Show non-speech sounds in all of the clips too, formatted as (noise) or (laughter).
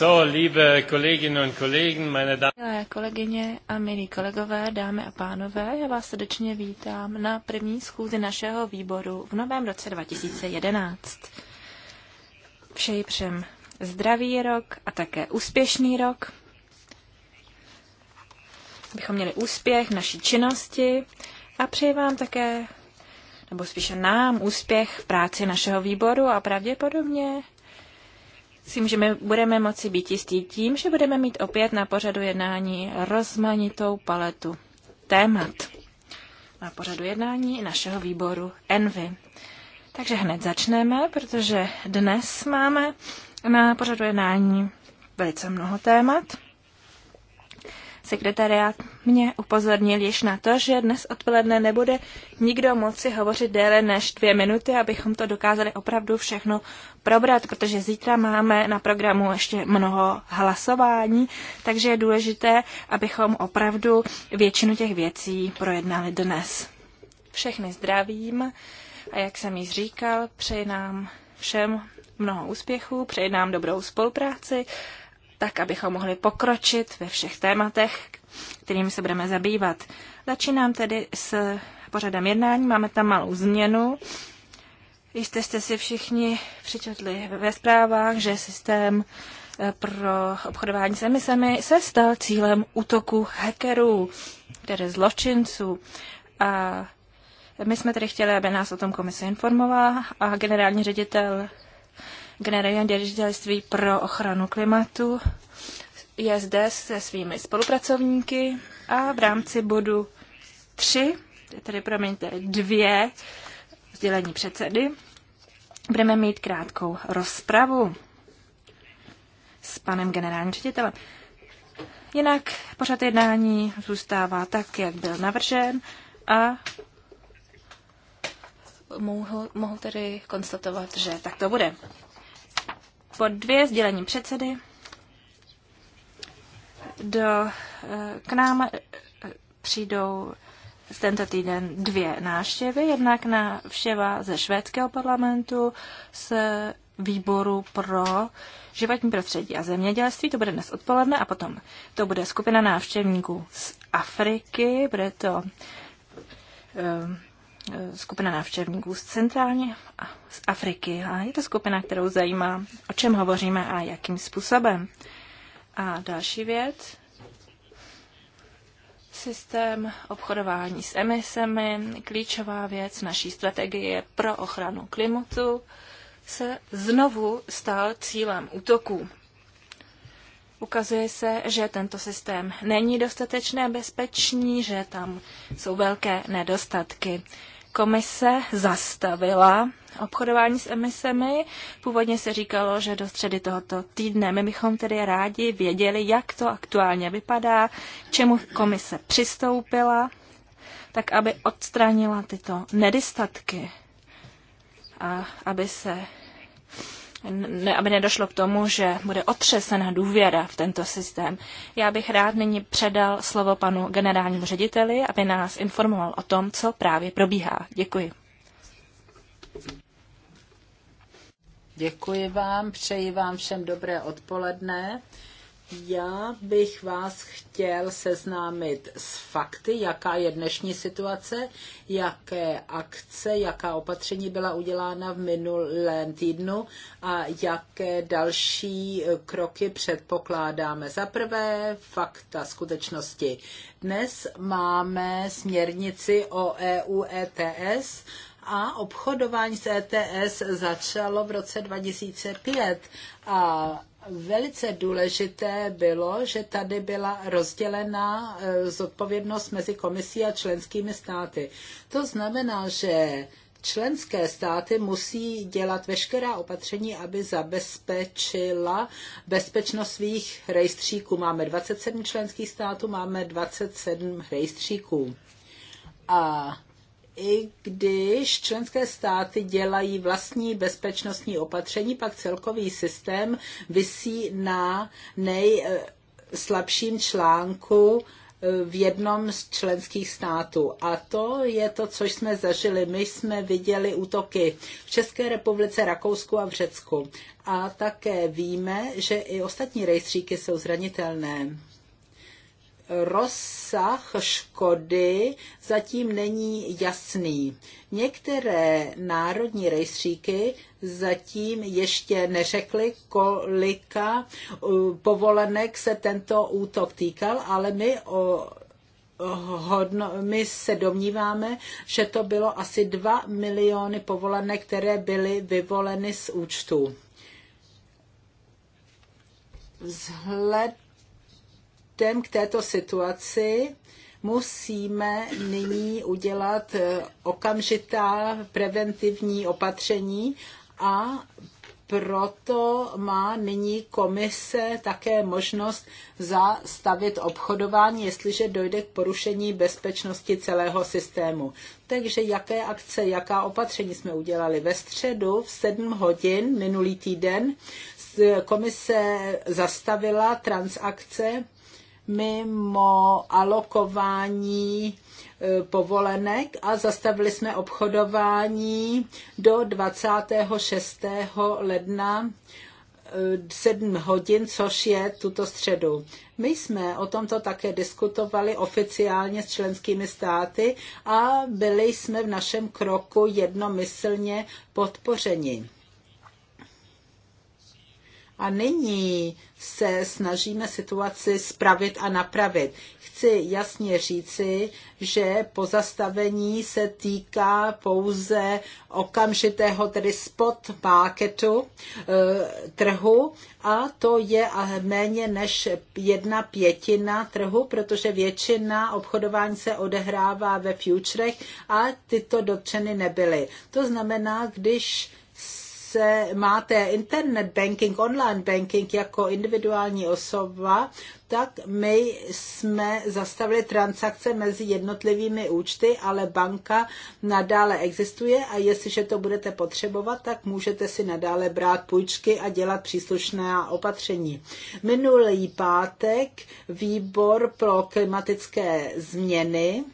So, liebe Kolleginnen und Kollegen, meine Damen. Milé kolegyně a milí kolegové, dámy a pánové, já vás srdečně vítám na první schůzi našeho výboru v novém roce 2011. Přeji přem zdravý rok a také úspěšný rok. Abychom měli úspěch v naší činnosti a přeji vám také nebo spíše nám úspěch v práci našeho výboru a pravděpodobně Myslím, že my budeme moci být jistí tím, že budeme mít opět na pořadu jednání rozmanitou paletu témat. Na pořadu jednání našeho výboru Envy. Takže hned začneme, protože dnes máme na pořadu jednání velice mnoho témat. Sekretariát mě upozornil již na to, že dnes odpoledne nebude nikdo moci hovořit déle než dvě minuty, abychom to dokázali opravdu všechno probrat, protože zítra máme na programu ještě mnoho hlasování, takže je důležité, abychom opravdu většinu těch věcí projednali dnes. Všechny zdravím a jak jsem již říkal, přeji nám všem mnoho úspěchů, přeji nám dobrou spolupráci tak abychom mohli pokročit ve všech tématech, kterými se budeme zabývat. Začínám tedy s pořadem jednání, máme tam malou změnu. Jistě jste si všichni přečetli ve zprávách, že systém eh, pro obchodování s emisemi se stal cílem útoku hackerů, tedy zločinců. A my jsme tedy chtěli, aby nás o tom komise informovala a generální ředitel generální ředitelství pro ochranu klimatu je zde se svými spolupracovníky a v rámci bodu 3, tedy promiňte, dvě sdělení předsedy, budeme mít krátkou rozpravu s panem generálním ředitelem. Jinak pořad jednání zůstává tak, jak byl navržen a mohu, mohu tedy konstatovat, že tak to bude bod dvě, sdělení předsedy. Do, eh, k nám eh, přijdou tento týden dvě návštěvy. Jednak návštěva ze švédského parlamentu s výboru pro životní prostředí a zemědělství. To bude dnes odpoledne a potom to bude skupina návštěvníků z Afriky. Bude to um, skupina návštěvníků z centrálně a z Afriky. A je to skupina, kterou zajímá, o čem hovoříme a jakým způsobem. A další věc, systém obchodování s emisemi, klíčová věc naší strategie pro ochranu klimatu, se znovu stal cílem útoků. Ukazuje se, že tento systém není dostatečně bezpečný, že tam jsou velké nedostatky komise zastavila obchodování s emisemi. Původně se říkalo, že do středy tohoto týdne. My bychom tedy rádi věděli, jak to aktuálně vypadá, čemu komise přistoupila, tak aby odstranila tyto nedostatky a aby se ne, aby nedošlo k tomu, že bude otřesena důvěra v tento systém. Já bych rád nyní předal slovo panu generálnímu řediteli, aby nás informoval o tom, co právě probíhá. Děkuji. Děkuji vám, přeji vám všem dobré odpoledne. Já bych vás chtěl seznámit s fakty, jaká je dnešní situace, jaké akce, jaká opatření byla udělána v minulém týdnu a jaké další eh, kroky předpokládáme. Za prvé fakta skutečnosti. Dnes máme směrnici o EU ETS a obchodování s ETS začalo v roce 2005 a velice důležité bylo, že tady byla rozdělena eh, zodpovědnost mezi komisí a členskými státy. To znamená, že členské státy musí dělat veškerá opatření, aby zabezpečila bezpečnost svých rejstříků. Máme 27 členských států, máme 27 rejstříků. A i když členské státy dělají vlastní bezpečnostní opatření, pak celkový systém visí na nejslabším článku eh, v jednom z členských států. A to je to, co jsme zažili. My jsme viděli útoky v České republice, Rakousku a v Řecku. A také víme, že i ostatní rejstříky jsou zranitelné rozsah škody zatím není jasný. Některé národní rejstříky zatím ještě neřekly, kolika povolenek se tento útok týkal, ale my o hodno, my se domníváme, že to bylo asi 2 miliony povolenek, které byly vyvoleny z účtu. Vzhled Vzhledem k této situaci musíme nyní udělat eh, okamžitá preventivní opatření a proto má nyní komise také možnost zastavit obchodování, jestliže dojde k porušení bezpečnosti celého systému. Takže jaké akce, jaká opatření jsme udělali? Ve středu v 7 hodin minulý týden komise zastavila transakce mimo alokování e, povolenek a zastavili jsme obchodování do 26. ledna 7 e, hodin, což je tuto středu. My jsme o tomto také diskutovali oficiálně s členskými státy a byli jsme v našem kroku jednomyslně podpořeni. A nyní se snažíme situaci spravit a napravit. Chci jasně říci, že pozastavení se týká pouze okamžitého, tedy spot marketu, eh, trhu a to je méně než jedna pětina trhu, protože většina obchodování se odehrává ve futurech a tyto dotčeny nebyly. To znamená, když se máte internet banking, online banking jako individuální osoba, tak my jsme zastavili transakce mezi jednotlivými účty, ale banka nadále existuje a jestliže to budete potřebovat, tak můžete si nadále brát půjčky a dělat příslušná opatření. Minulý pátek výbor pro klimatické změny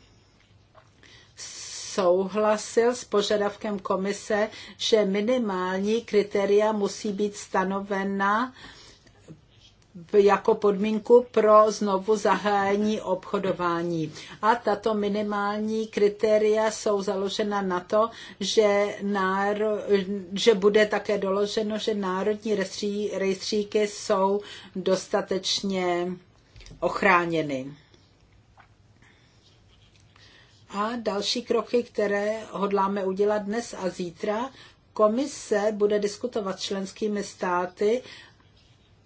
souhlasil s požadavkem komise, že minimální kritéria musí být stanovena jako podmínku pro znovu zahájení obchodování. A tato minimální kritéria jsou založena na to, že, náro, že bude také doloženo, že národní rejstříky jsou dostatečně ochráněny. A další kroky, které hodláme udělat dnes a zítra, komise bude diskutovat s členskými státy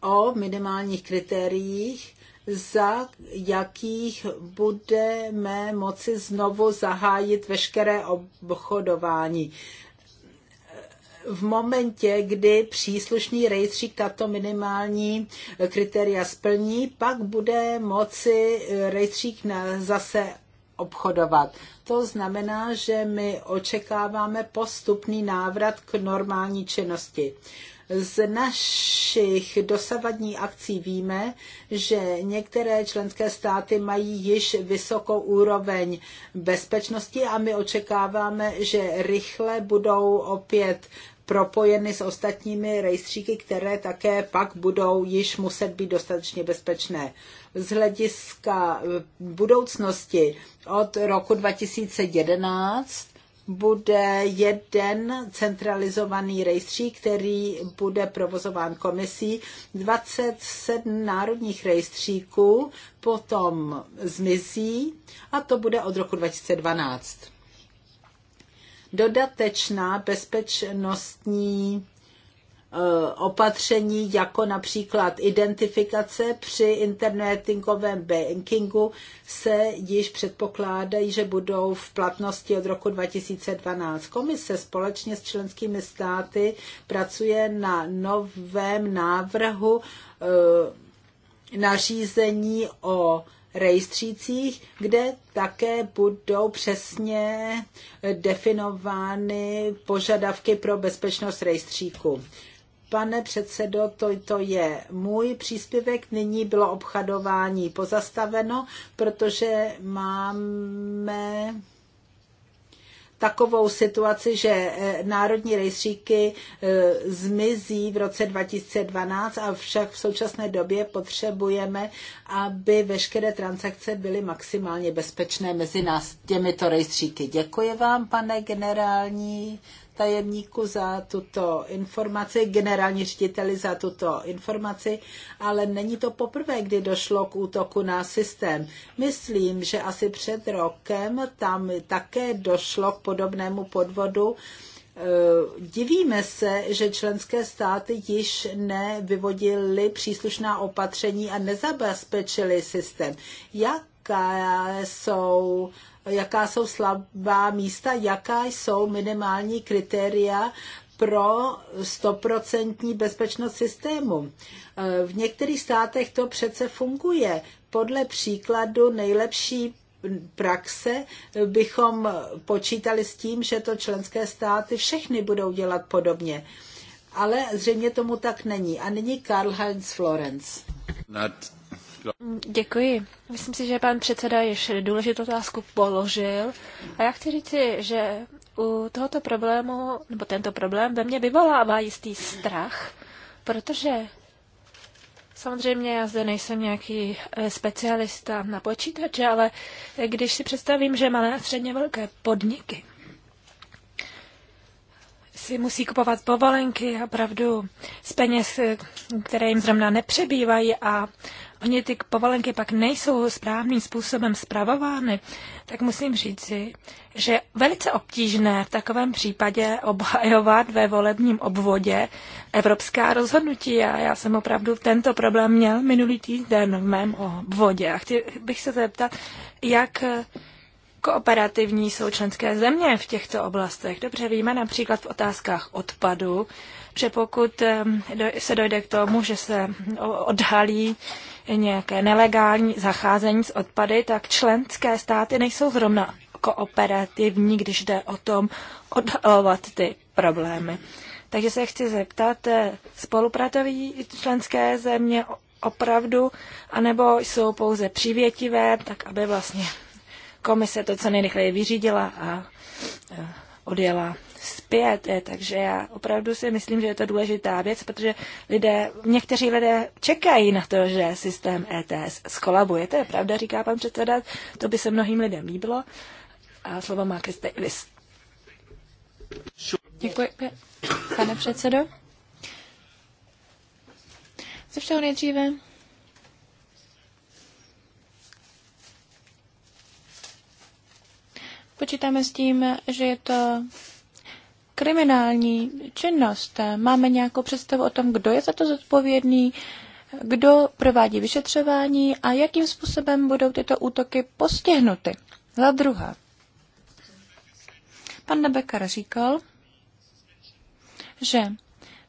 o minimálních kritériích, za jakých budeme moci znovu zahájit veškeré obchodování v momentě, kdy příslušný rejstřík tato minimální kritéria splní, pak bude moci rejstřík zase obchodovat. To znamená, že my očekáváme postupný návrat k normální činnosti. Z našich dosavadní akcí víme, že některé členské státy mají již vysokou úroveň bezpečnosti a my očekáváme, že rychle budou opět propojeny s ostatními rejstříky, které také pak budou již muset být dostatečně bezpečné z hlediska eh, budoucnosti od roku 2011 bude jeden centralizovaný rejstřík, který bude provozován komisí, 27 národních rejstříků potom zmizí a to bude od roku 2012. Dodatečná bezpečnostní Eh, opatření, jako například identifikace při internetingovém bankingu, se již předpokládají, že budou v platnosti od roku 2012. Komise společně s členskými státy pracuje na novém návrhu eh, nařízení o rejstřících, kde také budou přesně definovány požadavky pro bezpečnost rejstříku. Pane předsedo, to, to je můj příspěvek. Nyní bylo obchadování pozastaveno, protože máme takovou situaci, že eh, národní rejstříky eh, zmizí v roce 2012, avšak v současné době potřebujeme, aby veškeré transakce byly maximálně bezpečné mezi nás těmito rejstříky. Děkuji vám, pane generální tajemníku za tuto informaci, generální řediteli za tuto informaci, ale není to poprvé, kdy došlo k útoku na systém. Myslím, že asi před rokem tam také došlo k podobnému podvodu. Eh, divíme se, že členské státy již nevyvodily příslušná opatření a nezabezpečily systém. Jak jaká jsou jaká jsou slabá místa, jaká jsou minimální kritéria pro stoprocentní bezpečnost systému. Eh, v některých státech to přece funguje. Podle příkladu nejlepší praxe bychom počítali s tím, že to členské státy všechny budou dělat podobně. Ale zřejmě tomu tak není. A nyní Karl Heinz Florence. Děkuji. Myslím si, že pan předseda již důležitou otázku položil. A já chci říci, že u tohoto problému, nebo tento problém ve mně vyvolává jistý strach, protože Samozřejmě já zde nejsem nějaký eh, specialista na počítače, ale když si představím, že malé a středně velké podniky si musí kupovat povolenky opravdu z peněz, eh, které jim zrovna nepřebývají a oni ty povolenky pak nejsou správným způsobem zpravovány, tak musím říci, že je velice obtížné v takovém případě obhajovat ve volebním obvodě evropská rozhodnutí. A já jsem opravdu tento problém měl minulý týden v mém obvodě. A chtěl bych se zeptat, jak kooperativní jsou členské země v těchto oblastech. Dobře víme například v otázkách odpadu, že pokud eh, se dojde k tomu, že se odhalí nějaké nelegální zacházení s odpady, tak členské státy nejsou zrovna kooperativní, když jde o tom odhalovat ty problémy. Takže se chci zeptat, eh, spolupracují členské země opravdu, anebo jsou pouze přívětivé, tak aby vlastně komise to co nejrychleji vyřídila a eh, odjela zpět. Eh, takže já opravdu si myslím, že je to důležitá věc, protože lidé, někteří lidé čekají na to, že systém ETS skolabuje. To je pravda, říká pan předseda, to by se mnohým lidem líbilo. A slovo má Chris Davis. Děkuji, pane předsedo. Ze všeho nejdříve Počítáme s tím, že je to kriminální činnost. Máme nějakou představu o tom, kdo je za to zodpovědný, kdo provádí vyšetřování a jakým způsobem budou tyto útoky postihnuty. Za druhé, pan Nebekar říkal, že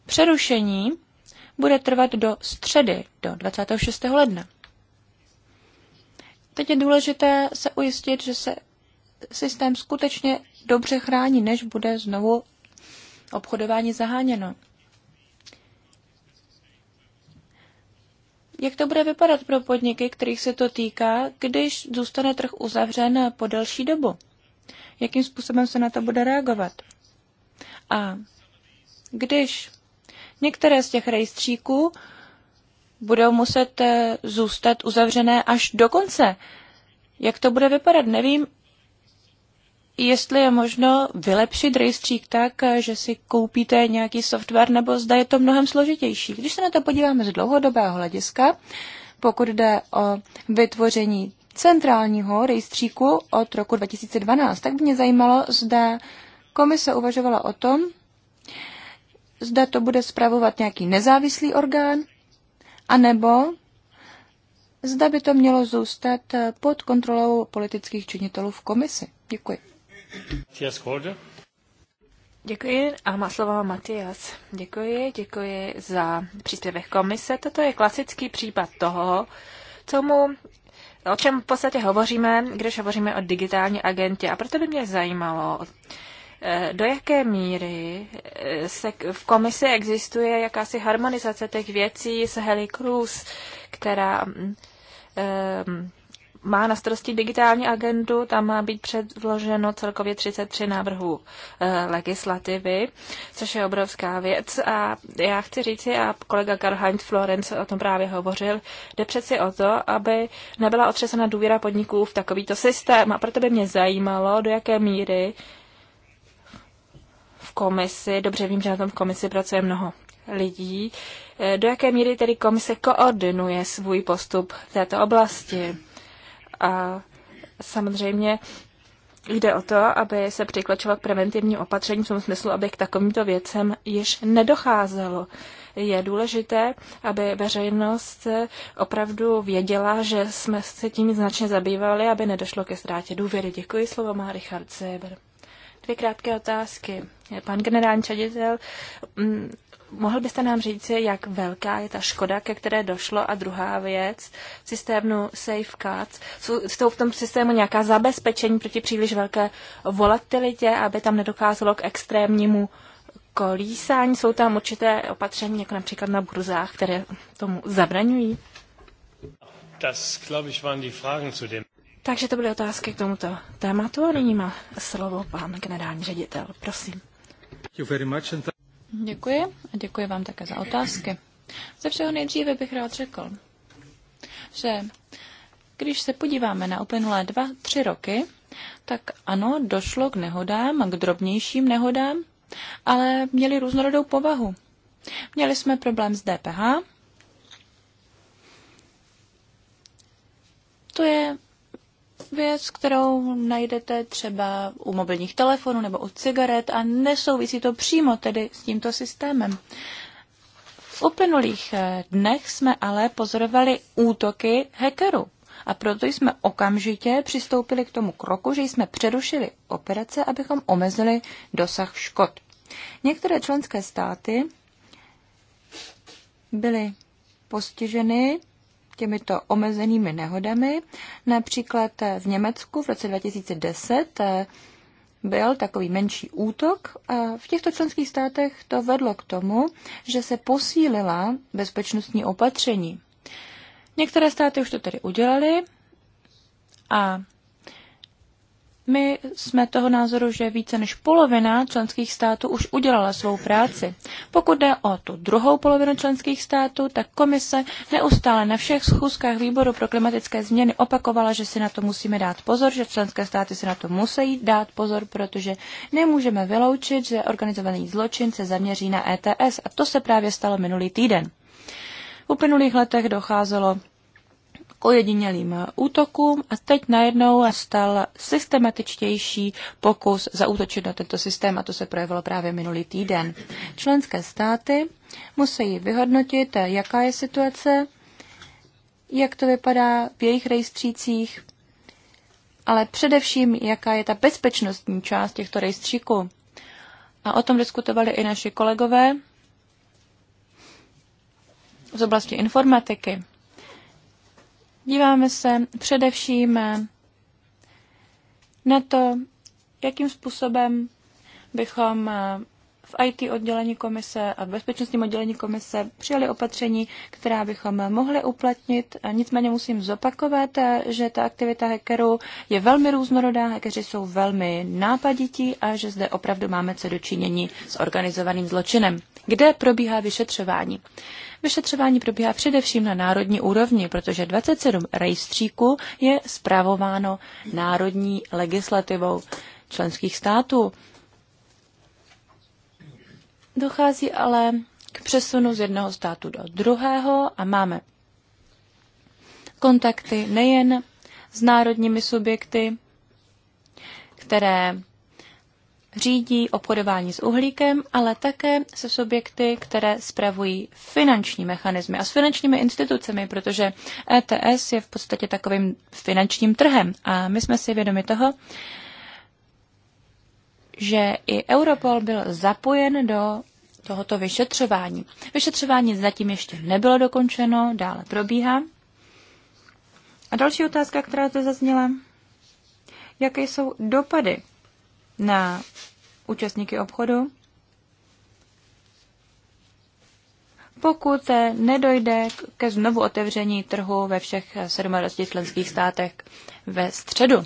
přerušení bude trvat do středy, do 26. ledna. Teď je důležité se ujistit, že se systém skutečně dobře chrání, než bude znovu obchodování zaháněno. Jak to bude vypadat pro podniky, kterých se to týká, když zůstane trh uzavřen po delší dobu? Jakým způsobem se na to bude reagovat? A když některé z těch rejstříků budou muset eh, zůstat uzavřené až do konce, jak to bude vypadat, nevím, jestli je možno vylepšit rejstřík tak, že si koupíte nějaký software, nebo zda je to mnohem složitější. Když se na to podíváme z dlouhodobého hlediska, pokud jde o vytvoření centrálního rejstříku od roku 2012, tak by mě zajímalo, zda komise uvažovala o tom, zda to bude zpravovat nějaký nezávislý orgán, anebo zda by to mělo zůstat pod kontrolou politických činitelů v komisi. Děkuji. Děkuji a má slovo Matias. Děkuji, děkuji za příspěvek komise. Toto je klasický případ toho, co mu o čem v podstatě hovoříme, když hovoříme o digitální agentě. A proto by mě zajímalo, eh, do jaké míry eh, se v komisi existuje jakási harmonizace těch věcí s Heli Cruz, která um, má na starosti digitální agendu, tam má být předloženo celkově 33 návrhů e, legislativy, což je obrovská věc. A já chci říci, a kolega Karl-Heinz Florenc o tom právě hovořil, jde přeci o to, aby nebyla otřesena důvěra podniků v takovýto systém. A proto by mě zajímalo, do jaké míry v komisi, dobře vím, že na tom v komisi pracuje mnoho lidí, eh, do jaké míry tedy komise koordinuje svůj postup v této oblasti a samozřejmě Jde o to, aby se přiklačilo k preventivním opatřením v tom smyslu, aby k takovýmto věcem již nedocházelo. Je důležité, aby veřejnost opravdu věděla, že jsme se tím značně zabývali, aby nedošlo ke ztrátě důvěry. Děkuji, slovo má Richard Seber. Dvě krátké otázky. Pan generální ředitel mm, Mohl byste nám říct, jak velká je ta škoda, ke které došlo? A druhá věc, systému safe Cuts. jsou, jsou v tom systému nějaká zabezpečení proti příliš velké volatilitě, aby tam nedokázalo k extrémnímu kolísání? Jsou tam určité opatření, jako například na burzách, které tomu zabraňují? Das, ich, waren die Fragen zu dem. Takže to byly otázky k tomuto tématu a nyní má slovo pan generální ředitel. Prosím. Děkuji a děkuji vám také za otázky. Ze všeho nejdříve bych rád řekl, že když se podíváme na uplynulé dva, tři roky, tak ano, došlo k nehodám a k drobnějším nehodám, ale měli různorodou povahu. Měli jsme problém s DPH. To je věc, kterou najdete třeba u mobilních telefonů nebo u cigaret a nesouvisí to přímo tedy s tímto systémem. V uplynulých eh, dnech jsme ale pozorovali útoky hackerů. A proto jsme okamžitě přistoupili k tomu kroku, že jsme přerušili operace, abychom omezili dosah škod. Některé členské státy byly postiženy těmito omezenými nehodami. Například v Německu v roce 2010 eh, byl takový menší útok a v těchto členských státech to vedlo k tomu, že se posílila bezpečnostní opatření. Některé státy už to tedy udělali a my jsme toho názoru, že více než polovina členských států už udělala svou práci. Pokud jde o tu druhou polovinu členských států, tak komise neustále na všech schůzkách výboru pro klimatické změny opakovala, že si na to musíme dát pozor, že členské státy si na to musí dát pozor, protože nemůžeme vyloučit, že organizovaný zločin se zaměří na ETS a to se právě stalo minulý týden. V uplynulých letech docházelo k ojedinělým útokům a teď najednou stal systematičtější pokus zaútočit na tento systém a to se projevilo právě minulý týden. Členské státy musí vyhodnotit, jaká je situace, jak to vypadá v jejich rejstřících, ale především, jaká je ta bezpečnostní část těchto rejstříků. A o tom diskutovali i naši kolegové z oblasti informatiky. Díváme se především eh, na to, jakým způsobem bychom eh, v IT oddělení komise a v bezpečnostním oddělení komise přijali opatření, která bychom mohli uplatnit. Nicméně musím zopakovat, že ta aktivita hackerů je velmi různorodá, hackeři jsou velmi nápadití a že zde opravdu máme co dočinění s organizovaným zločinem. Kde probíhá vyšetřování? Vyšetřování probíhá především na národní úrovni, protože 27 rejstříků je zpravováno národní legislativou členských států. Dochází ale k přesunu z jednoho státu do druhého a máme kontakty nejen s národními subjekty, které řídí obchodování s uhlíkem, ale také se subjekty, které spravují finanční mechanismy a s finančními institucemi, protože ETS je v podstatě takovým finančním trhem a my jsme si vědomi toho, že i Europol byl zapojen do tohoto vyšetřování. Vyšetřování zatím ještě nebylo dokončeno, dále probíhá. A další otázka, která zde zazněla, jaké jsou dopady na účastníky obchodu, pokud nedojde ke znovu otevření trhu ve všech 27 členských státech ve středu.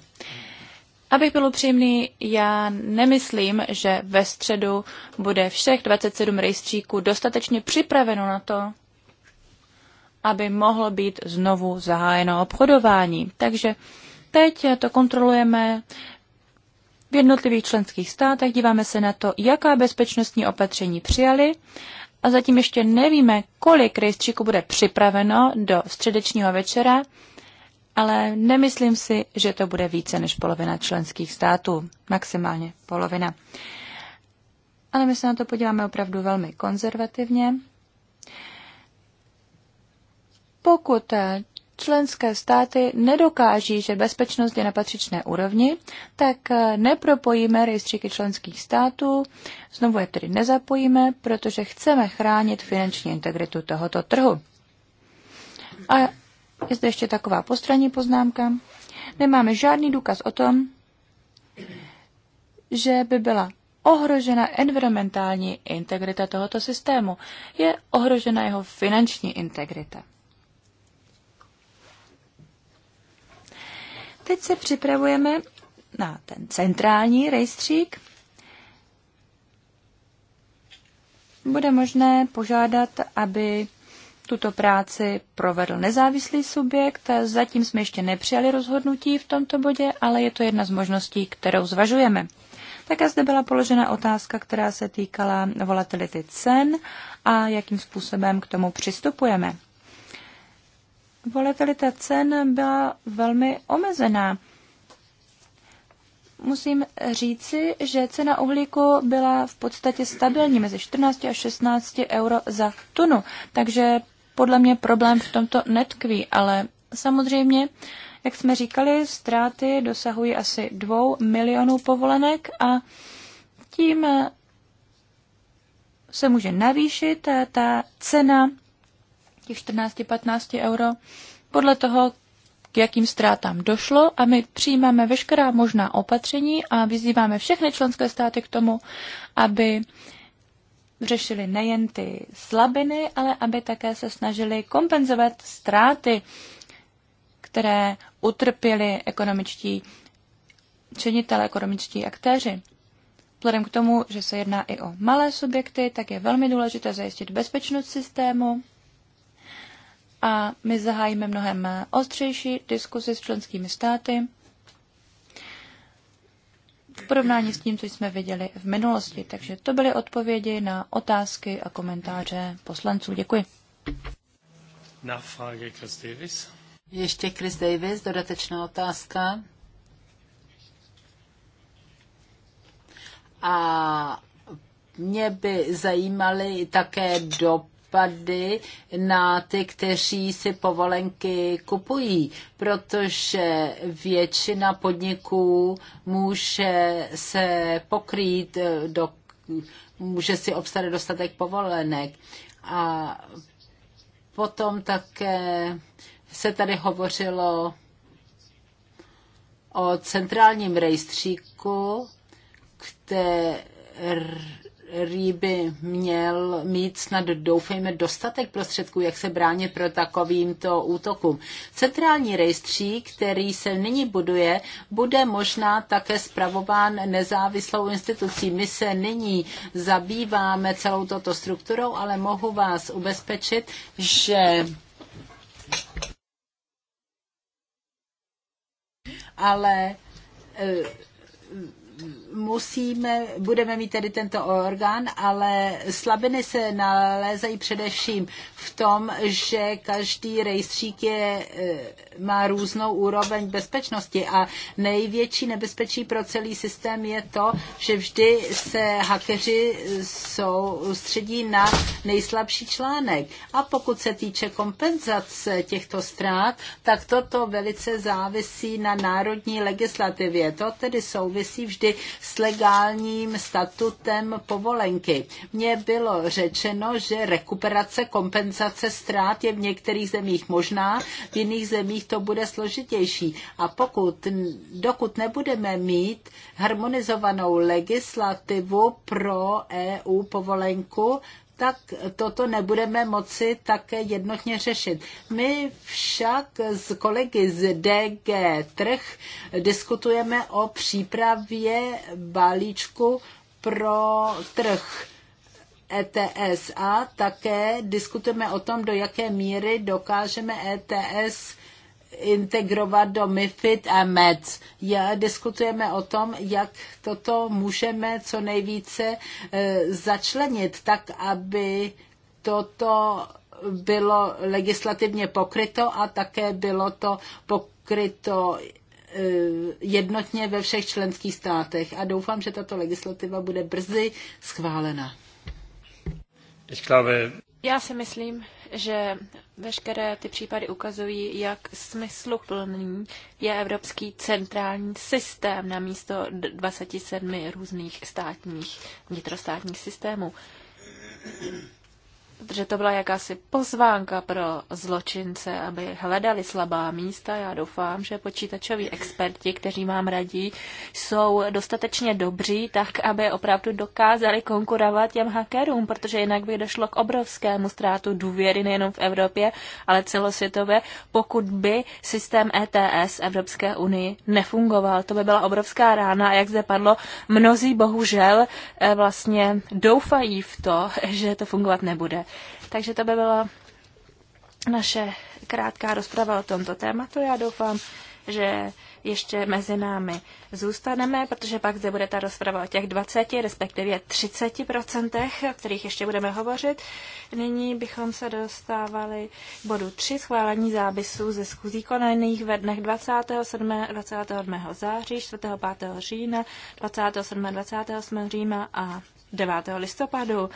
Abych byl upřímný, já nemyslím, že ve středu bude všech 27 rejstříků dostatečně připraveno na to, aby mohlo být znovu zahájeno obchodování. Takže teď to kontrolujeme v jednotlivých členských státech, díváme se na to, jaká bezpečnostní opatření přijali a zatím ještě nevíme, kolik rejstříků bude připraveno do středečního večera, ale nemyslím si, že to bude více než polovina členských států, maximálně polovina. Ale my se na to podíváme opravdu velmi konzervativně. Pokud členské státy nedokáží, že bezpečnost je na patřičné úrovni, tak nepropojíme rejstříky členských států, znovu je tedy nezapojíme, protože chceme chránit finanční integritu tohoto trhu. A je zde ještě taková postranní poznámka. Nemáme žádný důkaz o tom, že by byla ohrožena environmentální integrita tohoto systému. Je ohrožena jeho finanční integrita. Teď se připravujeme na ten centrální rejstřík. Bude možné požádat, aby tuto práci provedl nezávislý subjekt, zatím jsme ještě nepřijali rozhodnutí v tomto bodě, ale je to jedna z možností, kterou zvažujeme. Také zde byla položena otázka, která se týkala volatility cen a jakým způsobem k tomu přistupujeme. Volatilita cen byla velmi omezená. Musím říci, že cena uhlíku byla v podstatě stabilní mezi 14 a 16 euro za tunu, takže podle mě problém v tomto netkví, ale samozřejmě, jak jsme říkali, ztráty dosahují asi dvou milionů povolenek a tím se může navýšit ta cena těch 14-15 euro podle toho, k jakým ztrátám došlo a my přijímáme veškerá možná opatření a vyzýváme všechny členské státy k tomu, aby řešili nejen ty slabiny, ale aby také se snažili kompenzovat ztráty, které utrpěli ekonomičtí činitelé, ekonomičtí aktéři. Vzhledem k tomu, že se jedná i o malé subjekty, tak je velmi důležité zajistit bezpečnost systému a my zahájíme mnohem ostřejší diskusy s členskými státy v porovnání s tím, co jsme viděli v minulosti. Takže to byly odpovědi na otázky a komentáře poslanců. Děkuji. Nachfrage Chris Davis. Ještě Chris Davis, dodatečná otázka. A mě by zajímaly také dopady dopady na ty, kteří si povolenky kupují, protože většina podniků může se pokrýt, eh, do, může si obstarat dostatek povolenek. A potom také se tady hovořilo o centrálním rejstříku, který by měl mít snad, doufejme, dostatek prostředků, jak se bránit pro takovýmto útokům. Centrální rejstřík, který se nyní buduje, bude možná také spravován nezávislou institucí. My se nyní zabýváme celou toto strukturou, ale mohu vás ubezpečit, že ale eh, musíme, budeme mít tedy tento orgán, ale slabiny se nalézají především v tom, že každý rejstřík je, e, má různou úroveň bezpečnosti a největší nebezpečí pro celý systém je to, že vždy se hakeři soustředí na nejslabší článek. A pokud se týče kompenzace těchto ztrát, tak toto velice závisí na národní legislativě. To tedy souvisí vždy s legálním statutem povolenky. Mně bylo řečeno, že rekuperace, kompenzace ztrát je v některých zemích možná, v jiných zemích to bude složitější. A pokud, dokud nebudeme mít harmonizovanou legislativu pro EU povolenku, tak toto nebudeme moci také jednotně řešit. My však s kolegy z DG Trh diskutujeme o přípravě balíčku pro trh. ETS a také diskutujeme o tom, do jaké míry dokážeme ETS integrovat do MIFID a MEDS. Já diskutujeme o tom, jak toto můžeme co nejvíce e, začlenit, tak aby toto bylo legislativně pokryto a také bylo to pokryto e, jednotně ve všech členských státech. A doufám, že tato legislativa bude brzy schválena. Já si myslím, že veškeré ty případy ukazují, jak smysluplný je evropský centrální systém na místo 27 různých státních, vnitrostátních systémů protože to byla jakási pozvánka pro zločince, aby hledali slabá místa. Já doufám, že počítačoví experti, kteří mám radí, jsou dostatečně dobří, tak aby opravdu dokázali konkurovat těm hackerům, protože jinak by došlo k obrovskému ztrátu důvěry nejenom v Evropě, ale celosvětově, pokud by systém ETS Evropské unii nefungoval. To by byla obrovská rána a jak zde padlo, mnozí bohužel eh, vlastně doufají v to, (laughs) že to fungovat nebude. Takže to by byla naše krátká rozprava o tomto tématu. Já doufám, že ještě mezi námi zůstaneme, protože pak zde bude ta rozprava o těch 20, respektive 30 procentech, o kterých ještě budeme hovořit. Nyní bychom se dostávali k bodu 3, schválení zápisů ze schůzí konaných ve dnech 27. 27. září, 4. 5. října, 27. 28. října a 9. listopadu.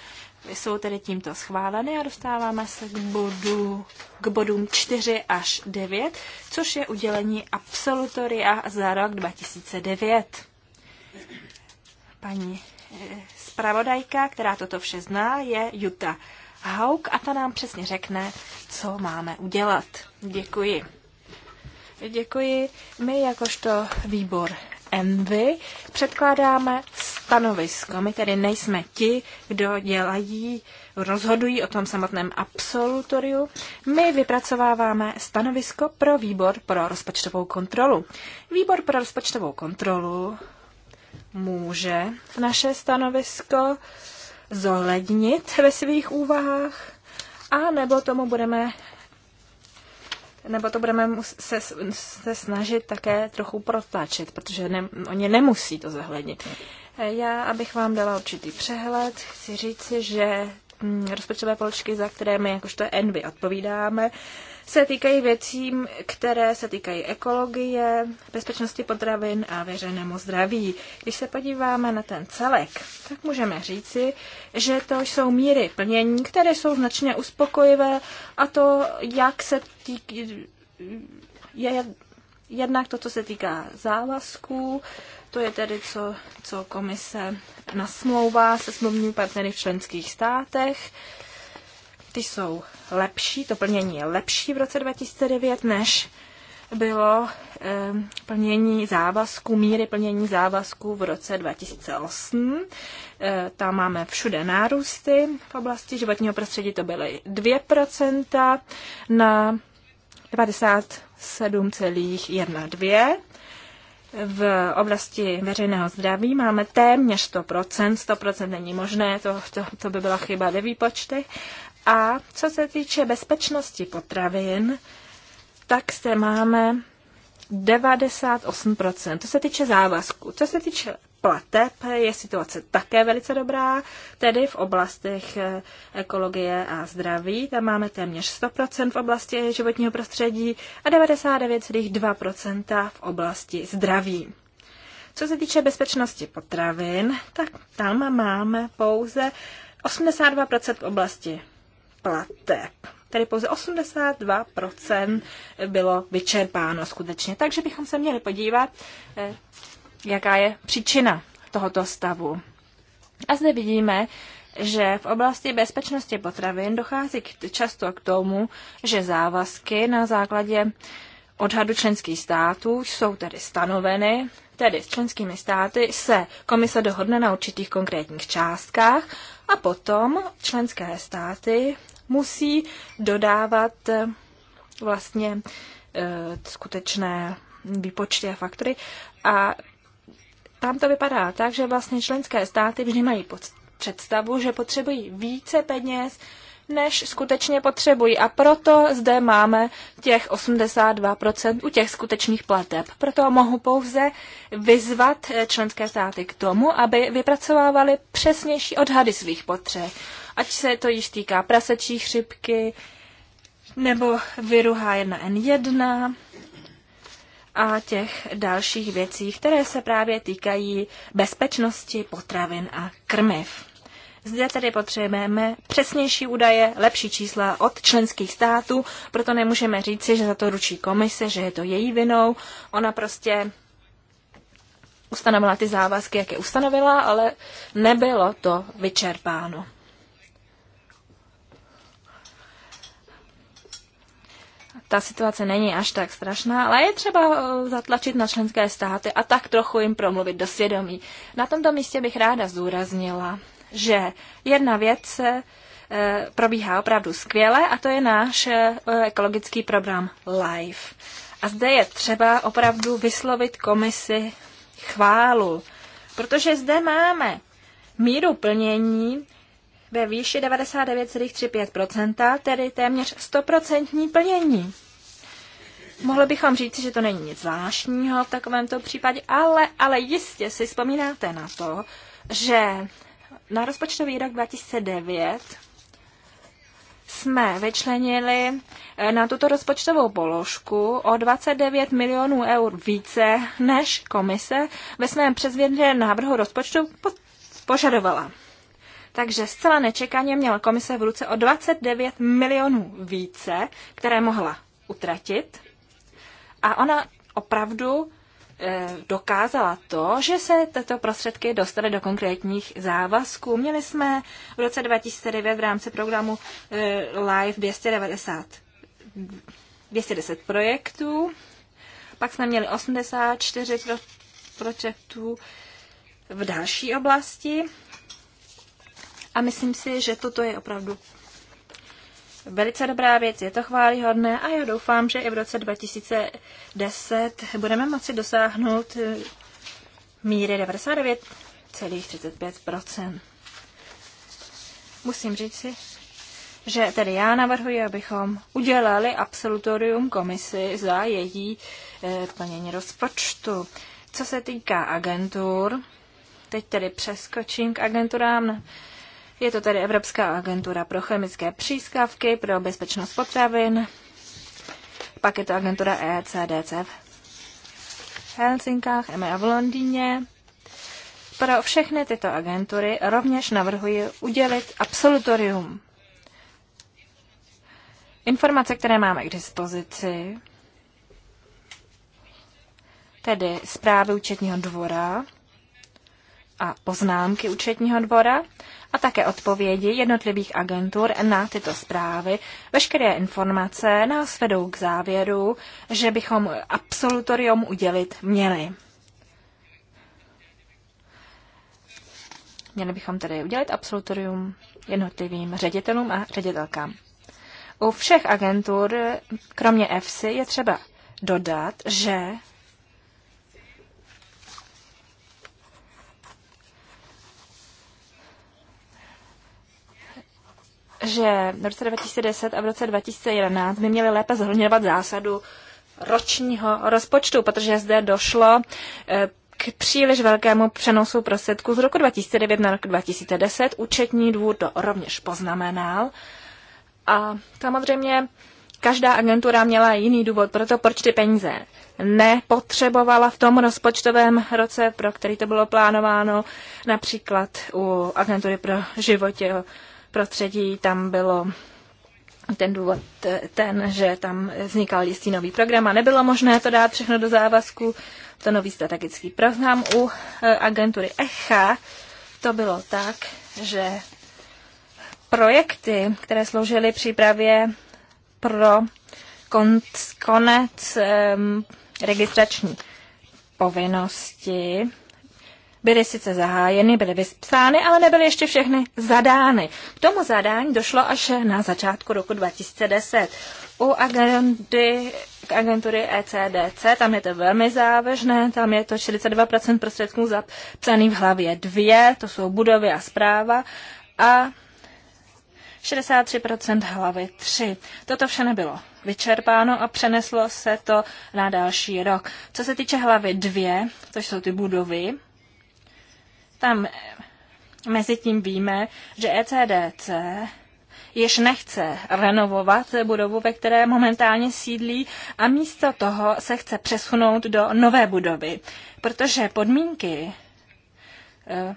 Jsou tedy tímto schváleny a dostáváme se k, bodu, k bodům 4 až 9, což je udělení absolutoria za rok 2009. Paní eh, zpravodajka, která toto vše zná, je Juta Hauk a ta nám přesně řekne, co máme udělat. Děkuji. Děkuji. My jakožto výbor Envy předkládáme stanovisko. My tedy nejsme ti, kdo dělají, rozhodují o tom samotném absolutoriu. My vypracováváme stanovisko pro výbor pro rozpočtovou kontrolu. Výbor pro rozpočtovou kontrolu může naše stanovisko zohlednit ve svých úvahách, a nebo tomu budeme nebo to budeme se, se snažit také trochu protlačit, protože ne, oni nemusí to zohlednit. Já, abych vám dala určitý přehled, chci říci, že Mm, rozpočtové položky, za které my jakožto Envy odpovídáme, se týkají věcí, které se týkají ekologie, bezpečnosti potravin a veřejnému zdraví. Když se podíváme na ten celek, tak můžeme říci, že to jsou míry plnění, které jsou značně uspokojivé a to, jak se týká, je jednak to, co se týká závazků, to je tedy, co, co komise nasmlouvá se smluvními partnery v členských státech. Ty jsou lepší, to plnění je lepší v roce 2009 než bylo eh, plnění závazku míry plnění závazku v roce 2008. Eh, tam máme všude nárůsty v oblasti životního prostředí, to byly 2% na v oblasti veřejného zdraví máme téměř 100%, 100% není možné, to, to, to by byla chyba ve výpočtech. A co se týče bezpečnosti potravin, tak se máme 98%. To se týče závazku. Co se týče plateb je situace také velice dobrá, tedy v oblastech eh, ekologie a zdraví. Tam máme téměř 100% v oblasti životního prostředí a 99,2% v oblasti zdraví. Co se týče bezpečnosti potravin, tak tam máme pouze 82% v oblasti plateb. Tedy pouze 82% bylo vyčerpáno skutečně. Takže bychom se měli podívat, eh, jaká je příčina tohoto stavu. A zde vidíme, že v oblasti bezpečnosti potravin dochází často k tomu, že závazky na základě odhadu členských států jsou tedy stanoveny, tedy s členskými státy se komise dohodne na určitých konkrétních částkách a potom členské státy musí dodávat eh, vlastně e, skutečné výpočty a faktory a tam to vypadá tak, že vlastně členské státy vždy mají představu, že potřebují více peněz, než skutečně potřebují. A proto zde máme těch 82% u těch skutečných plateb. Proto mohu pouze vyzvat eh, členské státy k tomu, aby vypracovávali přesnější odhady svých potřeb. Ať se to již týká prasečí chřipky, nebo viru H1N1, a těch dalších věcí, které se právě týkají bezpečnosti potravin a krmiv. Zde tedy potřebujeme přesnější údaje, lepší čísla od členských států, proto nemůžeme říci, že za to ručí komise, že je to její vinou. Ona prostě ustanovila ty závazky, jak je ustanovila, ale nebylo to vyčerpáno. ta situace není až tak strašná, ale je třeba eh, zatlačit na členské státy a tak trochu jim promluvit do svědomí. Na tomto místě bych ráda zdůraznila, že jedna věc eh, probíhá opravdu skvěle a to je náš eh, ekologický program LIFE. A zde je třeba opravdu vyslovit komisi chválu, protože zde máme míru plnění ve výši 99,35%, tedy téměř 100% plnění. Mohli bychom říct, že to není nic zvláštního v takovémto případě, ale, ale jistě si vzpomínáte na to, že na rozpočtový rok 2009 jsme vyčlenili eh, na tuto rozpočtovou položku o 29 milionů eur více, než komise ve svém přezvědě návrhu rozpočtu požadovala. Takže zcela nečekaně měla komise v ruce o 29 milionů více, které mohla utratit. A ona opravdu eh, dokázala to, že se tyto prostředky dostaly do konkrétních závazků. Měli jsme v roce 2009 v rámci programu eh, Live 290, 210 projektů, pak jsme měli 84 projektů v další oblasti a myslím si, že toto je opravdu velice dobrá věc, je to chválihodné a já doufám, že i v roce 2010 budeme moci dosáhnout eh, míry 99,35%. Musím říct si, že tedy já navrhuji, abychom udělali absolutorium komisi za její eh, plnění rozpočtu. Co se týká agentur, teď tedy přeskočím k agenturám je to tedy Evropská agentura pro chemické přískavky, pro bezpečnost potravin, pak je to agentura ECDC v Helsinkách, EMEA v Londýně. Pro všechny tyto agentury rovněž navrhuji udělit absolutorium. Informace, které máme k dispozici, tedy zprávy účetního dvora a poznámky účetního dvora, a také odpovědi jednotlivých agentur na tyto zprávy. Veškeré informace nás vedou k závěru, že bychom absolutorium udělit měli. Měli bychom tedy udělit absolutorium jednotlivým ředitelům a ředitelkám. U všech agentur, kromě EFSI, je třeba dodat, že že v roce 2010 a v roce 2011 by měli lépe zhrňovat zásadu ročního rozpočtu, protože zde došlo eh, k příliš velkému přenosu prostředků z roku 2009 na rok 2010. Účetní dvůr to rovněž poznamenal. A samozřejmě každá agentura měla jiný důvod pro to, proč ty peníze nepotřebovala v tom rozpočtovém roce, pro který to bylo plánováno, například u agentury pro životě prostředí tam bylo ten důvod ten, že tam vznikal jistý nový program a nebylo možné to dát všechno do závazku. To nový strategický program u eh, agentury ECHA to bylo tak, že projekty, které sloužily přípravě pro konc, konec um, registrační povinnosti, byly sice zahájeny, byly vyspsány, ale nebyly ještě všechny zadány. K tomu zadání došlo až na začátku roku 2010. U agendy, k agentury ECDC, tam je to velmi závažné, tam je to 42% prostředků zapsaný v hlavě dvě, to jsou budovy a zpráva, a 63% hlavy 3. Toto vše nebylo vyčerpáno a přeneslo se to na další rok. Co se týče hlavy 2, což jsou ty budovy, tam eh, mezi tím víme, že ECDC jež nechce renovovat budovu, ve které momentálně sídlí a místo toho se chce přesunout do nové budovy, protože podmínky, eh,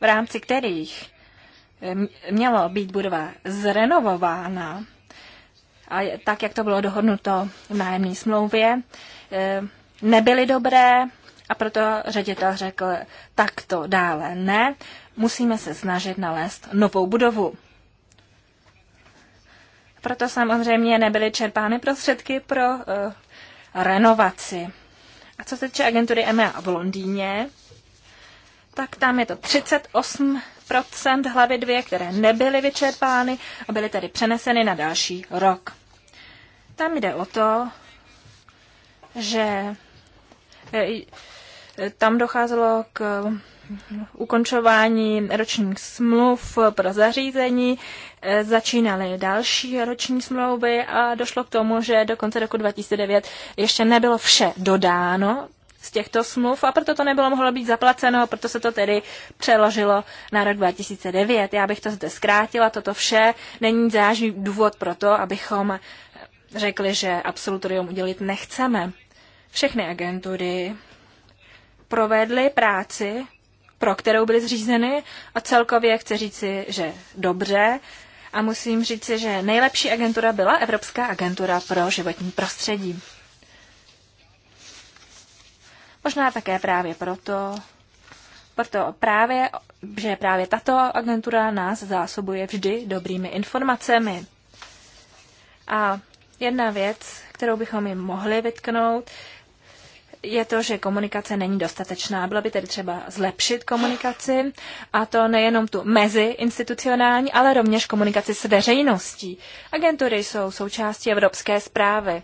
v rámci kterých eh, mělo být budova zrenovována, a tak, jak to bylo dohodnuto v nájemní smlouvě, nebyly dobré, a proto ředitel řekl, takto dále ne, musíme se snažit nalézt novou budovu. Proto samozřejmě nebyly čerpány prostředky pro uh, renovaci. A co se týče agentury EMEA v Londýně, tak tam je to 38 hlavy dvě, které nebyly vyčerpány a byly tedy přeneseny na další rok. Tam jde o to, že eh, tam docházelo k ukončování ročních smluv pro zařízení, začínaly další roční smlouvy a došlo k tomu, že do konce roku 2009 ještě nebylo vše dodáno z těchto smluv a proto to nebylo mohlo být zaplaceno, proto se to tedy přeložilo na rok 2009. Já bych to zde zkrátila, toto vše není zážný důvod pro to, abychom řekli, že absolutorium udělit nechceme. Všechny agentury provedli práci, pro kterou byly zřízeny a celkově chci říci, že dobře. A musím říci, že nejlepší agentura byla Evropská agentura pro životní prostředí. Možná také právě proto, proto právě, že právě tato agentura nás zásobuje vždy dobrými informacemi. A jedna věc, kterou bychom jim mohli vytknout, je to, že komunikace není dostatečná. Bylo by tedy třeba zlepšit komunikaci, a to nejenom tu mezi institucionální, ale rovněž komunikaci s veřejností. Agentury jsou součástí evropské zprávy.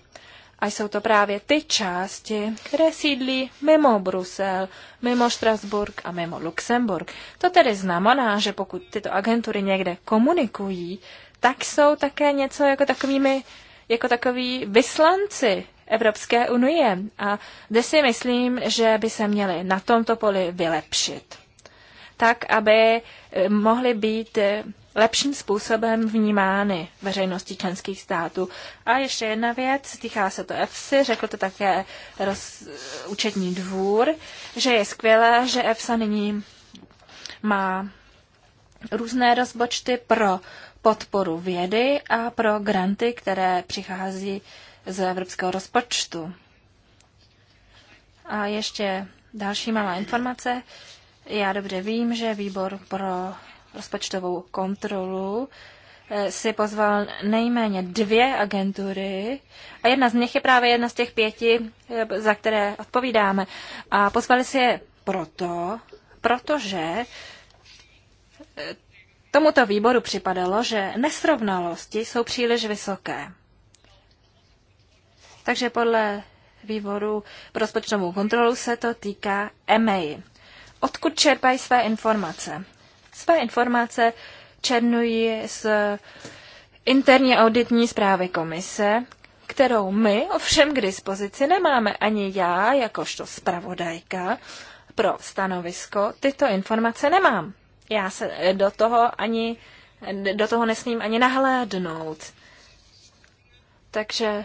A jsou to právě ty části, které sídlí mimo Brusel, mimo Strasburg a mimo Luxemburg. To tedy znamená, že pokud tyto agentury někde komunikují, tak jsou také něco jako takovými jako takový vyslanci Evropské unie. A zde si myslím, že by se měly na tomto poli vylepšit. Tak, aby eh, mohly být eh, lepším způsobem vnímány veřejnosti členských států. A ještě jedna věc, týká se to EFSI, řekl to také roz, eh, účetní dvůr, že je skvělé, že EFSA nyní má různé rozpočty pro podporu vědy a pro granty, které přichází z evropského rozpočtu. A ještě další malá informace. Já dobře vím, že výbor pro rozpočtovou kontrolu eh, si pozval nejméně dvě agentury a jedna z nich je právě jedna z těch pěti, eh, za které odpovídáme. A pozvali si je proto, protože eh, tomuto výboru připadalo, že nesrovnalosti jsou příliš vysoké. Takže podle výboru pro rozpočtovou kontrolu se to týká EMEI. Odkud čerpají své informace? Své informace černují z interní auditní zprávy komise, kterou my ovšem k dispozici nemáme. Ani já, jakožto zpravodajka pro stanovisko, tyto informace nemám. Já se do toho ani do toho nesmím ani nahlédnout. Takže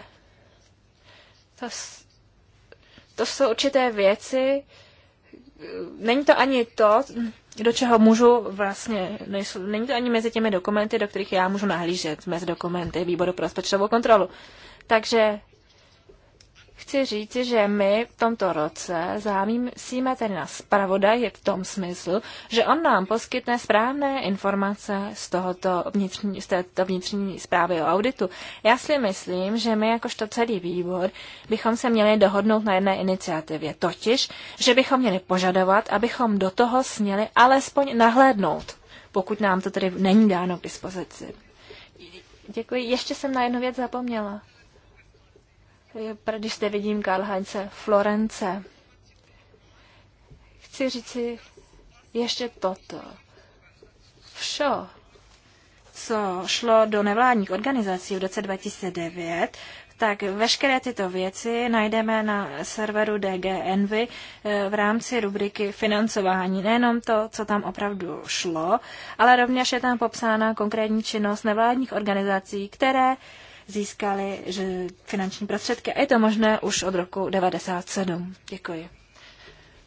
to, to jsou určité věci, není to ani to, do čeho můžu vlastně, nejsou, není to ani mezi těmi dokumenty, do kterých já můžu nahlížet, mezi dokumenty výboru pro rozpočtovou kontrolu. Takže chci říct, že my v tomto roce zámíme tedy na zpravodaje v tom smyslu, že on nám poskytne správné informace z, tohoto vnitřní, z této vnitřní zprávy o auditu. Já si myslím, že my jakožto celý výbor bychom se měli dohodnout na jedné iniciativě, totiž, že bychom měli požadovat, abychom do toho směli alespoň nahlédnout, pokud nám to tedy není dáno k dispozici. Děkuji. Ještě jsem na jednu věc zapomněla když zde vidím Heinze Florence. Chci říci ještě toto. Vše, co šlo do nevládních organizací v roce 2009, tak veškeré tyto věci najdeme na serveru DGNV eh, v rámci rubriky financování. Nejenom to, co tam opravdu šlo, ale rovněž je tam popsána konkrétní činnost nevládních organizací, které získali že finanční prostředky. A je to možné už od roku 1997. Děkuji.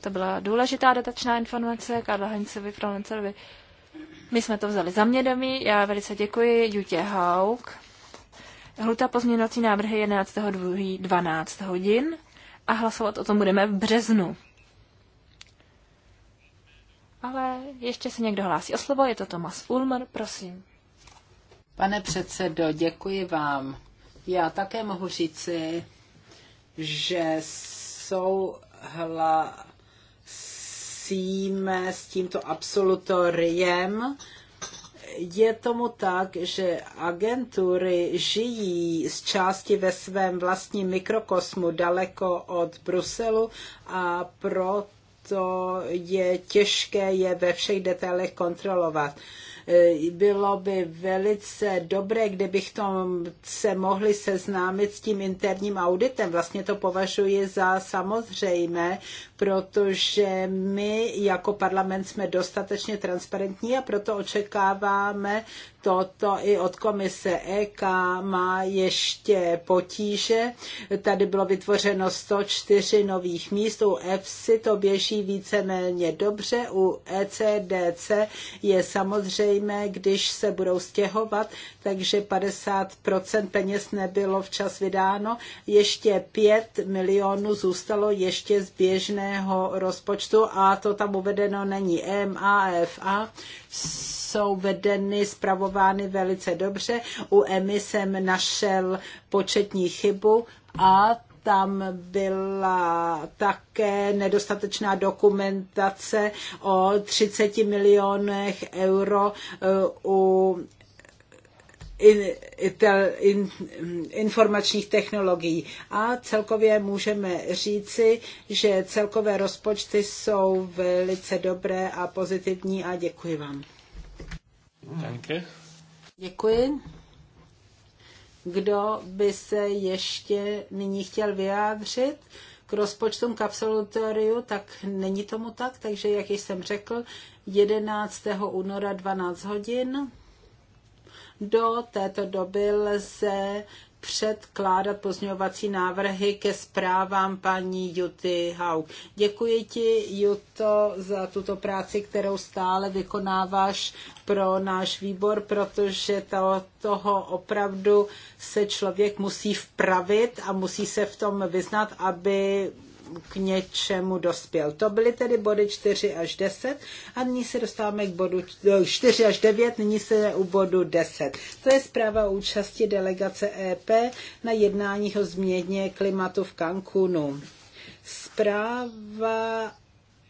To byla důležitá dotačná informace Karla Heinzovi Frollencerovi. My jsme to vzali za domy. Já velice děkuji Jutě Hauk. Hluta pozměňovací návrhy 2. 12 hodin a hlasovat o tom budeme v březnu. Ale ještě se někdo hlásí o slovo, je to Tomas Ulmer, prosím. Pane předsedo, děkuji vám. Já také mohu říci, že souhlasíme s tímto absolutoriem. Je tomu tak, že agentury žijí z části ve svém vlastním mikrokosmu daleko od Bruselu a proto je těžké je ve všech detailech kontrolovat E, bylo by velice dobré, kdybychom se mohli seznámit s tím interním auditem. Vlastně to považuji za samozřejmé, protože my jako parlament jsme dostatečně transparentní a proto očekáváme toto i od komise EK má ještě potíže. Tady bylo vytvořeno 104 nových míst, u EFSI to běží víceméně dobře, u ECDC je samozřejmé, když se budou stěhovat, takže 50% peněz nebylo včas vydáno, ještě 5 milionů zůstalo ještě z běžné veřejného rozpočtu a to tam uvedeno není. EMA a FA jsou vedeny, zpravovány velice dobře. U EMI jsem našel početní chybu a tam byla také nedostatečná dokumentace o 30 milionech euro eh, u informačních technologií. A celkově můžeme říci, že celkové rozpočty jsou velice dobré a pozitivní a děkuji vám. Danke. Děkuji. Kdo by se ještě nyní chtěl vyjádřit k rozpočtům k absolutoriu, tak není tomu tak, takže jak jsem řekl, 11. února 12 hodin do této doby lze předkládat pozměňovací návrhy ke zprávám paní Juty Hau. Děkuji ti, Juto, za tuto práci, kterou stále vykonáváš pro náš výbor, protože to, toho opravdu se člověk musí vpravit a musí se v tom vyznat, aby k něčemu dospěl. To byly tedy body 4 až 10 a nyní se dostáváme k bodu 4 no, až 9, nyní se u bodu 10. To je zpráva o účasti delegace EP na jednáních o změně klimatu v Cancunu. Zpráva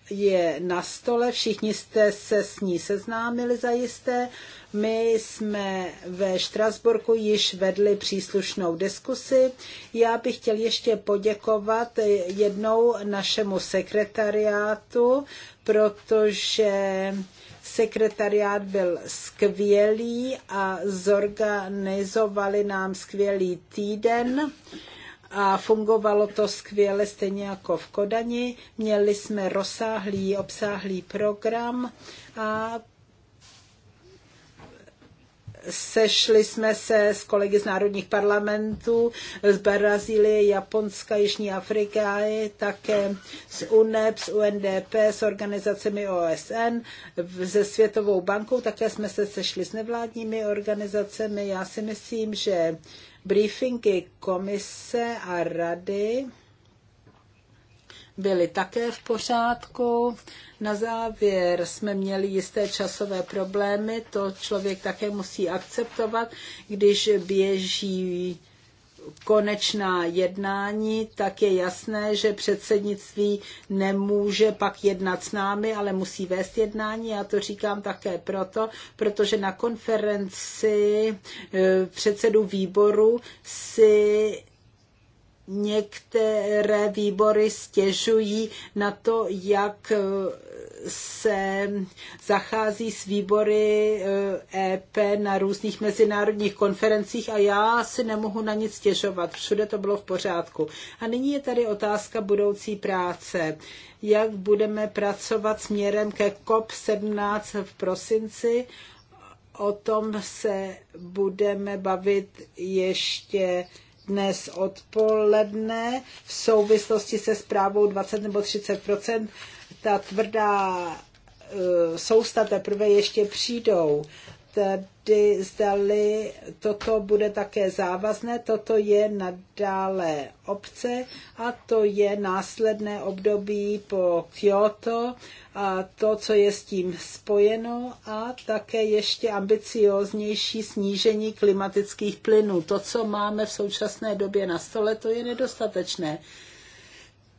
je na stole, všichni jste se s ní seznámili zajisté. My jsme ve Štrasburku již vedli příslušnou diskusi. Já bych chtěl ještě poděkovat jednou našemu sekretariátu, protože sekretariát byl skvělý a zorganizovali nám skvělý týden a fungovalo to skvěle, stejně jako v Kodani. Měli jsme rozsáhlý, obsáhlý program a sešli jsme se s kolegy z národních parlamentů z Brazílie, Japonska, Jižní Afriky, také s UNEP, s UNDP, s organizacemi OSN, se Světovou bankou, také jsme se sešli s nevládními organizacemi. Já si myslím, že Briefingy komise a rady byly také v pořádku. Na závěr jsme měli jisté časové problémy, to člověk také musí akceptovat, když běží konečná jednání, tak je jasné, že předsednictví nemůže pak jednat s námi, ale musí vést jednání. Já to říkám také proto, protože na konferenci eh, předsedu výboru si některé výbory stěžují na to, jak eh, se zachází s výbory EP eh, e na různých mezinárodních konferencích a já si nemohu na nic stěžovat. Všude to bylo v pořádku. A nyní je tady otázka budoucí práce. Jak budeme pracovat směrem ke COP17 v prosinci? O tom se budeme bavit ještě dnes odpoledne v souvislosti se zprávou 20 nebo 30 ta tvrdá eh, sousta teprve ještě přijdou tedy zdali toto bude také závazné, toto je nadále obce a to je následné období po Kyoto a to, co je s tím spojeno a také ještě ambicioznější snížení klimatických plynů. To, co máme v současné době na stole, to je nedostatečné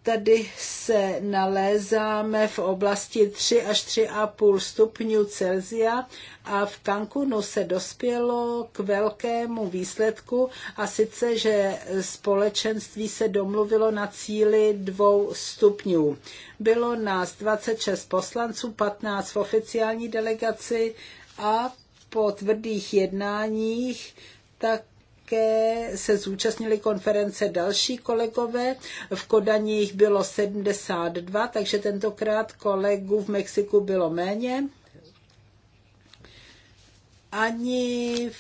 tady se nalézáme v oblasti 3 až 3,5 stupňů Celsia a v Cancunu se dospělo k velkému výsledku a sice, že společenství se domluvilo na cíli dvou stupňů. Bylo nás 26 poslanců, 15 v oficiální delegaci a po tvrdých jednáních tak také se zúčastnili konference další kolegové. V Kodani jich bylo 72, takže tentokrát kolegů v Mexiku bylo méně. Ani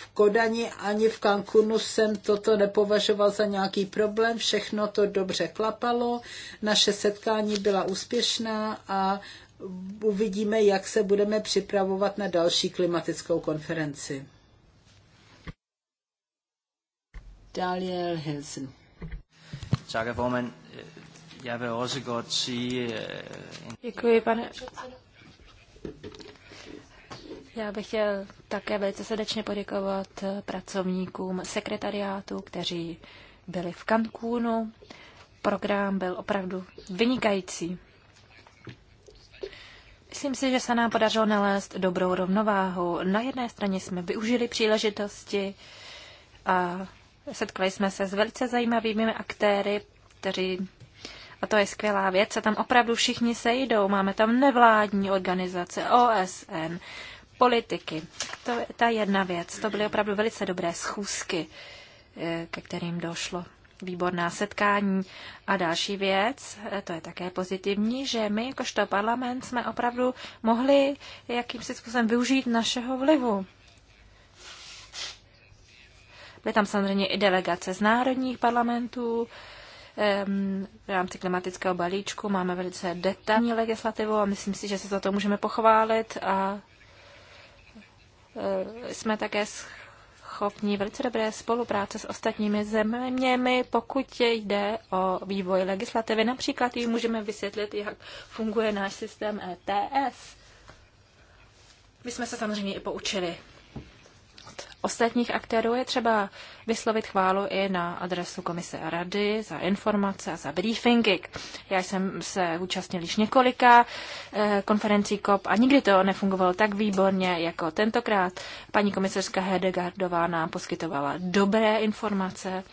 v Kodani, ani v Cancunu jsem toto nepovažoval za nějaký problém. Všechno to dobře klapalo. Naše setkání byla úspěšná a uvidíme, jak se budeme připravovat na další klimatickou konferenci. Daniel Hansen. Tak, formand. Jeg vil også godt sige... Øh, Děkuji, pane já bych chtěl také velice srdečně poděkovat eh, pracovníkům sekretariátu, kteří byli v Cancúnu. Program byl opravdu vynikající. Myslím si, že se nám podařilo nalézt dobrou rovnováhu. Na jedné straně jsme využili příležitosti a setkali jsme se s velice zajímavými aktéry, kteří a to je skvělá věc, se tam opravdu všichni sejdou. Máme tam nevládní organizace, OSN, politiky. To je ta jedna věc. To byly opravdu velice dobré schůzky, eh, ke kterým došlo. Výborná setkání. A další věc, eh, to je také pozitivní, že my, jakožto parlament, jsme opravdu mohli jakýmsi způsobem využít našeho vlivu. Byly tam samozřejmě i delegace z národních parlamentů. V rámci klimatického balíčku máme velice detailní legislativu a myslím si, že se za to můžeme pochválit a e, jsme také schopni velice dobré spolupráce s ostatními zeměmi, pokud jde o vývoj legislativy. Například jim můžeme vysvětlit, jak funguje náš systém ETS. My jsme se samozřejmě i poučili ostatních aktérů je třeba vyslovit chválu i na adresu komise a rady za informace a za briefingy. Já jsem se účastnil již několika eh, konferencí COP a nikdy to nefungovalo tak výborně jako tentokrát. Paní komisařka Hedegardová nám poskytovala dobré informace,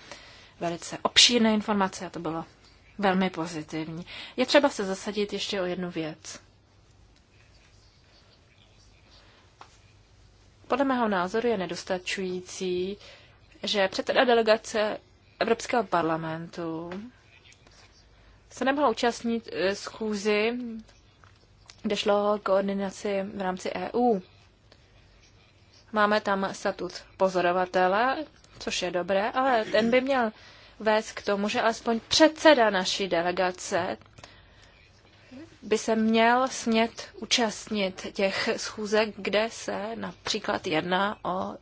velice obšírné informace a to bylo velmi pozitivní. Je třeba se zasadit ještě o jednu věc. Podle mého názoru je nedostačující, že předseda delegace Evropského parlamentu se nemohl účastnit eh, schůzi, kde šlo o koordinaci v rámci EU. Máme tam statut pozorovatele, což je dobré, ale ten by měl vést k tomu, že alespoň předseda naší delegace by se měl smět účastnit těch schůzek, kde se například jedná o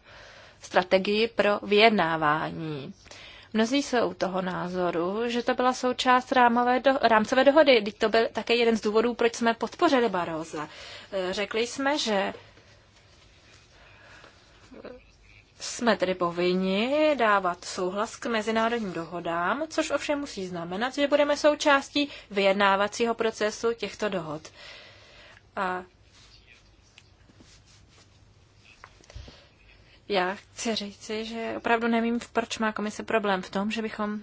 strategii pro vyjednávání. Mnozí jsou toho názoru, že to byla součást rámové do, rámcové dohody. Teď to byl také jeden z důvodů, proč jsme podpořili Baroza. E, řekli jsme, že jsme tedy povinni dávat souhlas k mezinárodním dohodám, což ovšem musí znamenat, že budeme součástí vyjednávacího procesu těchto dohod. A já chci říci, že opravdu nevím, proč má komise problém v tom, že bychom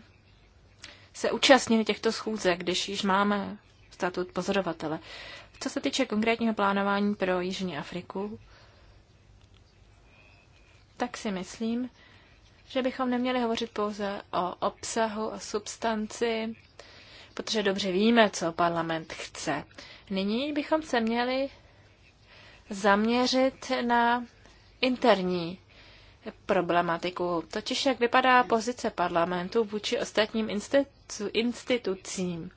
se účastnili těchto schůzek, když již máme statut pozorovatele. Co se týče konkrétního plánování pro Jižní Afriku, tak si myslím, že bychom neměli hovořit pouze o obsahu, o substanci, protože dobře víme, co parlament chce. Nyní bychom se měli zaměřit na interní problematiku, totiž jak vypadá pozice parlamentu vůči ostatním institucím.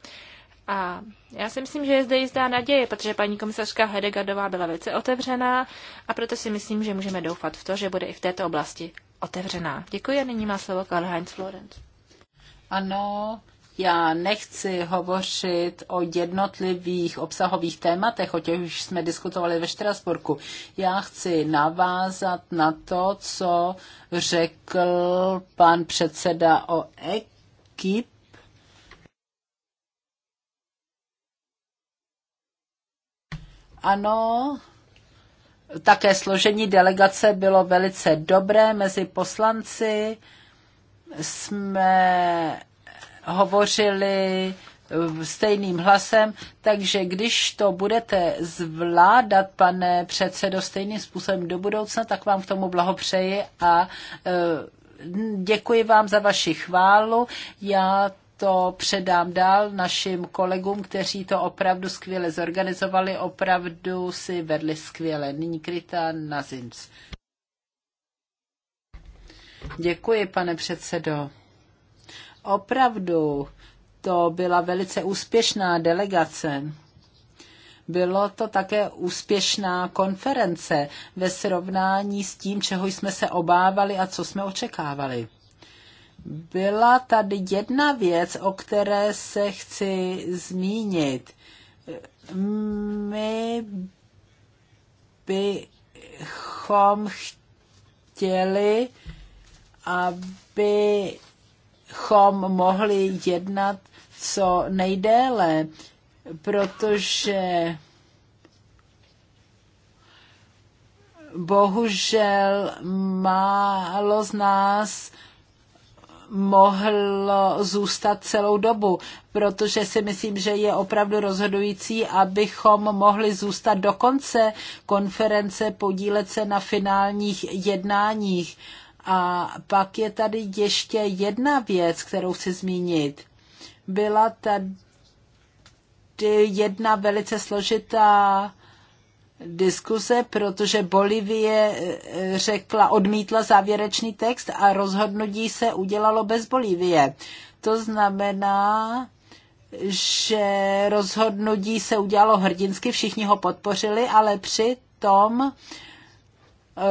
A já si myslím, že je zde jistá naděje, protože paní komisařka Hedegardová byla velice otevřená a proto si myslím, že můžeme doufat v to, že bude i v této oblasti otevřená. Děkuji a nyní má slovo Karl-Heinz Florenz. Ano, já nechci hovořit o jednotlivých obsahových tématech, o těch už jsme diskutovali ve Štrasburku. Já chci navázat na to, co řekl pan předseda o ekip Ano, také složení delegace bylo velice dobré mezi poslanci. Jsme hovořili eh, stejným hlasem, takže když to budete zvládat, pane předsedo, stejným způsobem do budoucna, tak vám k tomu blahopřeji a eh, děkuji vám za vaši chválu. Já to předám dál našim kolegům, kteří to opravdu skvěle zorganizovali, opravdu si vedli skvěle. Nyní kryta na Zinc. Děkuji, pane předsedo. Opravdu to byla velice úspěšná delegace. Bylo to také úspěšná konference ve srovnání s tím, čeho jsme se obávali a co jsme očekávali. Byla tady jedna věc, o které se chci zmínit. My bychom chtěli, abychom mohli jednat co nejdéle, protože bohužel málo z nás mohlo zůstat celou dobu, protože si myslím, že je opravdu rozhodující, abychom mohli zůstat do konce konference, podílet se na finálních jednáních. A pak je tady ještě jedna věc, kterou chci zmínit. Byla tady jedna velice složitá diskuse, protože Bolivie eh, řekla, odmítla závěrečný text a rozhodnutí se udělalo bez Bolívie. To znamená, že rozhodnutí se udělalo hrdinsky, všichni ho podpořili, ale přitom eh,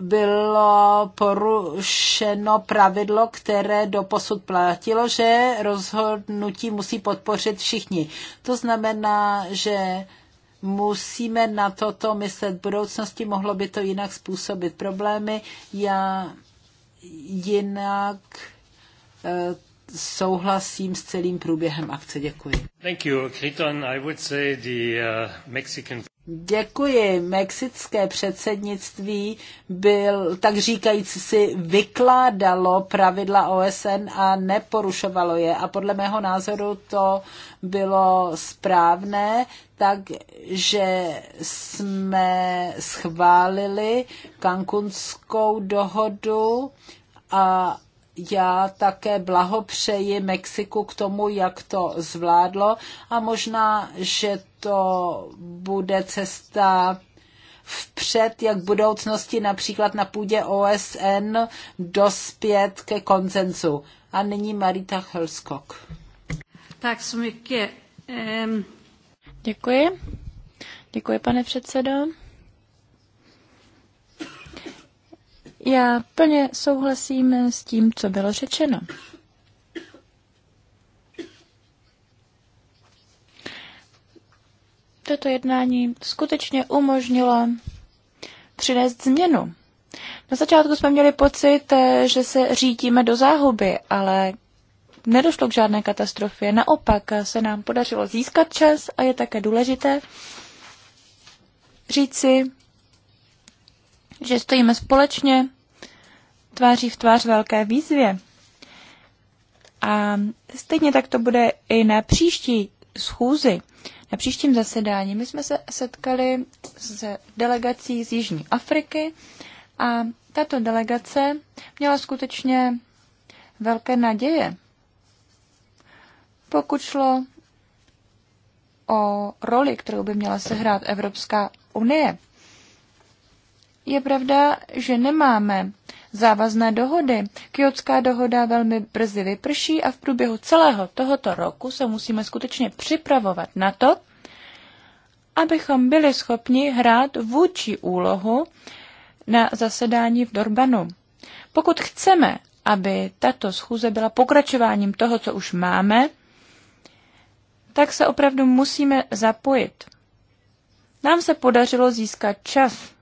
bylo porušeno pravidlo, které do posud platilo, že rozhodnutí musí podpořit všichni. To znamená, že Musíme na toto myslet v budoucnosti, mohlo by to jinak způsobit problémy. Já jinak eh, souhlasím s celým průběhem akce. Děkuji. Thank you, Kriton. I would say the eh, Mexican... Děkuji. Mexické předsednictví byl, tak říkajíc, si vykládalo pravidla OSN a neporušovalo je. A podle mého názoru to bylo správné, takže jsme schválili Cancunskou dohodu a já také blahopřeji Mexiku k tomu, jak to zvládlo a možná, že to bude cesta vpřed, jak v budoucnosti například na půdě OSN dospět ke koncenzu. A nyní Marita Helskok. Tak so Děkuji. Děkuji, pane předsedo. Já plně souhlasím s tím, co bylo řečeno. Toto jednání skutečně umožnilo přinést změnu. Na začátku jsme měli pocit, že se řídíme do záhuby, ale nedošlo k žádné katastrofě. Naopak se nám podařilo získat čas a je také důležité říci, že stojíme společně tváří v tvář velké výzvě. A stejně tak to bude i na příští schůzi, na příštím zasedání. My jsme se setkali s delegací z Jižní Afriky a tato delegace měla skutečně velké naděje. Pokud šlo o roli, kterou by měla sehrát Evropská unie je pravda, že nemáme závazné dohody. Kyotská dohoda velmi brzy vyprší a v průběhu celého tohoto roku se musíme skutečně připravovat na to, abychom byli schopni hrát vůči úlohu na zasedání v Dorbanu. Pokud chceme, aby tato schůze byla pokračováním toho, co už máme, tak se opravdu musíme zapojit. Nám se podařilo získat čas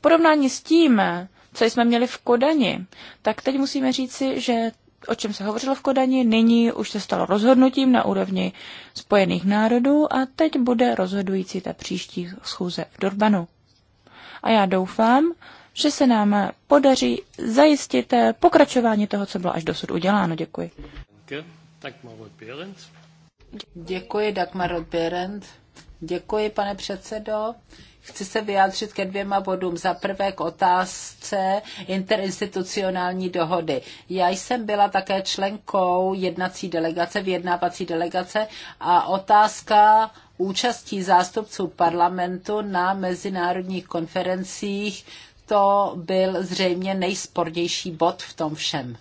porovnání s tím, co jsme měli v Kodani, tak teď musíme říci, že o čem se hovořilo v Kodani, nyní už se stalo rozhodnutím na úrovni Spojených národů a teď bude rozhodující ta příští schůze v Durbanu. A já doufám, že se nám podaří zajistit pokračování toho, co bylo až dosud uděláno. Děkuji. Děkuji, Dagmar Berend. Děkuji, pane předsedo. Chci se vyjádřit ke dvěma bodům. Za prvé k otázce interinstitucionální dohody. Já jsem byla také členkou jednací delegace, vyjednávací delegace a otázka účastí zástupců parlamentu na mezinárodních konferencích, to byl zřejmě nejspornější bod v tom všem.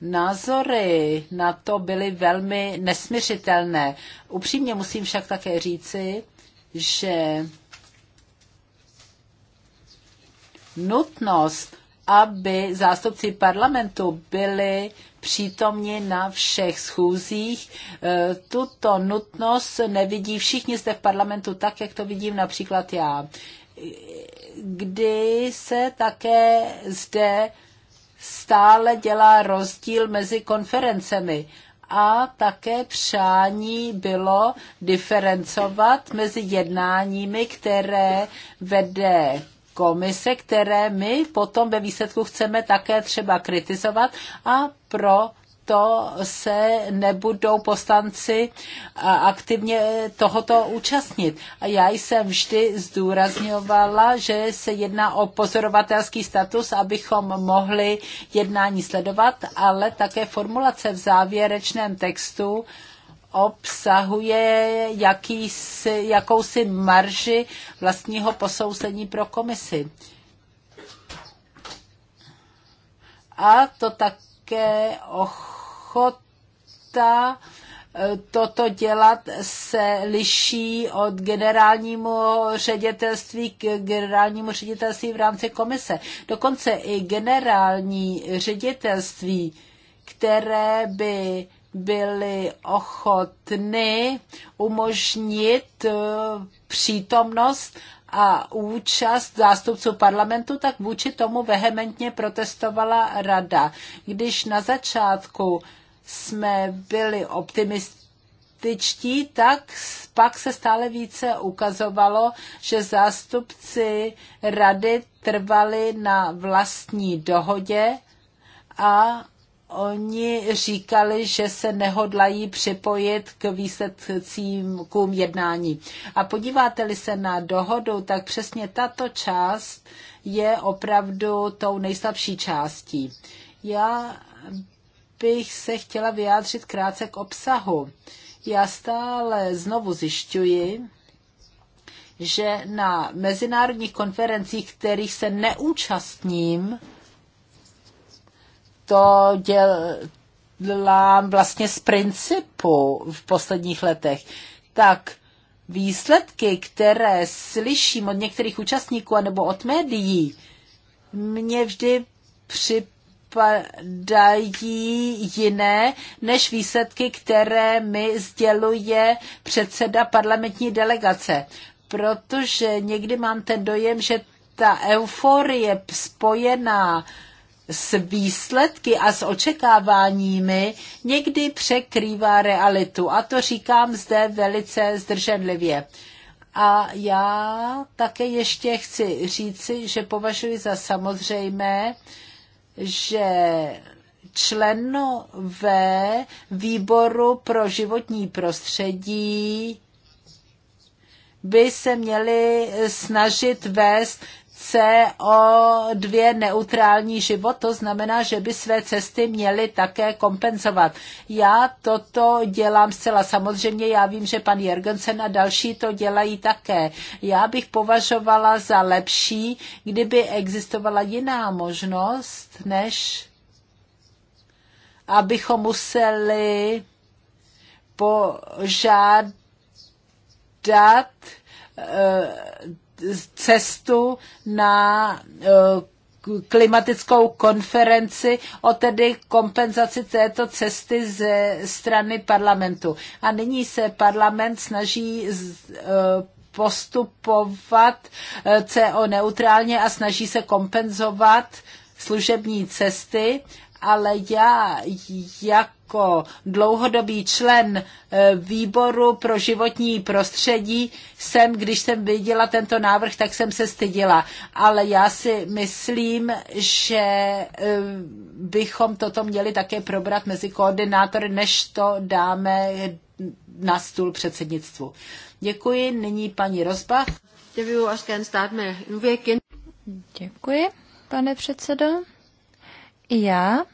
názory na to byly velmi nesměřitelné. Upřímně musím však také říci, že nutnost, aby zástupci parlamentu byli přítomni na všech schůzích. E, tuto nutnost nevidí všichni zde v parlamentu tak, jak to vidím například já. Kdy se také zde stále dělá rozdíl mezi konferencemi. A také přání bylo diferencovat mezi jednáními, které vede komise, které my potom ve výsledku chceme také třeba kritizovat a pro to se nebudou postanci eh, aktivně tohoto účastnit. A já jsem vždy zdůrazňovala, že se jedná o pozorovatelský status, abychom mohli jednání sledovat, ale také formulace v závěrečném textu obsahuje jakýsi, jakousi marži vlastního posouzení pro komisi. A to také ochotně ochota e, toto dělat se liší od generálnímu ředitelství k generálnímu ředitelství v rámci komise. Dokonce i generální ředitelství, které by byly ochotny umožnit e, přítomnost a účast zástupců parlamentu, tak vůči tomu vehementně protestovala rada. Když na začátku jsme byli optimističtí, tak pak se stále více ukazovalo, že zástupci rady trvali na vlastní dohodě a oni říkali, že se nehodlají připojit k výsledcím jednání. A podíváte-li se na dohodu, tak přesně tato část je opravdu tou nejslabší částí. Já bych se chtěla vyjádřit krátce k obsahu. Já stále znovu zjišťuji, že na mezinárodních konferencích, kterých se neúčastním, to dělám vlastně z principu v posledních letech, tak výsledky, které slyším od některých účastníků anebo od médií, mě vždy připomínají, vypadají jiné než výsledky, které mi sděluje předseda parlamentní delegace. Protože někdy mám ten dojem, že ta euforie spojená s výsledky a s očekáváními někdy překrývá realitu. A to říkám zde velice zdrženlivě. A já také ještě chci říci, že považuji za samozřejmé, že členové výboru pro životní prostředí by se měli snažit vést se o dvě neutrální život, to znamená, že by své cesty měly také kompenzovat. Já toto dělám zcela samozřejmě, já vím, že pan Jergensen a další to dělají také. Já bych považovala za lepší, kdyby existovala jiná možnost, než abychom museli požádat eh, cestu na eh, klimatickou konferenci o tedy kompenzaci této cesty ze strany parlamentu. A nyní se parlament snaží eh, postupovat eh, CO neutrálně a snaží se kompenzovat služební cesty ale já jako dlouhodobý člen e, výboru pro životní prostředí jsem, když jsem viděla tento návrh, tak jsem se stydila. Ale já si myslím, že e, bychom toto měli také probrat mezi koordinátory, než to dáme na stůl předsednictvu. Děkuji. Nyní paní Rozbach. Děkuji, pane předsedo. I já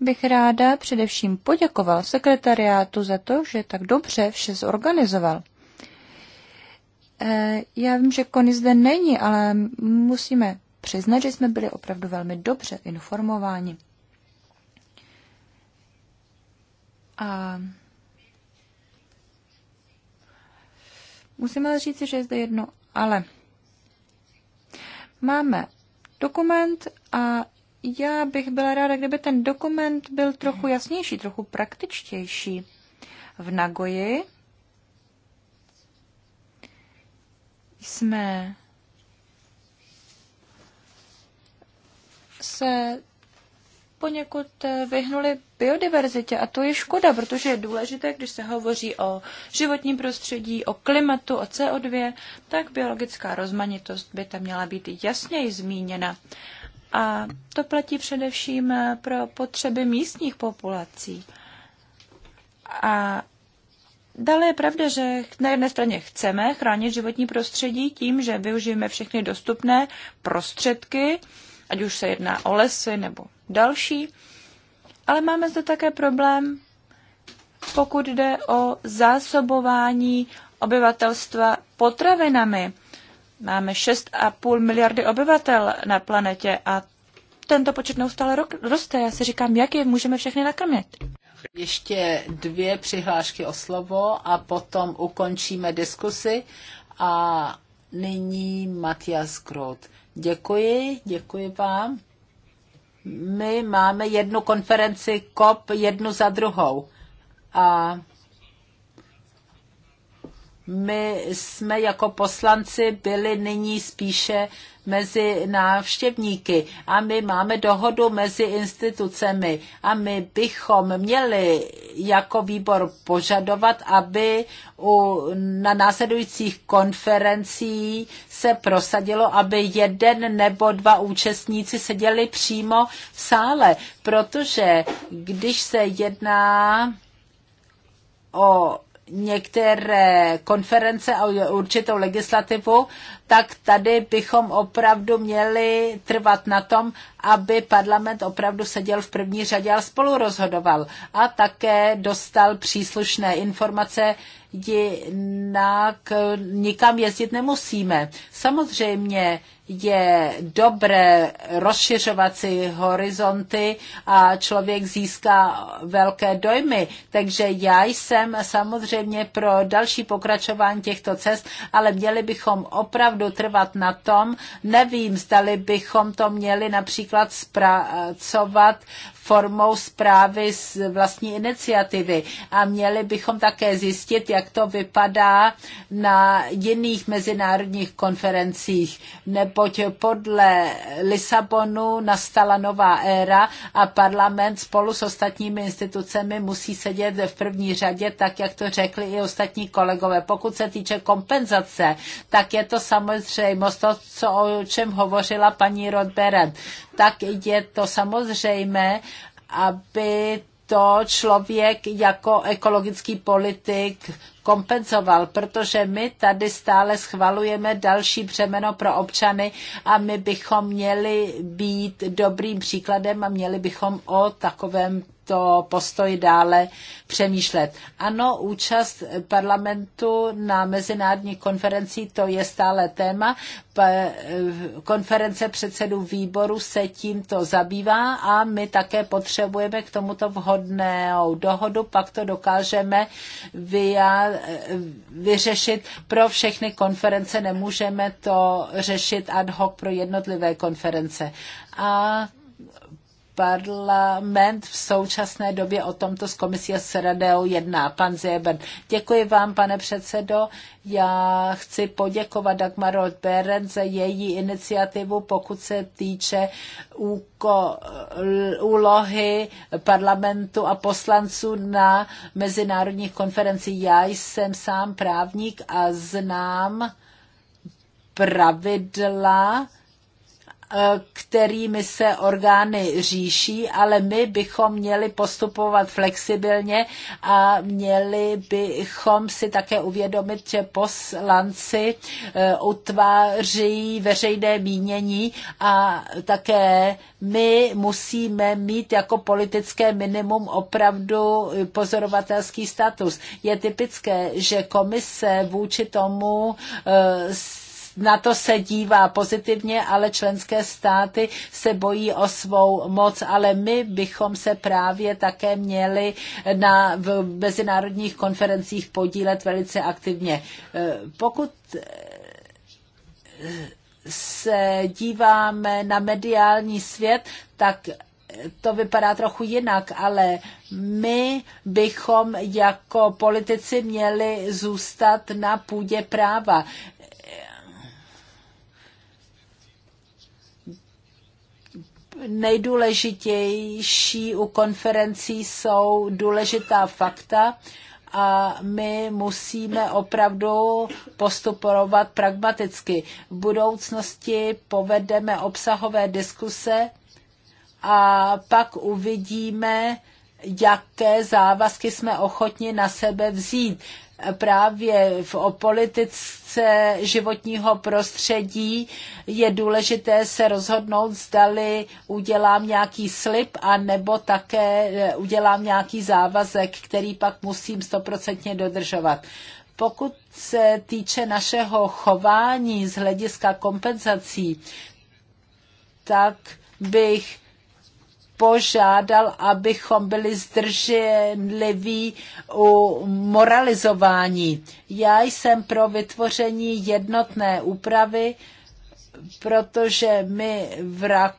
bych ráda především poděkoval sekretariátu za to, že tak dobře vše zorganizoval. Eh, já vím, že Kony zde není, ale musíme přiznat, že jsme byli opravdu velmi dobře informováni. A musíme říct, že je zde jedno ale. Máme dokument a já bych byla ráda, kdyby ten dokument byl trochu jasnější, trochu praktičtější. V Nagoji jsme se poněkud vyhnuli biodiverzitě a to je škoda, protože je důležité, když se hovoří o životním prostředí, o klimatu, o CO2, tak biologická rozmanitost by tam měla být jasněji zmíněna. A to platí především eh, pro potřeby místních populací. A Dále je pravda, že na jedné straně chceme chránit životní prostředí tím, že využijeme všechny dostupné prostředky, ať už se jedná o lesy nebo další, ale máme zde také problém, pokud jde o zásobování obyvatelstva potravinami. Máme 6,5 miliardy obyvatel na planetě a tento počet neustále roste. Já si říkám, jak je můžeme všechny nakrmit. Ještě dvě přihlášky o slovo a potom ukončíme diskusi. A nyní Matias Krot. Děkuji, děkuji vám. My máme jednu konferenci COP jednu za druhou. A my jsme jako poslanci byli nyní spíše mezi návštěvníky a my máme dohodu mezi institucemi a my bychom měli jako výbor požadovat, aby u, na následujících konferencí se prosadilo, aby jeden nebo dva účastníci seděli přímo v sále, protože když se jedná o některé konference a určitou legislativu, tak tady bychom opravdu měli trvat na tom, aby parlament opravdu seděl v první řadě a spolu rozhodoval. A také dostal příslušné informace, jinak nikam jezdit nemusíme. Samozřejmě je dobré rozšiřovat si horizonty a člověk získá velké dojmy. Takže já jsem samozřejmě pro další pokračování těchto cest, ale měli bychom opravdu trvat na tom. Nevím, zdali bychom to měli například zpracovat formou zprávy z vlastní iniciativy. A měli bychom také zjistit, jak to vypadá na jiných mezinárodních konferencích, neboť podle Lisabonu nastala nová éra a parlament spolu s ostatními institucemi musí sedět v první řadě, tak jak to řekli i ostatní kolegové. Pokud se týče kompenzace, tak je to samozřejmost to, co, o čem hovořila paní Rodberen tak je to samozřejmé, aby to člověk jako ekologický politik kompenzoval, protože my tady stále schvalujeme další břemeno pro občany a my bychom měli být dobrým příkladem a měli bychom o takovém tento postoj dále přemýšlet. Ano, účast parlamentu na mezinárodní konferenci, to je stále téma. Konference předsedů výboru se tímto zabývá a my také potřebujeme k tomuto vhodnou dohodu, pak to dokážeme vyřešit pro všechny konference, nemůžeme to řešit ad hoc pro jednotlivé konference. A parlament v současné době o tomto s komisí a s radou jedná. Pan Zeben, děkuji vám, pane předsedo. Já chci poděkovat Dagmar Berend za její iniciativu, pokud se týče úko, úlohy parlamentu a poslanců na mezinárodních konferencích. Já jsem sám právník a znám pravidla, kterými se orgány říší, ale my bychom měli postupovat flexibilně a měli bychom si také uvědomit, že poslanci eh, utváří veřejné mínění a také my musíme mít jako politické minimum opravdu pozorovatelský status. Je typické, že komise vůči tomu eh, na to se dívá pozitivně, ale členské státy se bojí o svou moc, ale my bychom se právě také měli na v mezinárodních konferencích podílet velice aktivně. Eh, pokud eh, se díváme na mediální svět, tak to vypadá trochu jinak, ale my bychom jako politici měli zůstat na půdě práva. nejdůležitější u konferencí jsou důležitá fakta a my musíme opravdu postupovat pragmaticky. V budoucnosti povedeme obsahové diskuse a pak uvidíme, jaké závazky jsme ochotni na sebe vzít právě v politice životního prostředí je důležité se rozhodnout, zdali udělám nějaký slib a nebo také eh, udělám nějaký závazek, který pak musím stoprocentně dodržovat. Pokud se týče našeho chování z hlediska kompenzací, tak bych požádal, abychom byli zdrženliví u moralizování. Já jsem pro vytvoření jednotné úpravy, protože my v Rak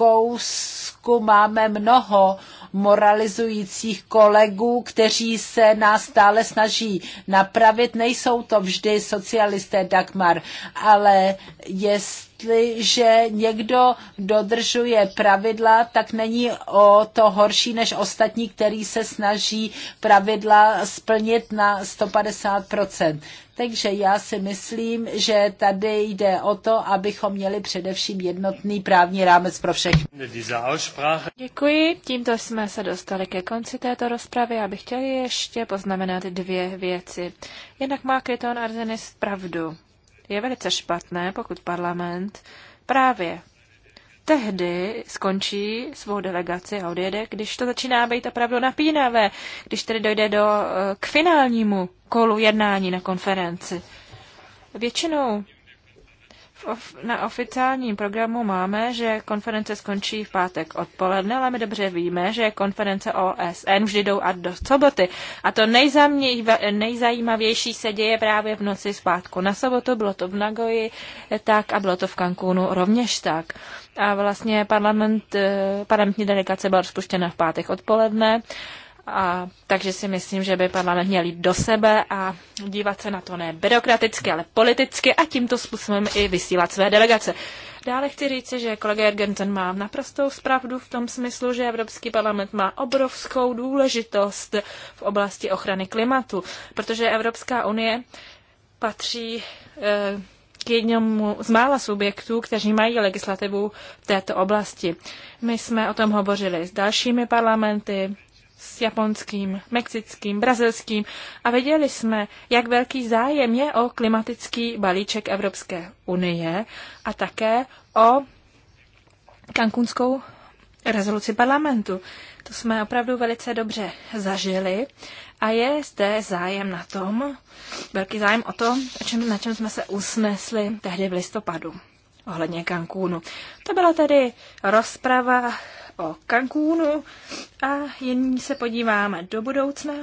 Rakousku máme mnoho moralizujících kolegů, kteří se nás stále snaží napravit. Nejsou to vždy socialisté Dagmar, ale jestliže někdo dodržuje pravidla, tak není o to horší než ostatní, který se snaží pravidla splnit na 150 takže já si myslím, že tady jde o to, abychom měli především jednotný právní rámec pro všechny. Děkuji. Tímto jsme se dostali ke konci této rozpravy. Já bych chtěl ještě poznamenat dvě věci. Jednak má Kryton Arzenis pravdu. Je velice špatné, pokud parlament právě tehdy skončí svou delegaci a odjede, když to začíná být opravdu napínavé, když tedy dojde do, eh, k finálnímu kolu jednání na konferenci. Většinou na oficiálním programu máme, že konference skončí v pátek odpoledne, ale my dobře víme, že konference OSN vždy jdou a do soboty. A to nejzajímavější se děje právě v noci z pátku na sobotu. Bylo to v Nagoji tak a bylo to v Cancúnu rovněž tak. A vlastně parlament, eh, parlamentní delegace byla rozpuštěna v pátek odpoledne a, takže si myslím, že by parlament měl jít do sebe a dívat se na to ne byrokraticky, ale politicky a tímto způsobem i vysílat své delegace. Dále chci říct, že kolega Jergensen má naprostou zpravdu v tom smyslu, že Evropský parlament má obrovskou důležitost v oblasti ochrany klimatu, protože Evropská unie patří e, k jednomu z mála subjektů, kteří mají legislativu v této oblasti. My jsme o tom hovořili s dalšími parlamenty, s japonským, mexickým, brazilským a viděli jsme, jak velký zájem je o klimatický balíček Evropské unie a také o kankunskou rezoluci parlamentu. To jsme opravdu velice dobře zažili a je zde zájem na tom, velký zájem o tom, o čem, na čem jsme se usnesli tehdy v listopadu ohledně Cancúnu. To byla tedy rozprava o Cancúnu a jení se podíváme do budoucna.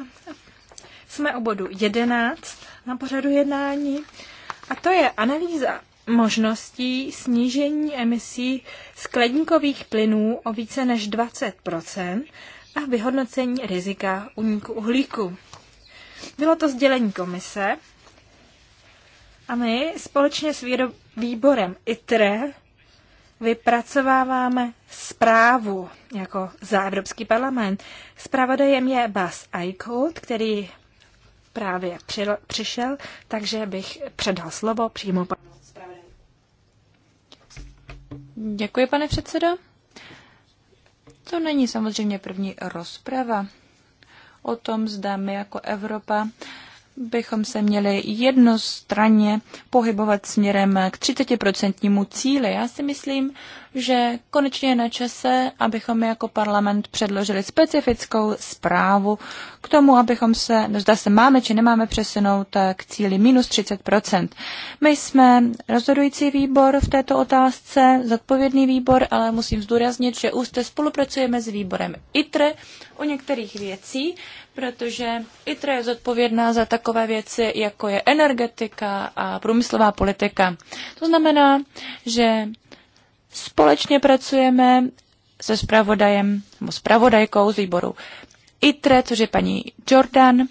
Jsme u bodu 11 na pořadu jednání a to je analýza možností snížení emisí skleníkových plynů o více než 20 a vyhodnocení rizika úniku uhlíku. Bylo to sdělení komise a my společně s výborem ITRE vypracováváme zprávu jako za Evropský parlament. Zpravodajem je Bas Eichhout, který právě přišel, takže bych předal slovo přímo panu Děkuji, pane předsedo. To není samozřejmě první rozprava o tom, zda my jako Evropa bychom se měli jednostranně pohybovat směrem k 30% cíli. Já si myslím, že konečně je na čase, abychom jako parlament předložili specifickou zprávu k tomu, abychom se, no, zda se máme či nemáme přesunout eh, k cíli minus 30%. My jsme rozhodující výbor v této otázce, zodpovědný výbor, ale musím zdůraznit, že úzce spolupracujeme s výborem ITRE o některých věcí, protože ITRA je zodpovědná za takové věci, jako je energetika a průmyslová politika. To znamená, že společně pracujeme se spravodajem, nebo spravodajkou z výboru ITRE, což je paní Jordan,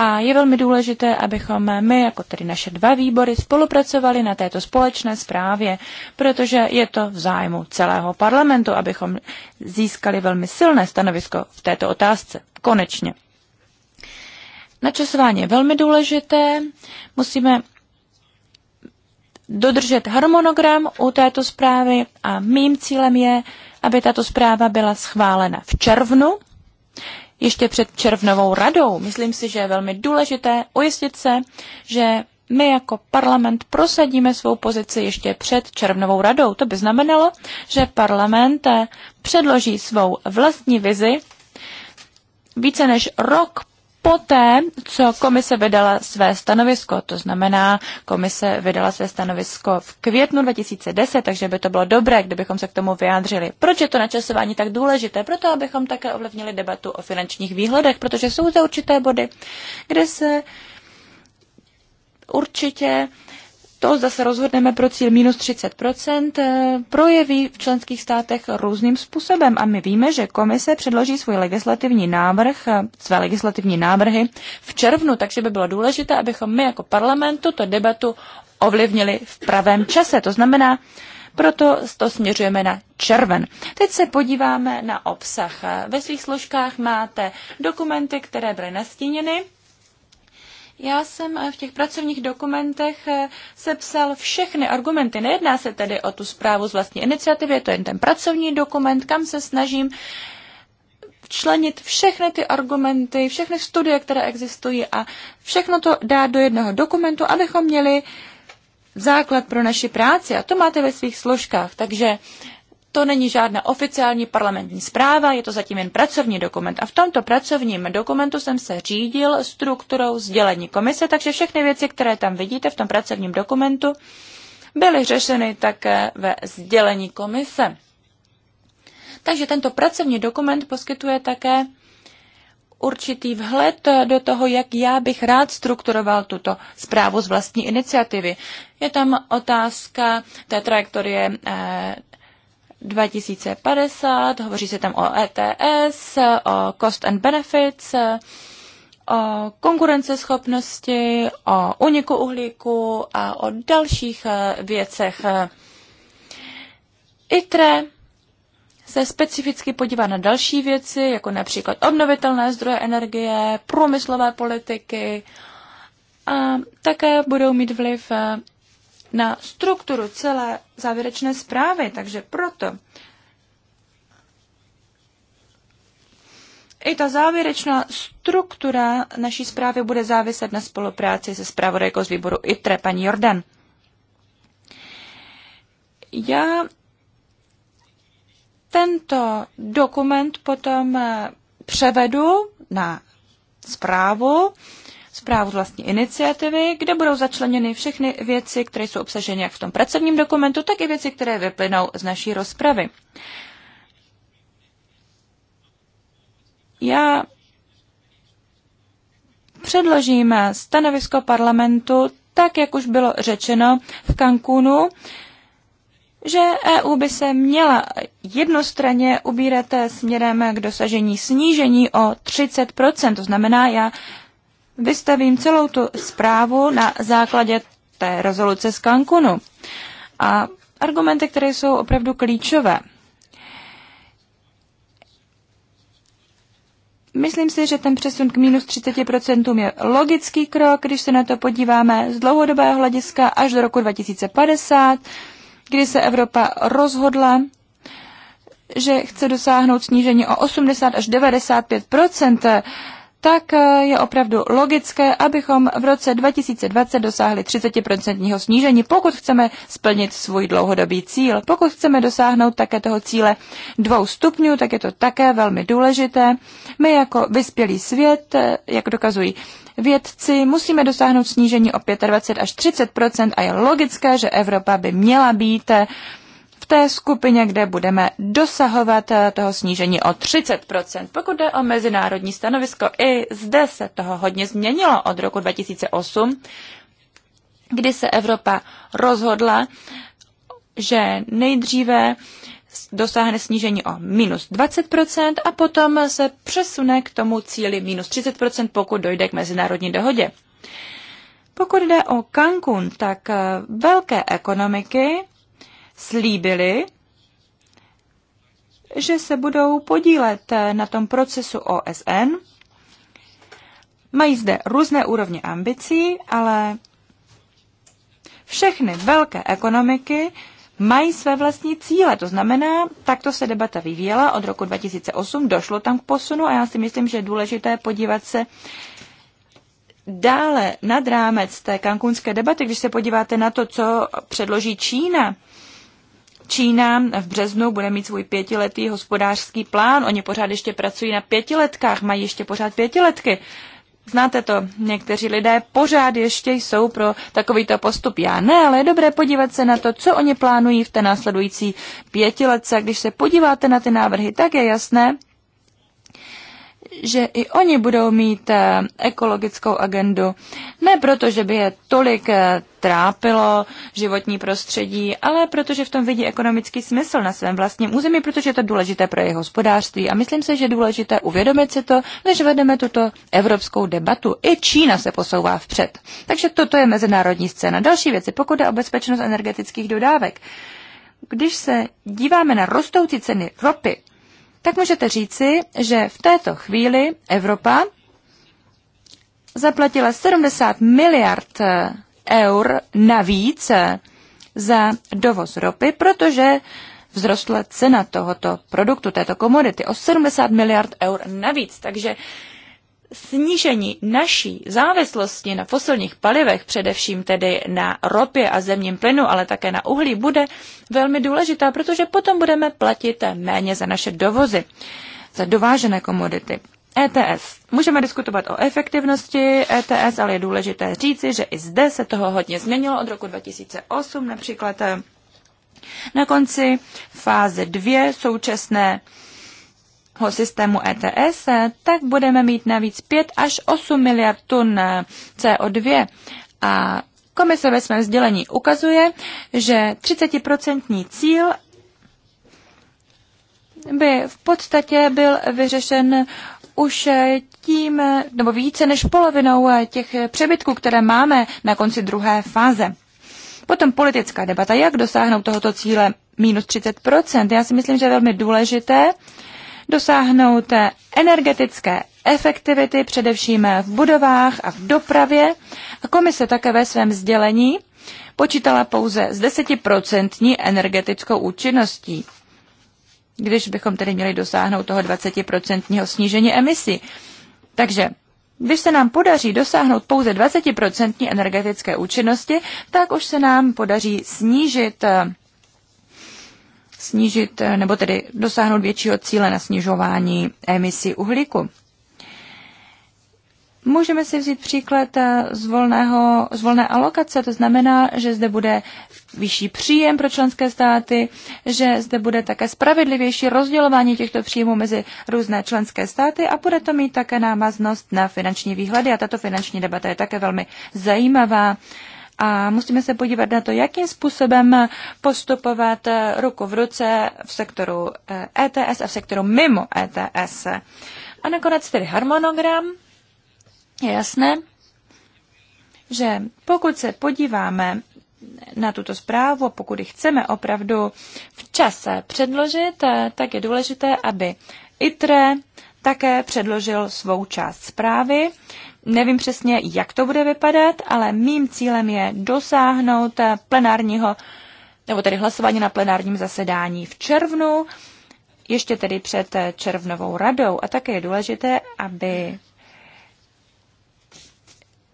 a je velmi důležité, abychom my, jako tedy naše dva výbory, spolupracovali na této společné zprávě, protože je to v zájmu celého parlamentu, abychom získali velmi silné stanovisko v této otázce. Konečně. Načasování je velmi důležité. Musíme dodržet harmonogram u této zprávy a mým cílem je, aby tato zpráva byla schválena v červnu ještě před červnovou radou. Myslím si, že je velmi důležité ujistit se, že my jako parlament prosadíme svou pozici ještě před červnovou radou. To by znamenalo, že parlament předloží svou vlastní vizi více než rok poté, co komise vydala své stanovisko, to znamená, komise vydala své stanovisko v květnu 2010, takže by to bylo dobré, kdybychom se k tomu vyjádřili. Proč je to načasování tak důležité? Proto, abychom také ovlivnili debatu o finančních výhledech, protože jsou to určité body, kde se určitě to, zda se rozhodneme pro cíl minus 30%, eh, projeví v členských státech různým způsobem. A my víme, že komise předloží svůj legislativní návrh, eh, své legislativní návrhy v červnu, takže by bylo důležité, abychom my jako parlament tuto debatu ovlivnili v pravém čase. To znamená, proto to směřujeme na červen. Teď se podíváme na obsah. Ve svých složkách máte dokumenty, které byly nastíněny já jsem v těch pracovních dokumentech eh, sepsal všechny argumenty. Nejedná se tedy o tu zprávu z vlastní iniciativy, je to jen ten pracovní dokument, kam se snažím členit všechny ty argumenty, všechny studie, které existují a všechno to dát do jednoho dokumentu, abychom měli základ pro naši práci. A to máte ve svých složkách. Takže to není žádná oficiální parlamentní zpráva, je to zatím jen pracovní dokument. A v tomto pracovním dokumentu jsem se řídil strukturou sdělení komise, takže všechny věci, které tam vidíte v tom pracovním dokumentu, byly řešeny také ve sdělení komise. Takže tento pracovní dokument poskytuje také určitý vhled do toho, jak já bych rád strukturoval tuto zprávu z vlastní iniciativy. Je tam otázka té trajektorie eh, 2050, hovoří se tam o ETS, o cost and benefits, o konkurenceschopnosti, o uniku uhlíku a o dalších eh, věcech. ITRE se specificky podívá na další věci, jako například obnovitelné zdroje energie, průmyslové politiky a také budou mít vliv eh, na strukturu celé závěrečné zprávy, takže proto I ta závěrečná struktura naší zprávy bude záviset na spolupráci se zpravodajkou z výboru ITRE, paní Jordan. Já tento dokument potom převedu na zprávu, zprávu vlastní iniciativy, kde budou začleněny všechny věci, které jsou obsaženy jak v tom pracovním dokumentu, tak i věci, které vyplynou z naší rozpravy. Já předložím stanovisko parlamentu, tak jak už bylo řečeno v Cancúnu, že EU by se měla jednostranně ubírat směrem k dosažení snížení o 30%. To znamená, já vystavím celou tu zprávu na základě té rezoluce z Cancunu. A argumenty, které jsou opravdu klíčové. Myslím si, že ten přesun k minus 30% je logický krok, když se na to podíváme z dlouhodobého hlediska až do roku 2050, kdy se Evropa rozhodla, že chce dosáhnout snížení o 80 až 95 tak eh, je opravdu logické, abychom v roce 2020 dosáhli 30% snížení, pokud chceme splnit svůj dlouhodobý cíl. Pokud chceme dosáhnout také toho cíle dvou stupňů, tak je to také velmi důležité. My jako vyspělý svět, eh, jak dokazují vědci, musíme dosáhnout snížení o 25 až 30 a je logické, že Evropa by měla být eh, té skupině, kde budeme dosahovat eh, toho snížení o 30%. Pokud jde o mezinárodní stanovisko, i zde se toho hodně změnilo od roku 2008, kdy se Evropa rozhodla, že nejdříve dosáhne snížení o minus 20% a potom se přesune k tomu cíli minus 30%, pokud dojde k mezinárodní dohodě. Pokud jde o Cancún, tak eh, velké ekonomiky slíbili, že se budou podílet eh, na tom procesu OSN. Mají zde různé úrovně ambicí, ale všechny velké ekonomiky mají své vlastní cíle. To znamená, takto se debata vyvíjela od roku 2008, došlo tam k posunu a já si myslím, že je důležité podívat se dále nad rámec té kankunské debaty, když se podíváte na to, co předloží Čína Čína v březnu bude mít svůj pětiletý hospodářský plán. Oni pořád ještě pracují na pětiletkách, mají ještě pořád pětiletky. Znáte to, někteří lidé pořád ještě jsou pro takovýto postup. Já ne, ale je dobré podívat se na to, co oni plánují v té následující pětiletce. Když se podíváte na ty návrhy, tak je jasné, že i oni budou mít eh, ekologickou agendu. Ne proto, že by je tolik eh, trápilo životní prostředí, ale protože v tom vidí ekonomický smysl na svém vlastním území, protože je to důležité pro jejich hospodářství. A myslím si, že je důležité uvědomit si to, než vedeme tuto evropskou debatu. I Čína se posouvá vpřed. Takže toto je mezinárodní scéna. Další věci, pokud je o bezpečnost energetických dodávek. Když se díváme na rostoucí ceny ropy, tak můžete říci, že v této chvíli Evropa zaplatila 70 miliard eh, eur navíc eh, za dovoz ropy, protože vzrostla cena tohoto produktu, této komodity o 70 miliard eur navíc. Takže snížení naší závislosti na fosilních palivech, především tedy na ropě a zemním plynu, ale také na uhlí, bude velmi důležitá, protože potom budeme platit méně za naše dovozy, za dovážené komodity. ETS. Můžeme diskutovat o efektivnosti ETS, ale je důležité říci, že i zde se toho hodně změnilo od roku 2008, například eh, na konci fáze 2 současné systému ETS, tak budeme mít navíc 5 až 8 miliard tun eh, CO2 a Komise ve svém sdělení ukazuje, že 30% cíl by v podstatě byl vyřešen už tím, nebo více než polovinou těch přebytků, které máme na konci druhé fáze. Potom politická debata, jak dosáhnout tohoto cíle minus 30%. Já si myslím, že je velmi důležité, dosáhnout energetické efektivity, především v budovách a v dopravě. A komise také ve svém sdělení počítala pouze s desetiprocentní energetickou účinností, když bychom tedy měli dosáhnout toho 20% snížení emisí. Takže když se nám podaří dosáhnout pouze 20% energetické účinnosti, tak už se nám podaří snížit snížit, eh, nebo tedy dosáhnout většího cíle na snižování emisí uhlíku. Můžeme si vzít příklad eh, z, volného, z volné alokace, to znamená, že zde bude vyšší příjem pro členské státy, že zde bude také spravedlivější rozdělování těchto příjmů mezi různé členské státy a bude to mít také námaznost na finanční výhledy. A tato finanční debata je také velmi zajímavá a musíme se podívat na to, jakým způsobem postupovat ruku v ruce v sektoru ETS eh, e a v sektoru mimo ETS. A nakonec tedy harmonogram. Je jasné, že pokud se podíváme na tuto zprávu, pokud ji chceme opravdu v čase předložit, eh, tak je důležité, aby ITRE také předložil svou část zprávy. Nevím přesně, jak to bude vypadat, ale mým cílem je dosáhnout eh, plenárního, nebo tedy hlasování na plenárním zasedání v červnu, ještě tedy před eh, červnovou radou. A také je důležité, aby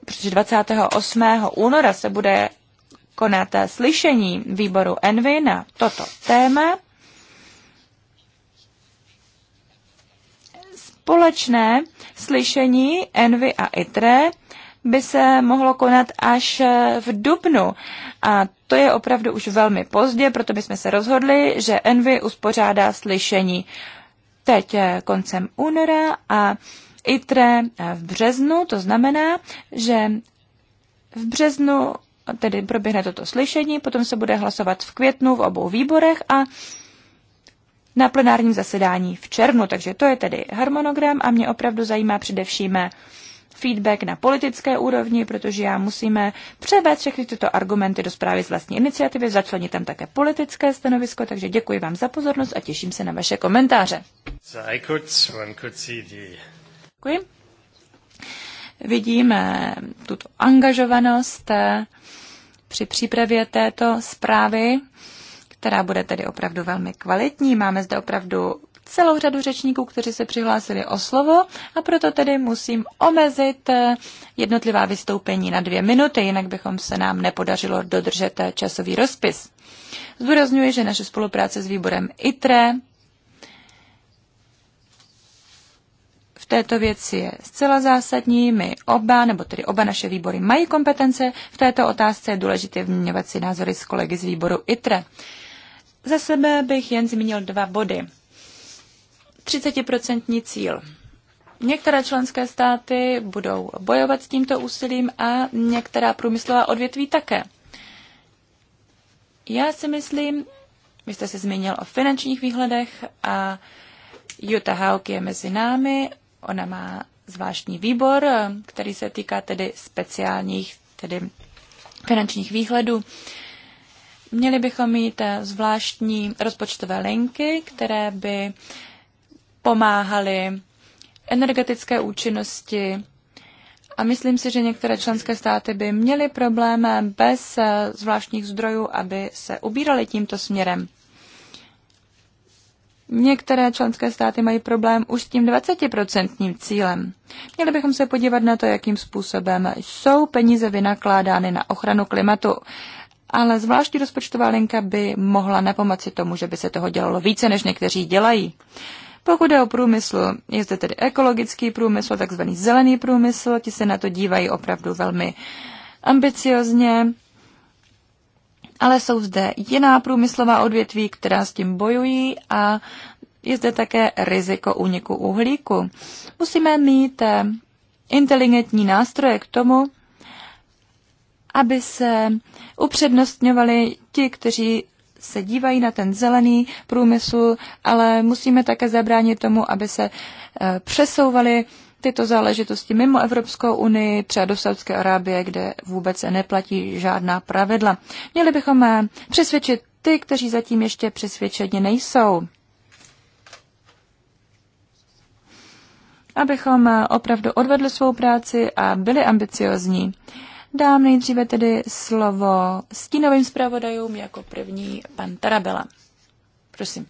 protože 28. února se bude konat eh, slyšení výboru Envy na toto téma Společné slyšení Envy a ITRE by se mohlo konat až eh, v dubnu. A to je opravdu už velmi pozdě, proto my jsme se rozhodli, že Envy uspořádá slyšení teď eh, koncem února a ITRE eh, v březnu. To znamená, že v březnu tedy proběhne toto slyšení, potom se bude hlasovat v květnu v obou výborech a na plenárním zasedání v červnu. Takže to je tedy harmonogram a mě opravdu zajímá především feedback na politické úrovni, protože já musíme převést všechny tyto argumenty do zprávy z vlastní iniciativy, začlenit tam také politické stanovisko, takže děkuji vám za pozornost a těším se na vaše komentáře. Děkuji. Vidíme eh, tuto angažovanost eh, při přípravě této zprávy která bude tedy opravdu velmi kvalitní. Máme zde opravdu celou řadu řečníků, kteří se přihlásili o slovo a proto tedy musím omezit eh, jednotlivá vystoupení na dvě minuty, jinak bychom se nám nepodařilo dodržet eh, časový rozpis. Zdůrazňuji, že naše spolupráce s výborem ITRE v této věci je zcela zásadní. My oba, nebo tedy oba naše výbory mají kompetence. V této otázce je důležité vměňovat si názory s kolegy z výboru ITRE. Za sebe bych jen zmínil dva body. 30% cíl. Některé členské státy budou bojovat s tímto úsilím a některá průmyslová odvětví také. Já si myslím, vy jste se zmínil o finančních výhledech a Jutta Hauk je mezi námi. Ona má zvláštní výbor, který se týká tedy speciálních, tedy finančních výhledů. Měli bychom mít eh, zvláštní rozpočtové linky, které by pomáhaly energetické účinnosti. A myslím si, že některé členské státy by měly problém eh, bez eh, zvláštních zdrojů, aby se ubíraly tímto směrem. Některé členské státy mají problém už s tím 20% cílem. Měli bychom se podívat na to, jakým způsobem jsou peníze vynakládány na ochranu klimatu ale zvláštní rozpočtová linka by mohla napomoci tomu, že by se toho dělalo více, než někteří dělají. Pokud je o průmysl, je zde tedy ekologický průmysl, takzvaný zelený průmysl, ti se na to dívají opravdu velmi ambiciozně, ale jsou zde jiná průmyslová odvětví, která s tím bojují a je zde také riziko úniku uhlíku. Musíme mít eh, inteligentní nástroje k tomu, aby se upřednostňovali ti, kteří se dívají na ten zelený průmysl, ale musíme také zabránit tomu, aby se eh, přesouvaly tyto záležitosti mimo Evropskou unii, třeba do Saudské Arábie, kde vůbec neplatí žádná pravidla. Měli bychom eh, přesvědčit ty, kteří zatím ještě přesvědčeni nejsou. Abychom eh, opravdu odvedli svou práci a byli ambiciozní. Dám nejdříve tedy slovo stínovým zpravodajům jako první pan Tarabela. Prosím.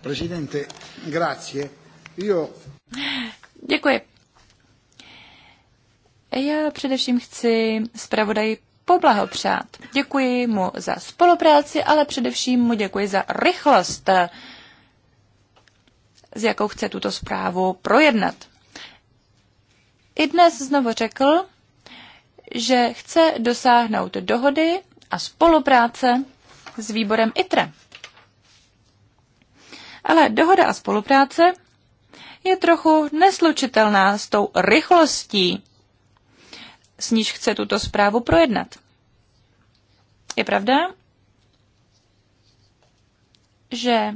Prezidente, grazie. Io... Děkuji. Já především chci zpravodaji poblahopřát. Děkuji mu za spolupráci, ale především mu děkuji za rychlost, s jakou chce tuto zprávu projednat. I dnes znovu řekl, že chce dosáhnout dohody a spolupráce s výborem ITRE. Ale dohoda a spolupráce je trochu neslučitelná s tou rychlostí, s níž chce tuto zprávu projednat. Je pravda, že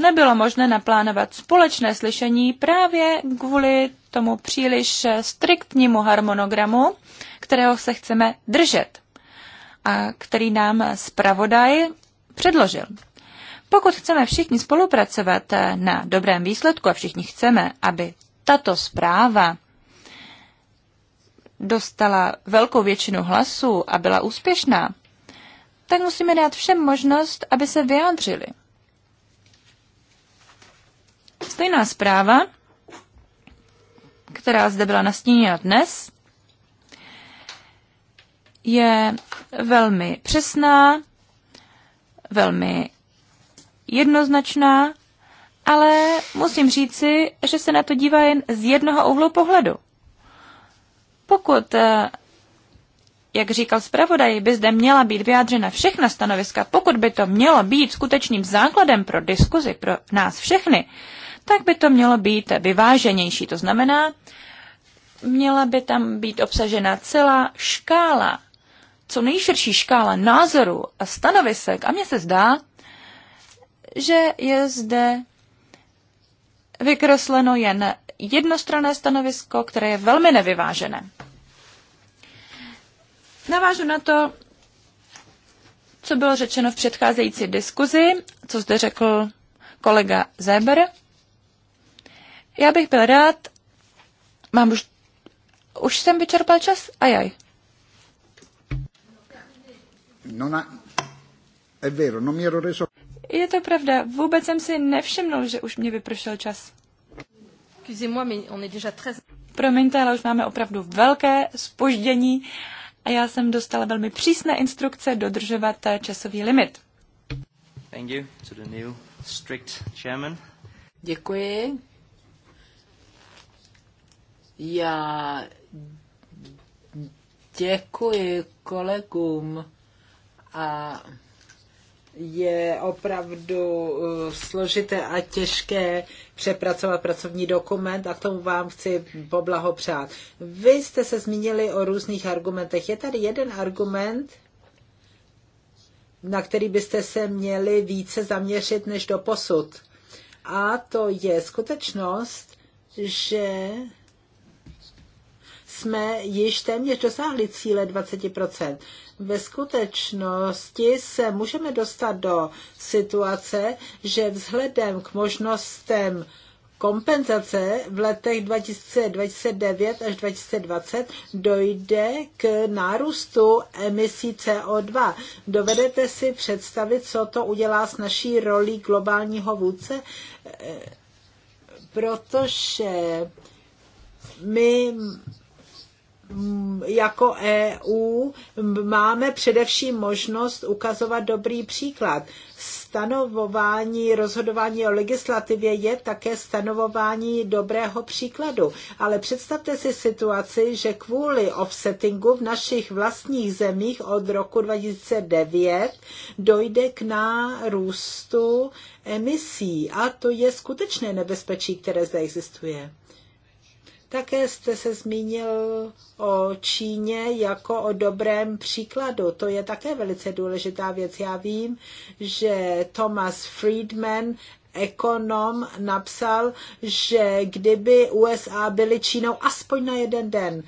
nebylo možné naplánovat společné slyšení právě kvůli tomu příliš striktnímu harmonogramu, kterého se chceme držet a který nám zpravodaj předložil. Pokud chceme všichni spolupracovat na dobrém výsledku a všichni chceme, aby tato zpráva dostala velkou většinu hlasů a byla úspěšná, tak musíme dát všem možnost, aby se vyjádřili. Stejná zpráva, která zde byla nastíněna dnes, je velmi přesná, velmi jednoznačná, ale musím říci, že se na to dívá jen z jednoho úhlu pohledu. Pokud, eh, jak říkal zpravodaj, by zde měla být vyjádřena všechna stanoviska, pokud by to mělo být skutečným základem pro diskuzi pro nás všechny, tak by to mělo být vyváženější. To znamená, měla by tam být obsažena celá škála, co nejširší škála názorů a stanovisek. A mně se zdá, že je zde vykresleno jen jednostranné stanovisko, které je velmi nevyvážené. Navážu na to, co bylo řečeno v předcházející diskuzi, co zde řekl kolega Zeber. Já bych byl rád, mám už, už jsem vyčerpal čas, ajaj. No, na. è vero, non mi ero reso... Je to pravda, vůbec jsem si nevšimnul, že už mě vypršel čas. Promiňte, ale už máme opravdu velké spoždění a já jsem dostala velmi přísné instrukce dodržovat časový limit. Děkuji já děkuji kolegům a je opravdu eh, složité a těžké přepracovat pracovní dokument a k tomu vám chci poblahopřát. Vy jste se zmínili o různých argumentech. Je tady jeden argument, na který byste se měli více zaměřit než do posud. A to je skutečnost, že jsme již téměř dosáhli cíle 20%. Ve skutečnosti se můžeme dostat do situace, že vzhledem k možnostem kompenzace v letech 2029 až 2020 dojde k nárůstu emisí CO2. Dovedete si představit, co to udělá s naší rolí globálního vůdce? Protože my jako EU máme především možnost ukazovat dobrý příklad. Stanovování rozhodování o legislativě je také stanovování dobrého příkladu. Ale představte si situaci, že kvůli offsettingu v našich vlastních zemích od roku 2009 dojde k nárůstu emisí. A to je skutečné nebezpečí, které zde existuje. Také jste se zmínil o Číně jako o dobrém příkladu. To je také velice důležitá věc. Já vím, že Thomas Friedman, ekonom, napsal, že kdyby USA byly Čínou aspoň na jeden den,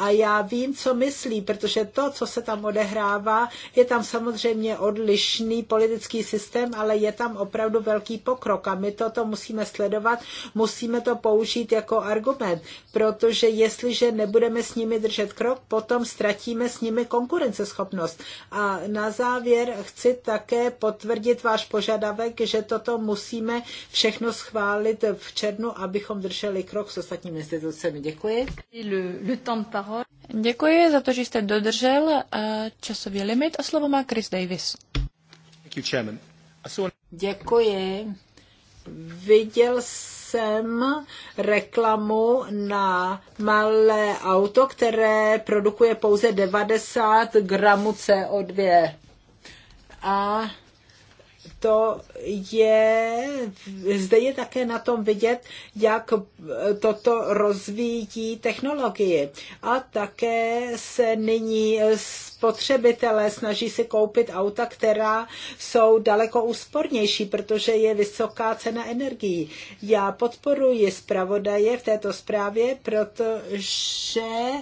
a já vím, co myslí, protože to, co se tam odehrává, je tam samozřejmě odlišný politický systém, ale je tam opravdu velký pokrok a my toto musíme sledovat, musíme to použít jako argument, protože jestliže nebudeme s nimi držet krok, potom ztratíme s nimi konkurenceschopnost. A na závěr chci také potvrdit váš požadavek, že toto musíme všechno schválit v červnu, abychom drželi krok s ostatními institucemi. Děkuji. Le, le temps de Děkuji za to, že jste dodržel eh, časový limit a slovo má Chris Davis. Děkuji. Viděl jsem reklamu na malé auto, které produkuje pouze 90 gramů CO2. A to je, zde je také na tom vidět, jak toto rozvíjí technologii. A také se nyní spotřebitelé snaží si koupit auta, která jsou daleko úspornější, protože je vysoká cena energií. Já podporuji zpravodaje v této zprávě, protože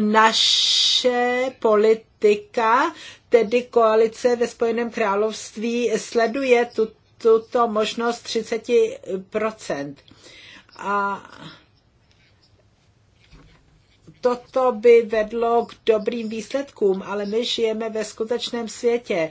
naše politika, tedy koalice ve Spojeném království, sleduje tu, tuto možnost 30%. A toto by vedlo k dobrým výsledkům, ale my žijeme ve skutečném světě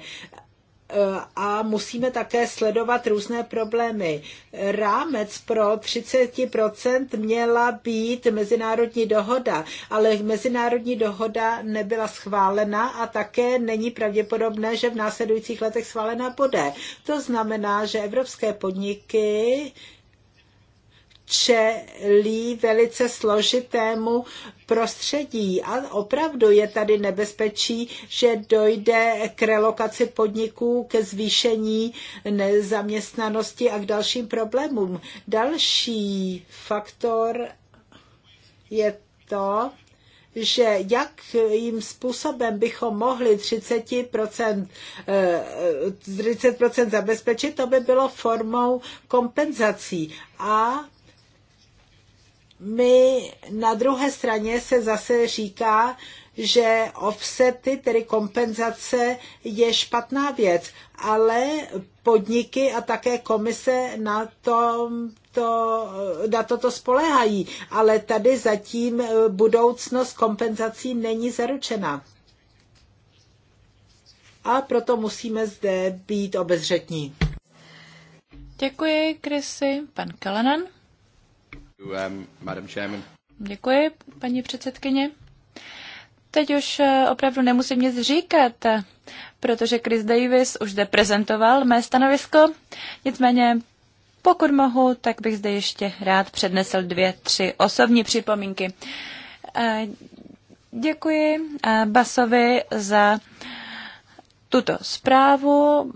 a musíme také sledovat různé problémy. Rámec pro 30% měla být mezinárodní dohoda, ale mezinárodní dohoda nebyla schválena a také není pravděpodobné, že v následujících letech schválena bude. To znamená, že evropské podniky čelí velice složitému prostředí. A opravdu je tady nebezpečí, že dojde k relokaci podniků, ke zvýšení nezaměstnanosti a k dalším problémům. Další faktor je to, že jakým způsobem bychom mohli 30%, 30 eh, zabezpečit, to by bylo formou kompenzací. A my na druhé straně se zase říká, že offsety, tedy kompenzace, je špatná věc, ale podniky a také komise na tom to, na toto spolehají, ale tady zatím budoucnost kompenzací není zaručena. A proto musíme zde být obezřetní. Děkuji, Krysy. Pan Kalanan. Um, děkuji, paní předsedkyně. Teď už eh, opravdu nemusím nic říkat, protože Chris Davis už zde prezentoval mé stanovisko. Nicméně, pokud mohu, tak bych zde ještě rád přednesl dvě, tři osobní připomínky. Eh, děkuji eh, Basovi za tuto zprávu.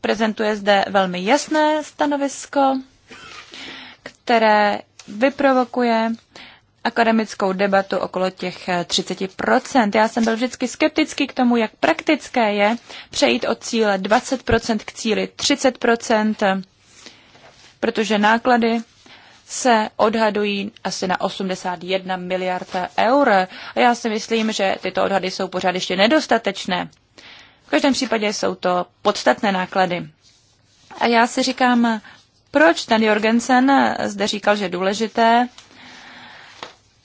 Prezentuje zde velmi jasné stanovisko, které vyprovokuje akademickou debatu okolo těch 30%. Eh, já jsem byl vždycky skeptický k tomu, jak praktické je přejít od cíle 20% k cíli 30%, protože náklady se odhadují asi na 81 miliard eur. A já si myslím, že tyto odhady jsou pořád ještě nedostatečné. V každém případě jsou to podstatné náklady. A já si říkám, proč ten Jorgensen zde říkal, že je důležité,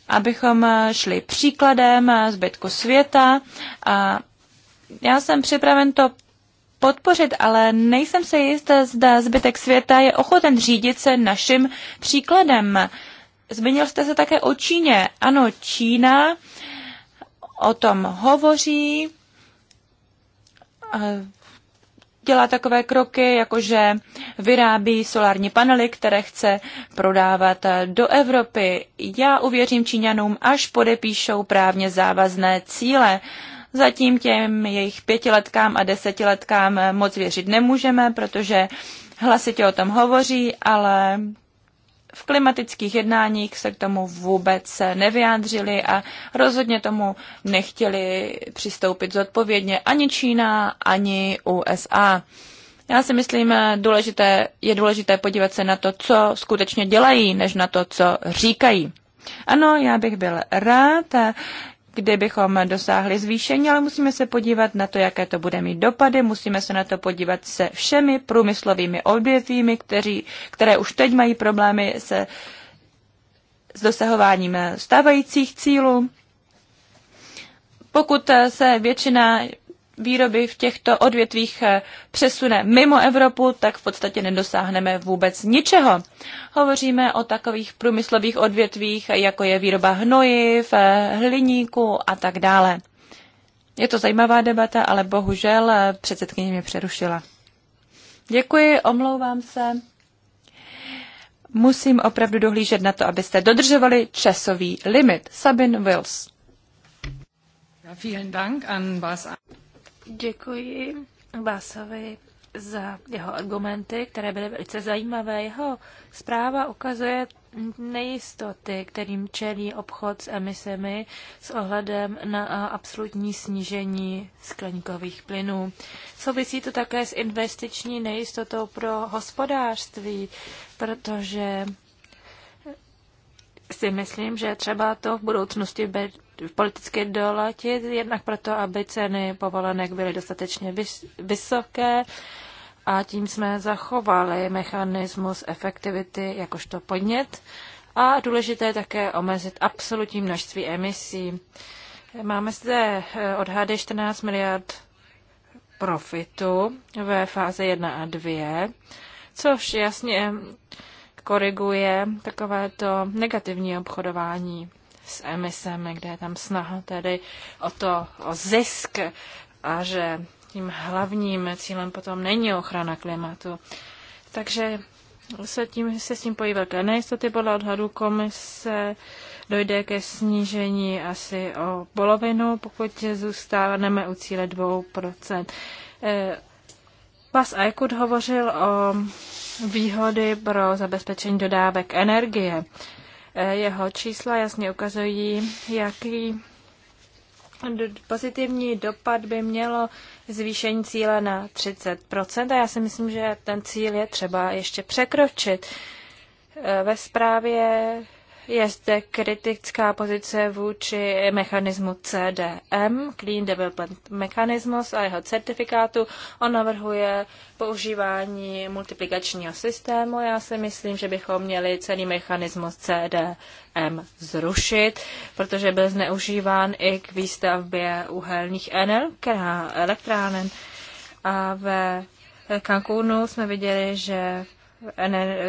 abychom šli příkladem zbytku světa a já jsem připraven to podpořit, ale nejsem se jistá, zda zbytek světa je ochoten řídit se naším příkladem. Zmínil jste se také o Číně. Ano, Čína o tom hovoří, dělá takové kroky, jakože vyrábí solární panely, které chce prodávat do Evropy. Já uvěřím Číňanům, až podepíšou právně závazné cíle. Zatím těm jejich pětiletkám a desetiletkám moc věřit nemůžeme, protože hlasitě o tom hovoří, ale v klimatických jednáních se k tomu vůbec nevyjádřili a rozhodně tomu nechtěli přistoupit zodpovědně ani Čína, ani USA. Já si myslím, důležité, je důležité podívat se na to, co skutečně dělají, než na to, co říkají. Ano, já bych byl rád, kdybychom dosáhli zvýšení, ale musíme se podívat na to, jaké to bude mít dopady, musíme se na to podívat se všemi průmyslovými odvětvími, které už teď mají problémy se s dosahováním stávajících cílů. Pokud se většina výroby v těchto odvětvích eh, přesune mimo Evropu, tak v podstatě nedosáhneme vůbec ničeho. Hovoříme o takových průmyslových odvětvích, jako je výroba hnojiv, eh, hliníku a tak dále. Je to zajímavá debata, ale bohužel eh, předsedkyně mě přerušila. Děkuji, omlouvám se. Musím opravdu dohlížet na to, abyste dodržovali časový limit. Sabin Wills. Děkuji Básovi za jeho argumenty, které byly velice zajímavé. Jeho zpráva ukazuje nejistoty, kterým čelí obchod s emisemi s ohledem na absolutní snížení skleníkových plynů. Souvisí to také s investiční nejistotou pro hospodářství, protože si myslím, že třeba to v budoucnosti v politické dolatit, jednak proto, aby ceny povolenek byly dostatečně vysoké a tím jsme zachovali mechanismus efektivity jakožto podnět a důležité je také omezit absolutní množství emisí. Máme zde eh, odhady 14 miliard profitu ve fázi 1 a 2, což jasně koriguje takovéto negativní obchodování s emisemi, kde je tam snaha tedy o to, o zisk a že tím hlavním cílem potom není ochrana klimatu. Takže se, tím, se s tím pojí velké nejistoty. Podle odhadu komise dojde ke snížení asi o polovinu, pokud zůstáváme u cíle 2%. Pas Aykut hovořil o výhody pro zabezpečení dodávek energie. Jeho čísla jasně ukazují, jaký pozitivní dopad by mělo zvýšení cíle na 30%. A já si myslím, že ten cíl je třeba ještě překročit. E, ve zprávě je zde kritická pozice vůči mechanismu CDM, Clean Development Mechanismus a jeho certifikátu. On navrhuje používání multiplikačního systému. Já si myslím, že bychom měli celý mechanismus CDM zrušit, protože byl zneužíván i k výstavbě uhelných elektráren. A ve Cancúnu jsme viděli, že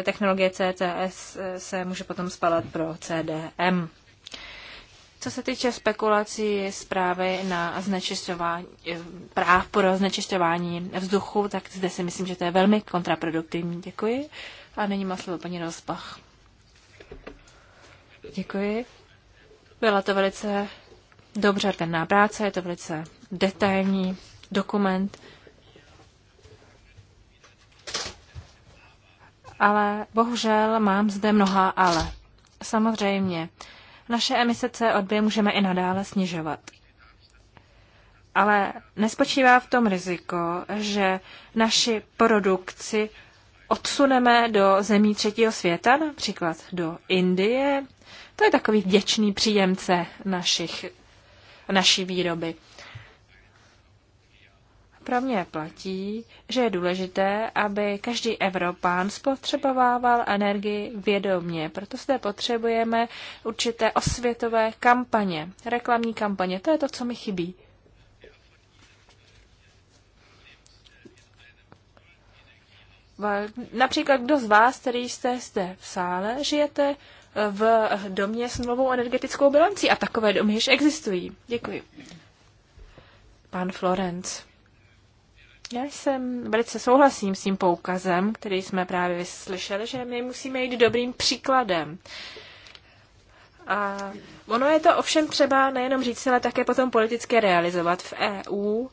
technologie CCS se může potom spalat pro CDM. Co se týče spekulací zprávy na znečišťování, práv pro znečišťování vzduchu, tak zde si myslím, že to je velmi kontraproduktivní. Děkuji. A nyní má slovo paní Rozbach. Děkuji. Byla to velice dobře ten práce, je to velice detailní dokument ale bohužel mám zde mnoha ale. Samozřejmě, naše emise CO2 můžeme i nadále snižovat. Ale nespočívá v tom riziko, že naši produkci odsuneme do zemí třetího světa, například do Indie. To je takový vděčný příjemce našich, naší výroby. Pro mě platí, že je důležité, aby každý Evropán spotřebovával energii vědomě. Proto zde potřebujeme určité osvětové kampaně, reklamní kampaně. To je to, co mi chybí. Například kdo z vás, který jste zde v sále, žijete eh, v domě s novou energetickou bilancí a takové domy již existují. Děkuji. Pan Florenc. Já jsem velice souhlasím s tím poukazem, který jsme právě vyslyšeli, že my musíme jít dobrým příkladem. A ono je to ovšem třeba nejenom říct, ale také potom politicky realizovat v EU.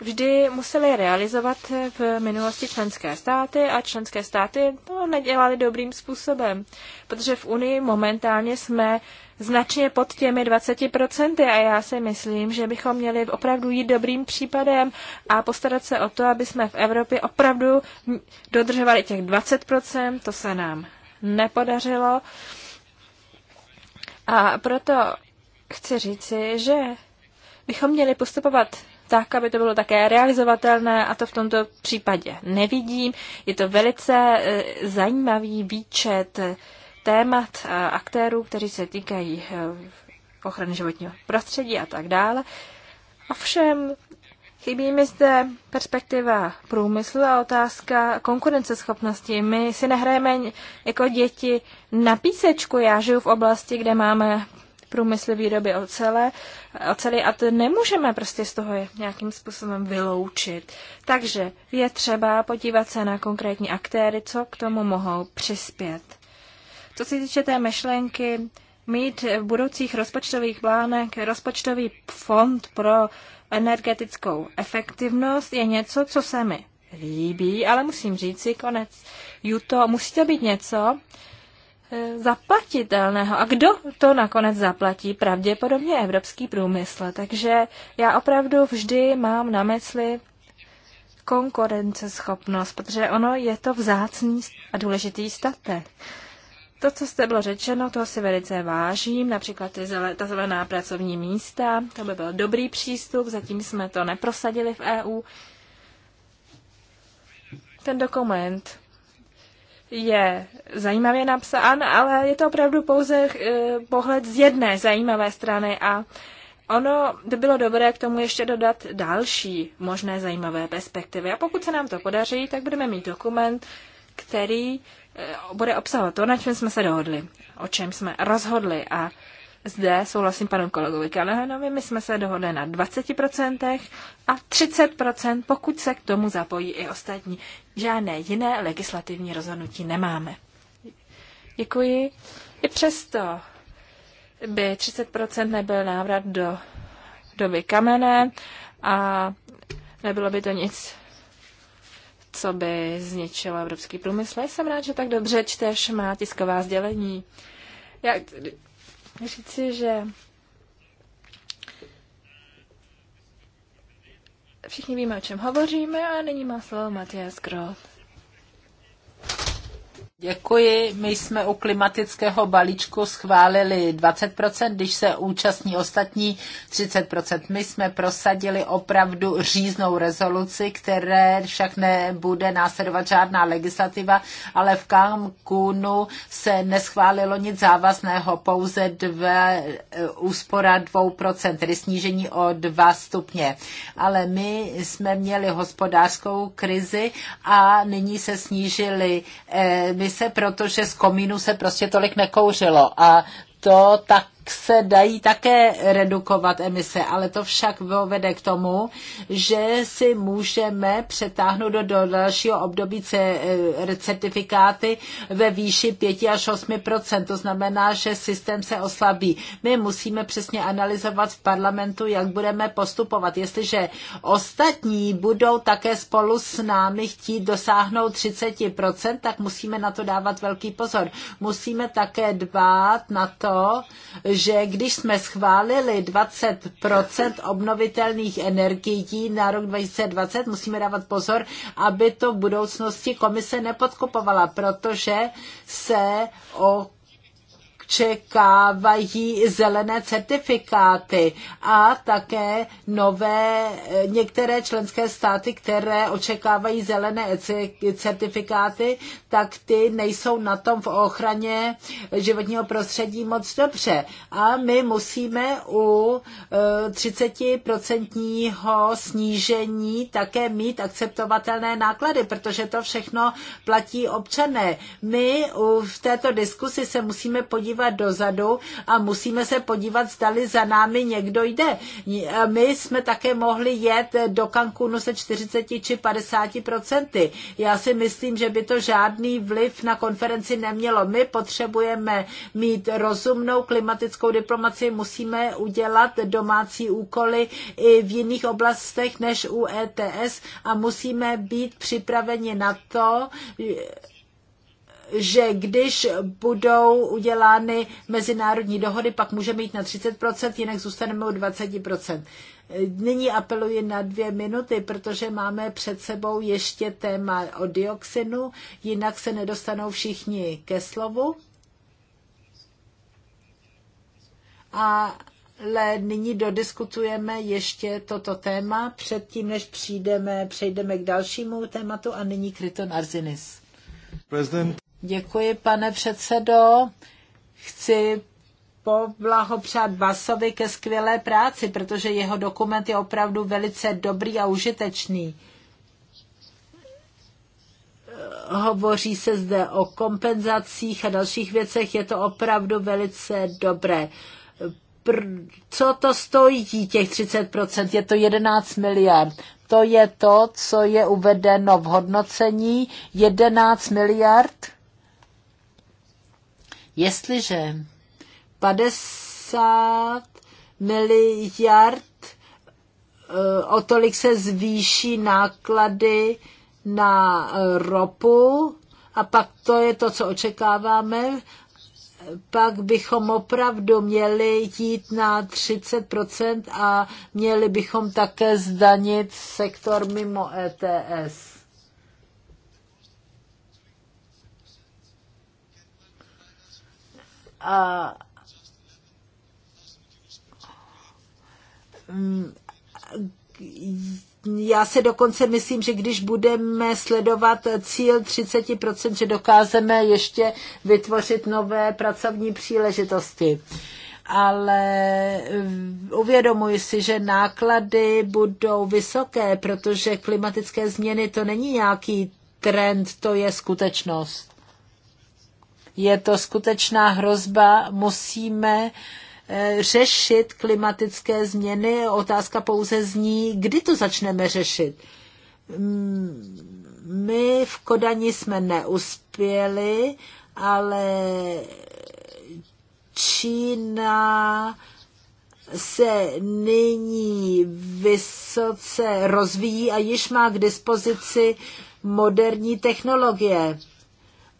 Vždy museli realizovat v minulosti členské státy a členské státy to nedělali dobrým způsobem, protože v Unii momentálně jsme značně pod těmi 20% a já si myslím, že bychom měli opravdu jít dobrým případem a postarat se o to, aby jsme v Evropě opravdu dodržovali těch 20%, to se nám nepodařilo. A proto chci říci, že bychom měli postupovat tak, aby to bylo také realizovatelné a to v tomto případě nevidím. Je to velice eh, zajímavý výčet témat a eh, aktérů, kteří se týkají eh, ochrany životního prostředí a tak dále. Ovšem, chybí mi zde perspektiva průmyslu a otázka konkurenceschopnosti. My si nehrajeme jako děti na písečku. Já žiju v oblasti, kde máme průmysl výroby ocele, oceli a to nemůžeme prostě z toho nějakým způsobem vyloučit. Takže je třeba podívat se na konkrétní aktéry, co k tomu mohou přispět. Co se týče té myšlenky mít v budoucích rozpočtových plánech rozpočtový fond pro energetickou efektivnost, je něco, co se mi líbí, ale musím říct si konec. Juto, musí to být něco eh, zaplatitelného. A kdo to nakonec zaplatí? Pravděpodobně evropský průmysl. Takže já opravdu vždy mám na mysli konkurenceschopnost, protože ono je to vzácný a důležitý statek. To, co jste bylo řečeno, toho si velice vážím, například ty zel- ta zelená pracovní místa, to by byl dobrý přístup, zatím jsme to neprosadili v EU. Ten dokument je zajímavě napsán, ale je to opravdu pouze eh, pohled z jedné zajímavé strany a Ono by bylo dobré k tomu ještě dodat další možné zajímavé perspektivy. A pokud se nám to podaří, tak budeme mít dokument, který Eh, bude obsahovat to, na čem jsme se dohodli, o čem jsme rozhodli a zde souhlasím panu kolegovi Kalehanovi, my jsme se dohodli na 20% a 30%, pokud se k tomu zapojí i ostatní. Žádné jiné legislativní rozhodnutí nemáme. Děkuji. I přesto by 30% nebyl návrat do doby kamene a nebylo by to nic co by zničilo evropský průmysl. Jsem rád, že tak dobře čteš má tisková sdělení. Já říci, že všichni víme, o čem hovoříme a nyní má slovo Matias Groth. Děkuji. My jsme u klimatického balíčku schválili 20%, když se účastní ostatní 30%. My jsme prosadili opravdu říznou rezoluci, které však nebude následovat žádná legislativa, ale v Cancúnu se neschválilo nic závazného, pouze dve, eh, úspora 2%, tedy snížení o 2 stupně. Ale my jsme měli hospodářskou krizi a nyní se snížily eh, my komise, protože z komínu se prostě tolik nekouřilo. A to tak se dají také redukovat emise, ale to však vede k tomu, že si můžeme přetáhnout do, do dalšího období eh, certifikáty ve výši 5 až 8 To znamená, že systém se oslabí. My musíme přesně analyzovat v parlamentu, jak budeme postupovat. Jestliže ostatní budou také spolu s námi chtít dosáhnout 30 tak musíme na to dávat velký pozor. Musíme také dbát na to, že když jsme schválili 20 obnovitelných energií na rok 2020, musíme dávat pozor, aby to v budoucnosti komise nepodkopovala, protože se o očekávají zelené certifikáty a také nové některé členské státy, které očekávají zelené certifikáty, tak ty nejsou na tom v ochraně životního prostředí moc dobře. A my musíme u 30% e, snížení také mít akceptovatelné náklady, protože to všechno platí občané. My v této diskusi se musíme podívat podívat dozadu a musíme se podívat, zdali za námi někdo jde. My jsme také mohli jet do Cancúnu se 40 či 50 procenty. Já si myslím, že by to žádný vliv na konferenci nemělo. My potřebujeme mít rozumnou klimatickou diplomaci, musíme udělat domácí úkoly i v jiných oblastech než u ETS a musíme být připraveni na to, že když budou udělány mezinárodní dohody, pak můžeme jít na 30%, jinak zůstaneme u 20%. Nyní apeluji na dvě minuty, protože máme před sebou ještě téma o dioxinu, jinak se nedostanou všichni ke slovu. Ale nyní dodiskutujeme ještě toto téma předtím, než přijdeme, přejdeme k dalšímu tématu a nyní Kryton Arzinis. President. Děkuji, pane předsedo. Chci poblahopřát Basovi ke skvělé práci, protože jeho dokument je opravdu velice dobrý a užitečný. Hovoří se zde o kompenzacích a dalších věcech, je to opravdu velice dobré. Pr- co to stojí těch 30%? Je to 11 miliard. To je to, co je uvedeno v hodnocení 11 miliard Jestliže 50 miliard eh, o tolik se zvýší náklady na eh, ropu a pak to je to, co očekáváme, pak bychom opravdu měli jít na 30% a měli bychom také zdanit sektor mimo ETS. Mm, já si dokonce myslím, že když budeme sledovat cíl 30%, že dokážeme ještě vytvořit nové pracovní příležitosti. Ale mm, uvědomuji si, že náklady budou vysoké, protože klimatické změny to není nějaký trend, to je skutečnost. Je to skutečná hrozba, musíme eh, řešit klimatické změny. Otázka pouze zní, kdy to začneme řešit. Mm, my v Kodani jsme neuspěli, ale Čína se nyní vysoce rozvíjí a již má k dispozici moderní technologie.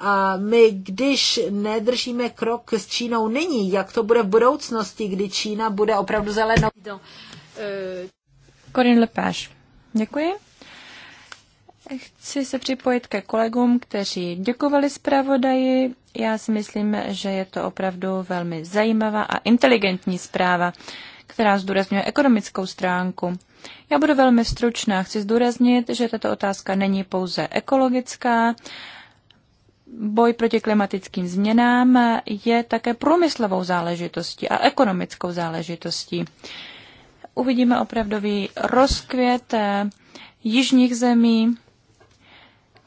A my, když nedržíme krok s Čínou nyní, jak to bude v budoucnosti, kdy Čína bude opravdu zelenou? Corinne Lepage. Děkuji. Chci se připojit ke kolegům, kteří děkovali zpravodaji. Já si myslím, že je to opravdu velmi zajímavá a inteligentní zpráva, která zdůrazňuje ekonomickou stránku. Já budu velmi stručná. Chci zdůraznit, že tato otázka není pouze ekologická, boj proti klimatickým změnám je také průmyslovou záležitostí a ekonomickou záležitostí. Uvidíme opravdový rozkvět eh, jižních zemí,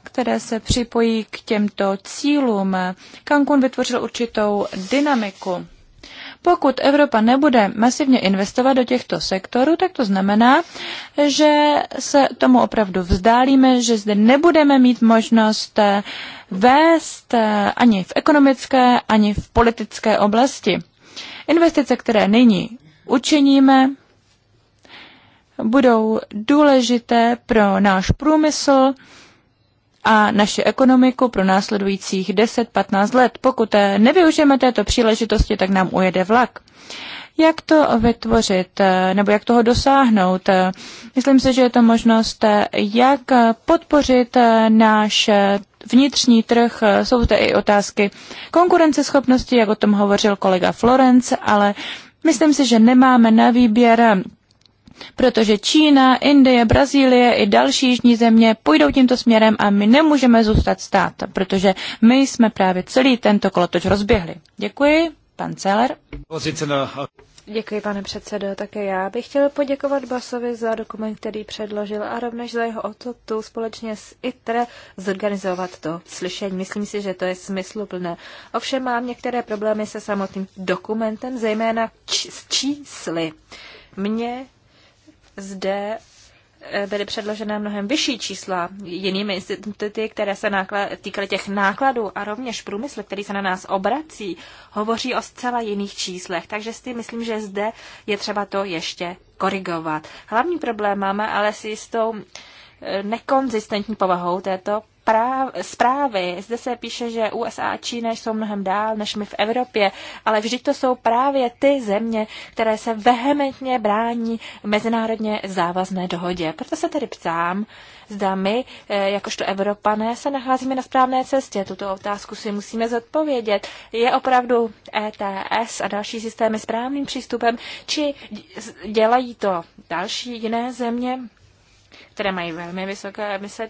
které se připojí k těmto cílům. Cancún vytvořil určitou dynamiku pokud Evropa nebude masivně investovat do těchto sektorů, tak to znamená, že se tomu opravdu vzdálíme, že zde nebudeme mít možnost eh, vést eh, ani v ekonomické, ani v politické oblasti. Investice, které nyní učiníme, budou důležité pro náš průmysl, a naši ekonomiku pro následujících 10-15 let. Pokud eh, nevyužijeme této příležitosti, tak nám ujede vlak. Jak to vytvořit, eh, nebo jak toho dosáhnout? Eh, myslím si, že je to možnost, jak podpořit náš vnitřní trh. Jsou zde i otázky konkurenceschopnosti, jak o tom hovořil kolega Florence, ale myslím si, že nemáme na výběr protože Čína, Indie, Brazílie i další jižní země půjdou tímto směrem a my nemůžeme zůstat stát, protože my jsme právě celý tento kolotoč rozběhli. Děkuji, pan Celer. Děkuji, pane předsedo. Také já bych chtěl poděkovat Basovi za dokument, který předložil a rovněž za jeho ototu společně s ITRE zorganizovat to slyšení. Myslím si, že to je smysluplné. Ovšem mám některé problémy se samotným dokumentem, zejména č- s čísly. Mně zde eh, byly předložené mnohem vyšší čísla jinými instituty, které se náklad, týkaly těch nákladů a rovněž průmysl, který se na nás obrací, hovoří o zcela jiných číslech. Takže si myslím, že zde je třeba to ještě korigovat. Hlavní problém máme ale s jistou eh, nekonzistentní povahou této práv, zprávy. Zde se píše, že USA a Čína jsou mnohem dál než my v Evropě, ale vždyť to jsou právě ty země, které se vehementně brání mezinárodně závazné dohodě. Proto se tedy ptám, zda my, eh, jakožto Evropané, se nacházíme na správné cestě. Tuto otázku si musíme zodpovědět. Je opravdu ETS a další systémy správným přístupem, či dělají to další jiné země, které mají velmi vysoké emise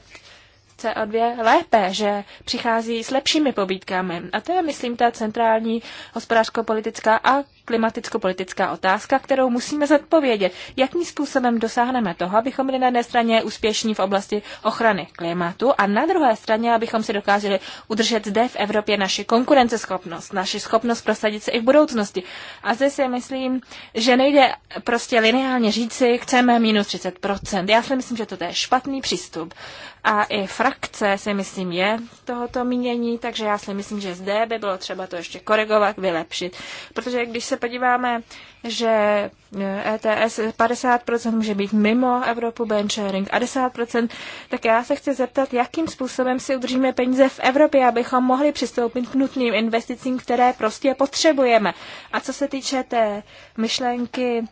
CO2 lépe, že přichází s lepšími pobídkami. A to je, myslím, ta centrální hospodářsko-politická a klimaticko-politická otázka, kterou musíme zodpovědět. Jakým způsobem dosáhneme toho, abychom byli na jedné straně úspěšní v oblasti ochrany klimatu a na druhé straně, abychom si dokázali udržet zde v Evropě naši konkurenceschopnost, naši schopnost prosadit se i v budoucnosti. A zde si myslím, že nejde prostě lineálně říci, chceme minus 30%. Já si myslím, že to je špatný přístup. A i frakce si myslím je tohoto mínění, takže já si myslím, že zde by bylo třeba to ještě koregovat, vylepšit. Protože když se podíváme, že ETS eh, e 50% může být mimo Evropu, benchering a 10%, tak já se chci zeptat, jakým způsobem si udržíme peníze v Evropě, abychom mohli přistoupit k nutným investicím, které prostě potřebujeme. A co se týče té myšlenky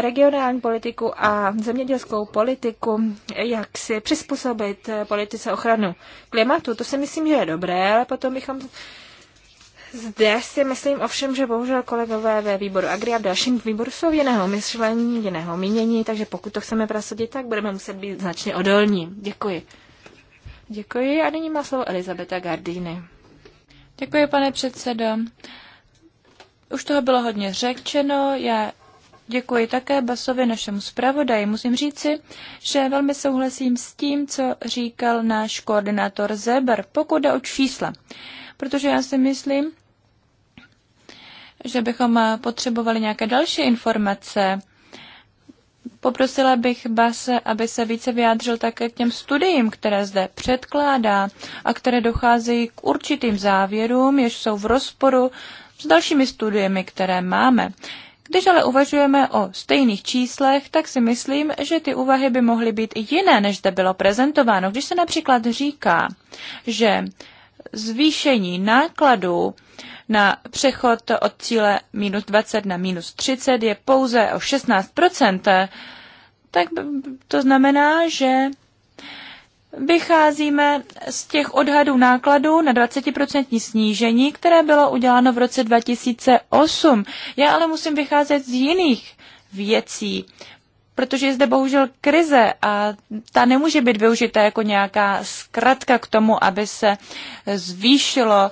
regionální politiku a zemědělskou politiku, jak si přizpůsobit eh, politice ochranu klimatu, to si myslím, že je dobré, ale potom bychom zde si myslím ovšem, že bohužel kolegové ve výboru Agri a v dalším výboru jsou jiného myšlení, jiného mínění, takže pokud to chceme prosadit, tak budeme muset být značně odolní. Děkuji. Děkuji a nyní má slovo Elizabeta Gardini. Děkuji, pane předsedo. Už toho bylo hodně řečeno. Já děkuji také Basovi, našemu zpravodaji. Musím říci, že velmi souhlasím s tím, co říkal náš koordinátor Zeber, pokud jde o čísla protože já si myslím, že bychom potřebovali nějaké další informace. Poprosila bych Base, aby se více vyjádřil také k těm studiím, které zde předkládá a které docházejí k určitým závěrům, jež jsou v rozporu s dalšími studiemi, které máme. Když ale uvažujeme o stejných číslech, tak si myslím, že ty úvahy by mohly být i jiné, než zde bylo prezentováno. Když se například říká, že zvýšení nákladů na přechod od cíle minus 20 na minus 30 je pouze o 16 tak to znamená, že vycházíme z těch odhadů nákladů na 20% snížení, které bylo uděláno v roce 2008. Já ale musím vycházet z jiných věcí protože je zde bohužel krize a ta nemůže být využita jako nějaká zkratka k tomu, aby se zvýšilo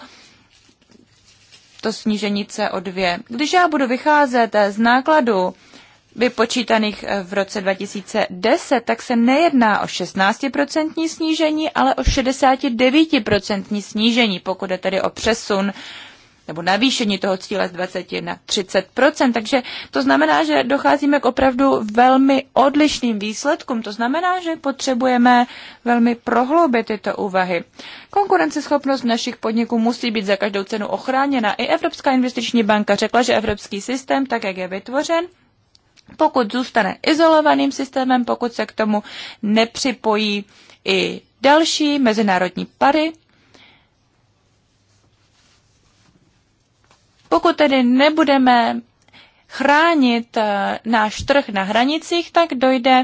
to snížení CO2. Když já budu vycházet z nákladů vypočítaných eh, v roce 2010, tak se nejedná o 16% snížení, ale o 69% snížení, pokud je tedy o přesun nebo navýšení toho cíle z 20 na 30 takže to znamená, že docházíme k opravdu velmi odlišným výsledkům. To znamená, že potřebujeme velmi prohloubit tyto úvahy. Konkurenceschopnost našich podniků musí být za každou cenu ochráněna. I Evropská investiční banka řekla, že evropský systém, tak jak je vytvořen, pokud zůstane izolovaným systémem, pokud se k tomu nepřipojí i další mezinárodní pary, Pokud tedy nebudeme chránit eh, náš trh na hranicích, tak dojde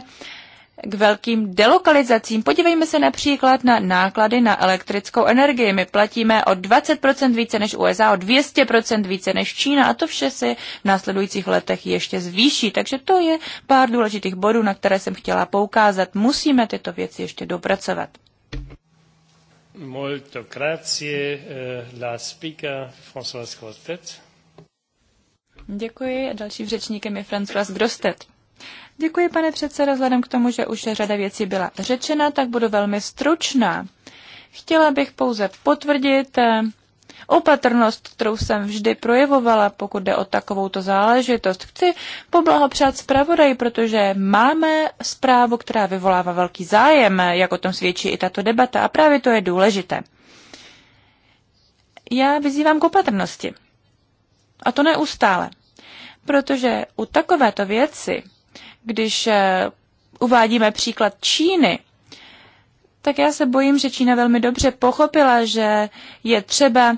k velkým delokalizacím. Podívejme se například na náklady na elektrickou energii. My platíme o 20% více než USA, o 200% více než Čína a to vše si v následujících letech ještě zvýší. Takže to je pár důležitých bodů, na které jsem chtěla poukázat. Musíme tyto věci ještě dopracovat. Molto grazie eh, la speaker Françoise Grostet. Děkuji a dalším řečníkem je François Grostet. Děkuji, pane předsedo. Vzhledem k tomu, že už řada věcí byla řečena, tak budu velmi stručná. Chtěla bych pouze potvrdit eh, opatrnost, kterou jsem vždy projevovala, pokud jde o takovouto záležitost. Chci poblahopřát zpravodaji, protože máme zprávu, která vyvolává velký zájem, jak o tom svědčí i tato debata a právě to je důležité. Já vyzývám k opatrnosti. A to neustále. Protože u takovéto věci, když eh, uvádíme příklad Číny, tak já se bojím, že Čína velmi dobře pochopila, že je třeba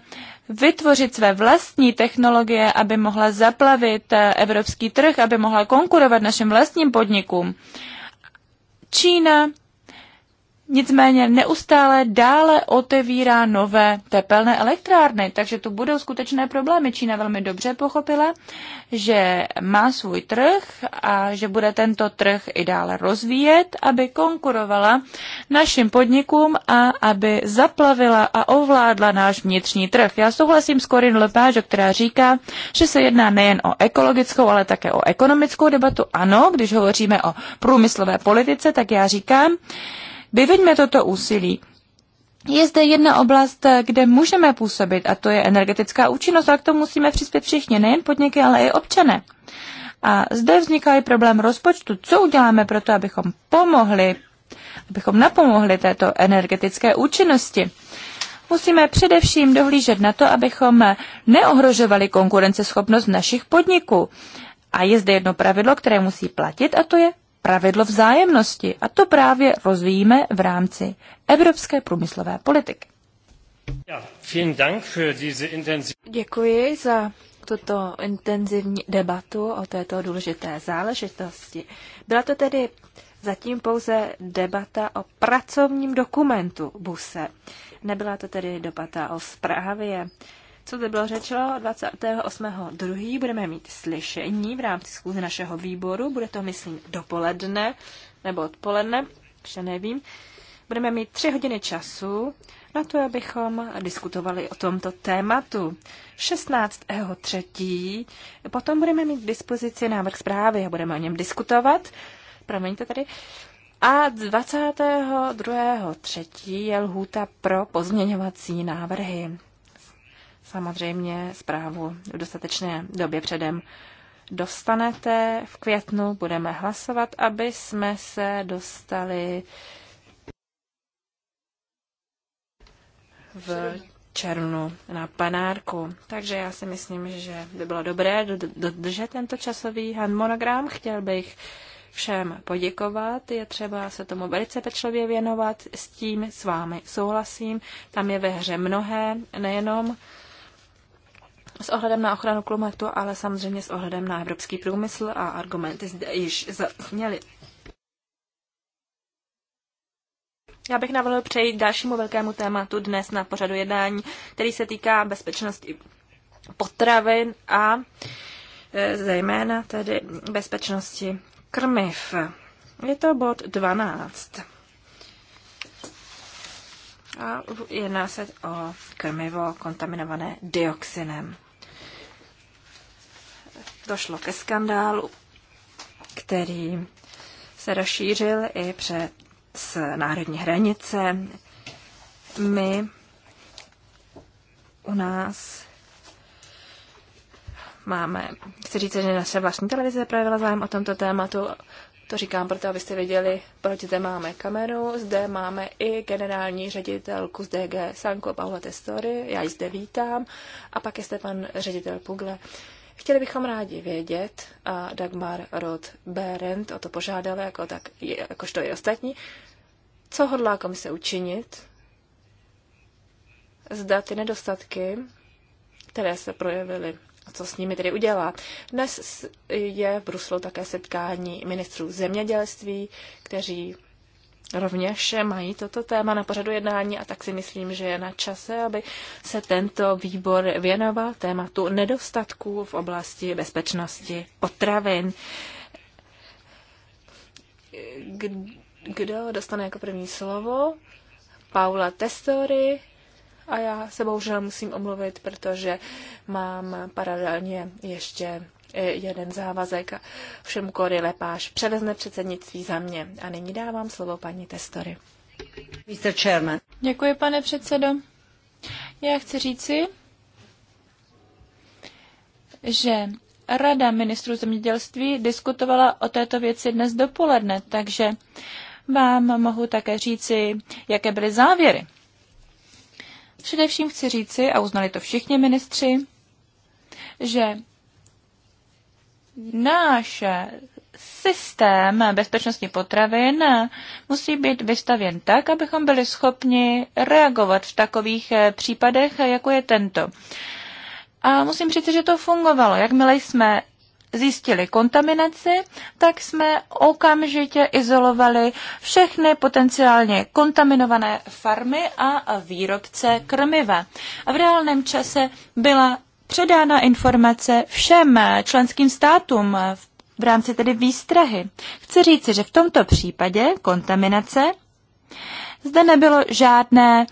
vytvořit své vlastní technologie, aby mohla zaplavit eh, evropský trh, aby mohla konkurovat našim vlastním podnikům. Čína nicméně neustále dále otevírá nové tepelné elektrárny, takže tu budou skutečné problémy. Čína velmi dobře pochopila, že má svůj trh a že bude tento trh i dále rozvíjet, aby konkurovala našim podnikům a aby zaplavila a ovládla náš vnitřní trh. Já souhlasím s Corinne Lepage, která říká, že se jedná nejen o ekologickou, ale také o ekonomickou debatu. Ano, když hovoříme o průmyslové politice, tak já říkám, Vyveďme toto úsilí. Je zde jedna oblast, kde můžeme působit, a to je energetická účinnost, a k tomu musíme přispět všichni, nejen podniky, ale i občané. A zde vzniká i problém rozpočtu. Co uděláme pro to, abychom pomohli, abychom napomohli této energetické účinnosti? Musíme především dohlížet na to, abychom neohrožovali konkurenceschopnost našich podniků. A je zde jedno pravidlo, které musí platit, a to je pravidlo vzájemnosti a to právě rozvíjíme v rámci evropské průmyslové politiky. Děkuji za tuto intenzivní debatu o této důležité záležitosti. Byla to tedy zatím pouze debata o pracovním dokumentu BUSE. Nebyla to tedy debata o zprávě co zde bylo řečeno, 28.2. budeme mít slyšení v rámci schůze našeho výboru. Bude to, myslím, dopoledne nebo odpoledne, že nevím. Budeme mít tři hodiny času na to, abychom diskutovali o tomto tématu. 16.3. potom budeme mít k dispozici návrh zprávy a budeme o něm diskutovat. Promiňte tady. A 22.3. je lhůta pro pozměňovací návrhy samozřejmě zprávu v dostatečné době předem dostanete. V květnu budeme hlasovat, aby jsme se dostali v červnu na panárku. Takže já si myslím, že by bylo dobré dodržet tento časový harmonogram. Chtěl bych všem poděkovat. Je třeba se tomu velice pečlivě věnovat. S tím s vámi souhlasím. Tam je ve hře mnohé, nejenom s ohledem na ochranu klimatu, ale samozřejmě s ohledem na evropský průmysl a argumenty zde již zazněly. Já bych navrhl přejít k dalšímu velkému tématu dnes na pořadu jednání, který se týká bezpečnosti potravin a e, zejména tedy bezpečnosti krmiv. Je to bod 12. A jedná se o krmivo kontaminované dioxinem. Došlo ke skandálu, který se rozšířil i přes národní hranice. My u nás máme, chci říct, že naše vlastní televize projevila zájem o tomto tématu to říkám proto, abyste věděli, proč zde máme kameru. Zde máme i generální ředitelku z DG Sanko Paula Testory, já ji zde vítám, a pak je pan ředitel Pugle. Chtěli bychom rádi vědět, a Dagmar Rod Berend o to požádala, jako tak, to je ostatní, co hodlá komise učinit, zda ty nedostatky, které se projevily co s nimi tedy udělá. Dnes je v Bruselu také setkání ministrů zemědělství, kteří rovněž mají toto téma na pořadu jednání a tak si myslím, že je na čase, aby se tento výbor věnoval tématu nedostatků v oblasti bezpečnosti potravin. Kdo dostane jako první slovo? Paula Testori, a já se bohužel musím omluvit, protože mám paralelně ještě eh, jeden závazek. Všem kory Lepáš převezne předsednictví za mě. A nyní dávám slovo paní Testory. Mr. Chairman. Děkuji, pane předsedo. Já chci říci, že Rada ministrů zemědělství diskutovala o této věci dnes dopoledne, takže vám mohu také říci, jaké byly závěry Především chci říci, a uznali to všichni ministři, že náš systém bezpečnosti potravin musí být vystavěn tak, abychom byli schopni reagovat v takových případech, jako je tento. A musím říct, že to fungovalo. Jakmile jsme zjistili kontaminaci, tak jsme okamžitě izolovali všechny potenciálně kontaminované farmy a výrobce krmiva. A v reálném čase byla předána informace všem členským státům v rámci tedy výstrahy. Chci říci, že v tomto případě kontaminace zde nebylo žádné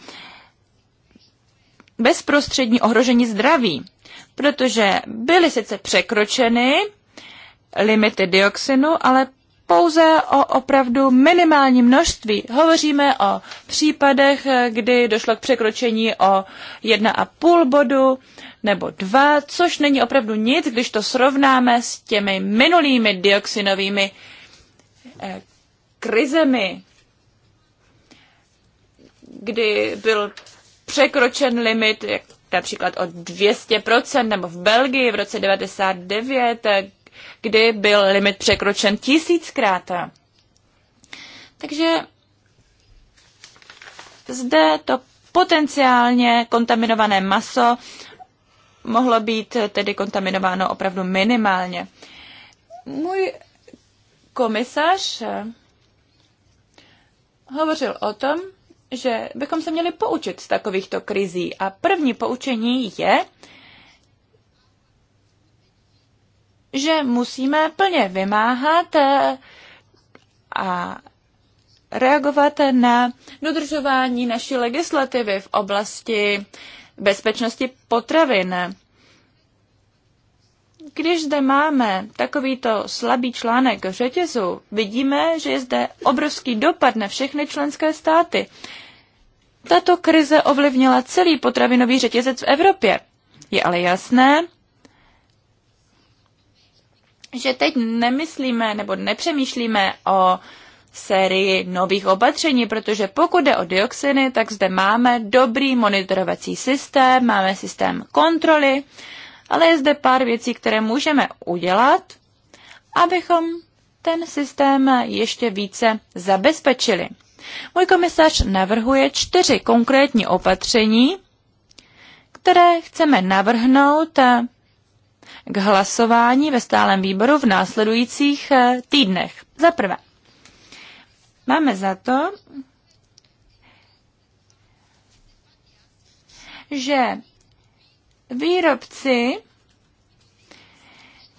bezprostřední ohrožení zdraví protože byly sice překročeny limity dioxinu, ale pouze o opravdu minimální množství. Hovoříme o případech, kdy došlo k překročení o 1,5 bodu nebo 2, což není opravdu nic, když to srovnáme s těmi minulými dioxinovými eh, krizemi, kdy byl překročen limit například o 200%, nebo v Belgii v roce 99, kdy byl limit překročen tisíckrát. Takže zde to potenciálně kontaminované maso mohlo být tedy kontaminováno opravdu minimálně. Můj komisař hovořil o tom, že bychom se měli poučit z takovýchto krizí. A první poučení je, že musíme plně vymáhat eh, a reagovat na dodržování naší legislativy v oblasti bezpečnosti potravin. Když zde máme takovýto slabý článek řetězu, vidíme, že je zde obrovský dopad na všechny členské státy. Tato krize ovlivnila celý potravinový řetězec v Evropě. Je ale jasné, že teď nemyslíme nebo nepřemýšlíme o sérii nových opatření, protože pokud jde o dioxiny, tak zde máme dobrý monitorovací systém, máme systém kontroly, ale je zde pár věcí, které můžeme udělat, abychom ten systém ještě více zabezpečili. Můj komisař navrhuje čtyři konkrétní opatření, které chceme navrhnout k hlasování ve stálem výboru v následujících eh, týdnech. Za prvé, máme za to, že výrobci,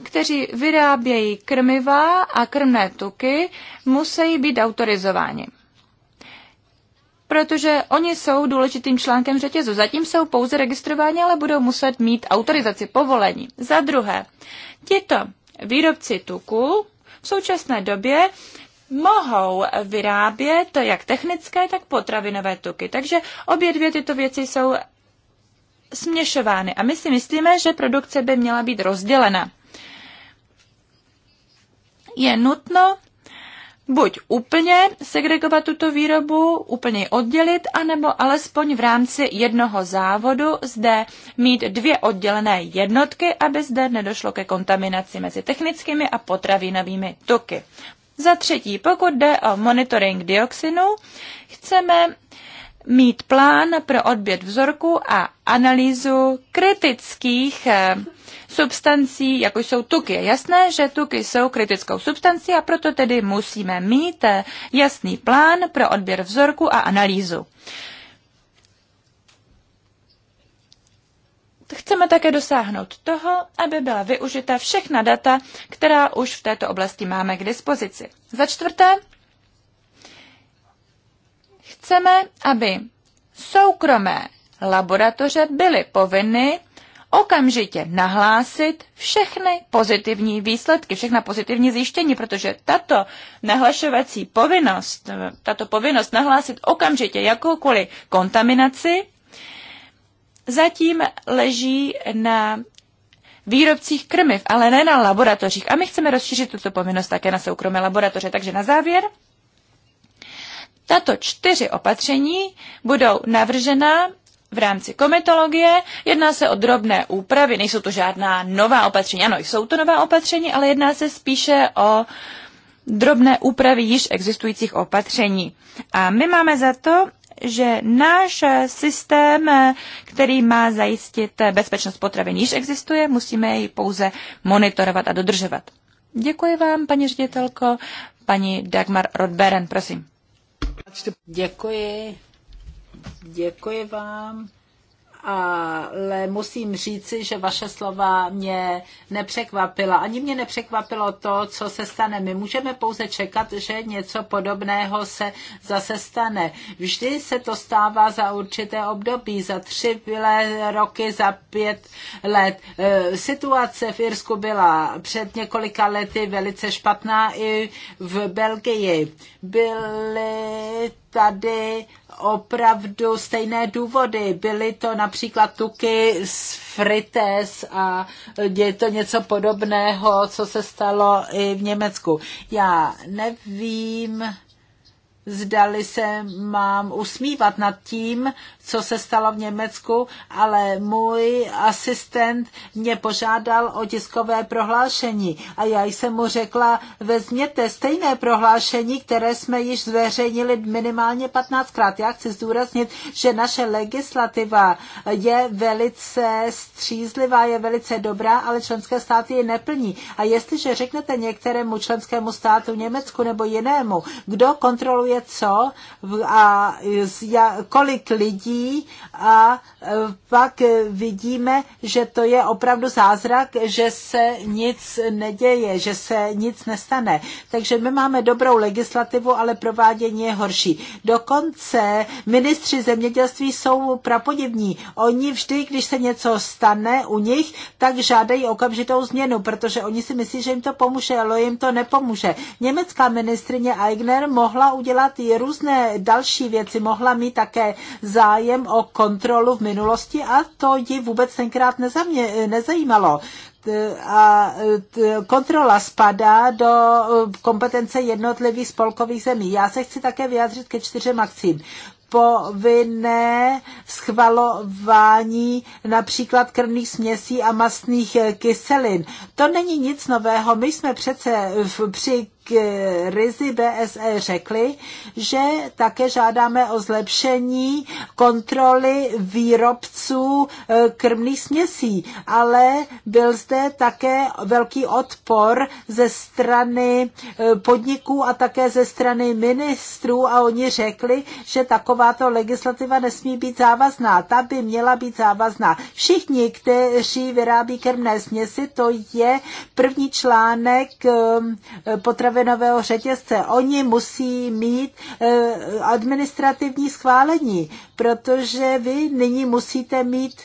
kteří vyrábějí krmiva a krmné tuky, musí být autorizováni. Protože oni jsou důležitým článkem řetězu. Zatím jsou pouze registrováni, ale budou muset mít autorizaci, povolení. Za druhé, tito výrobci tuku v současné době mohou vyrábět jak technické, tak potravinové tuky. Takže obě dvě tyto věci jsou směšovány. A my si myslíme, že produkce by měla být rozdělena. Je nutno buď úplně segregovat tuto výrobu, úplně ji oddělit, anebo alespoň v rámci jednoho závodu zde mít dvě oddělené jednotky, aby zde nedošlo ke kontaminaci mezi technickými a potravinovými toky. Za třetí, pokud jde o monitoring dioxinu, chceme mít plán pro odběr vzorku a analýzu kritických eh, substancí, jako jsou tuky. Je jasné, že tuky jsou kritickou substancí a proto tedy musíme mít eh, jasný plán pro odběr vzorku a analýzu. Chceme také dosáhnout toho, aby byla využita všechna data, která už v této oblasti máme k dispozici. Za čtvrté, Chceme, aby soukromé laboratoře byly povinny okamžitě nahlásit všechny pozitivní výsledky, všechna pozitivní zjištění, protože tato nahlašovací povinnost, tato povinnost nahlásit okamžitě jakoukoliv kontaminaci, zatím leží na výrobcích krmiv, ale ne na laboratořích. A my chceme rozšířit tuto povinnost také na soukromé laboratoře. Takže na závěr tato čtyři opatření budou navržena v rámci komitologie. Jedná se o drobné úpravy, nejsou to žádná nová opatření. Ano, jsou to nová opatření, ale jedná se spíše o drobné úpravy již existujících opatření. A my máme za to, že náš systém, který má zajistit bezpečnost potravin, již existuje, musíme ji pouze monitorovat a dodržovat. Děkuji vám, paní ředitelko, paní Dagmar Rodberen, prosím. Děkuji. Děkuji vám ale musím říci, že vaše slova mě nepřekvapila. Ani mě nepřekvapilo to, co se stane. My můžeme pouze čekat, že něco podobného se zase stane. Vždy se to stává za určité období, za tři roky, za pět let. E, situace v Irsku byla před několika lety velice špatná i v Belgii. Byly tady opravdu stejné důvody. Byly to například tuky z frites a je to něco podobného, co se stalo i v Německu. Já nevím, zdali se mám usmívat nad tím, co se stalo v Německu, ale můj asistent mě požádal o tiskové prohlášení a já jsem mu řekla, vezměte stejné prohlášení, které jsme již zveřejnili minimálně 15krát. Já chci zdůraznit, že naše legislativa je velice střízlivá, je velice dobrá, ale členské státy ji neplní. A jestliže řeknete některému členskému státu, Německu nebo jinému, kdo kontroluje co a kolik lidí, lidí a e, pak vidíme, že to je opravdu zázrak, že se nic neděje, že se nic nestane. Takže my máme dobrou legislativu, ale provádění je horší. Dokonce ministři zemědělství jsou prapodivní. Oni vždy, když se něco stane u nich, tak žádají okamžitou změnu, protože oni si myslí, že jim to pomůže, ale jim to nepomůže. Německá ministrině Aigner mohla udělat i různé další věci, mohla mít také zájem zájem o kontrolu v minulosti a to ji vůbec tenkrát nezamě, nezajímalo a kontrola spadá do e, kompetence jednotlivých spolkových zemí. Já se chci také vyjádřit ke čtyřem akcím povinné schvalování například krvných směsí a mastných e, kyselin. To není nic nového. My jsme přece v, při krizi BSE řekli, že také žádáme o zlepšení kontroly výrobců e, krmných směsí, ale byl zde také velký odpor ze strany e, podniků a také ze strany ministrů a oni řekli, že takováto legislativa nesmí být závazná. Ta by měla být závazná. Všichni, kteří vyrábí krmné směsi, to je první článek e, potravy potravinového řetězce. Oni musí mít eh, administrativní schválení, protože vy nyní musíte mít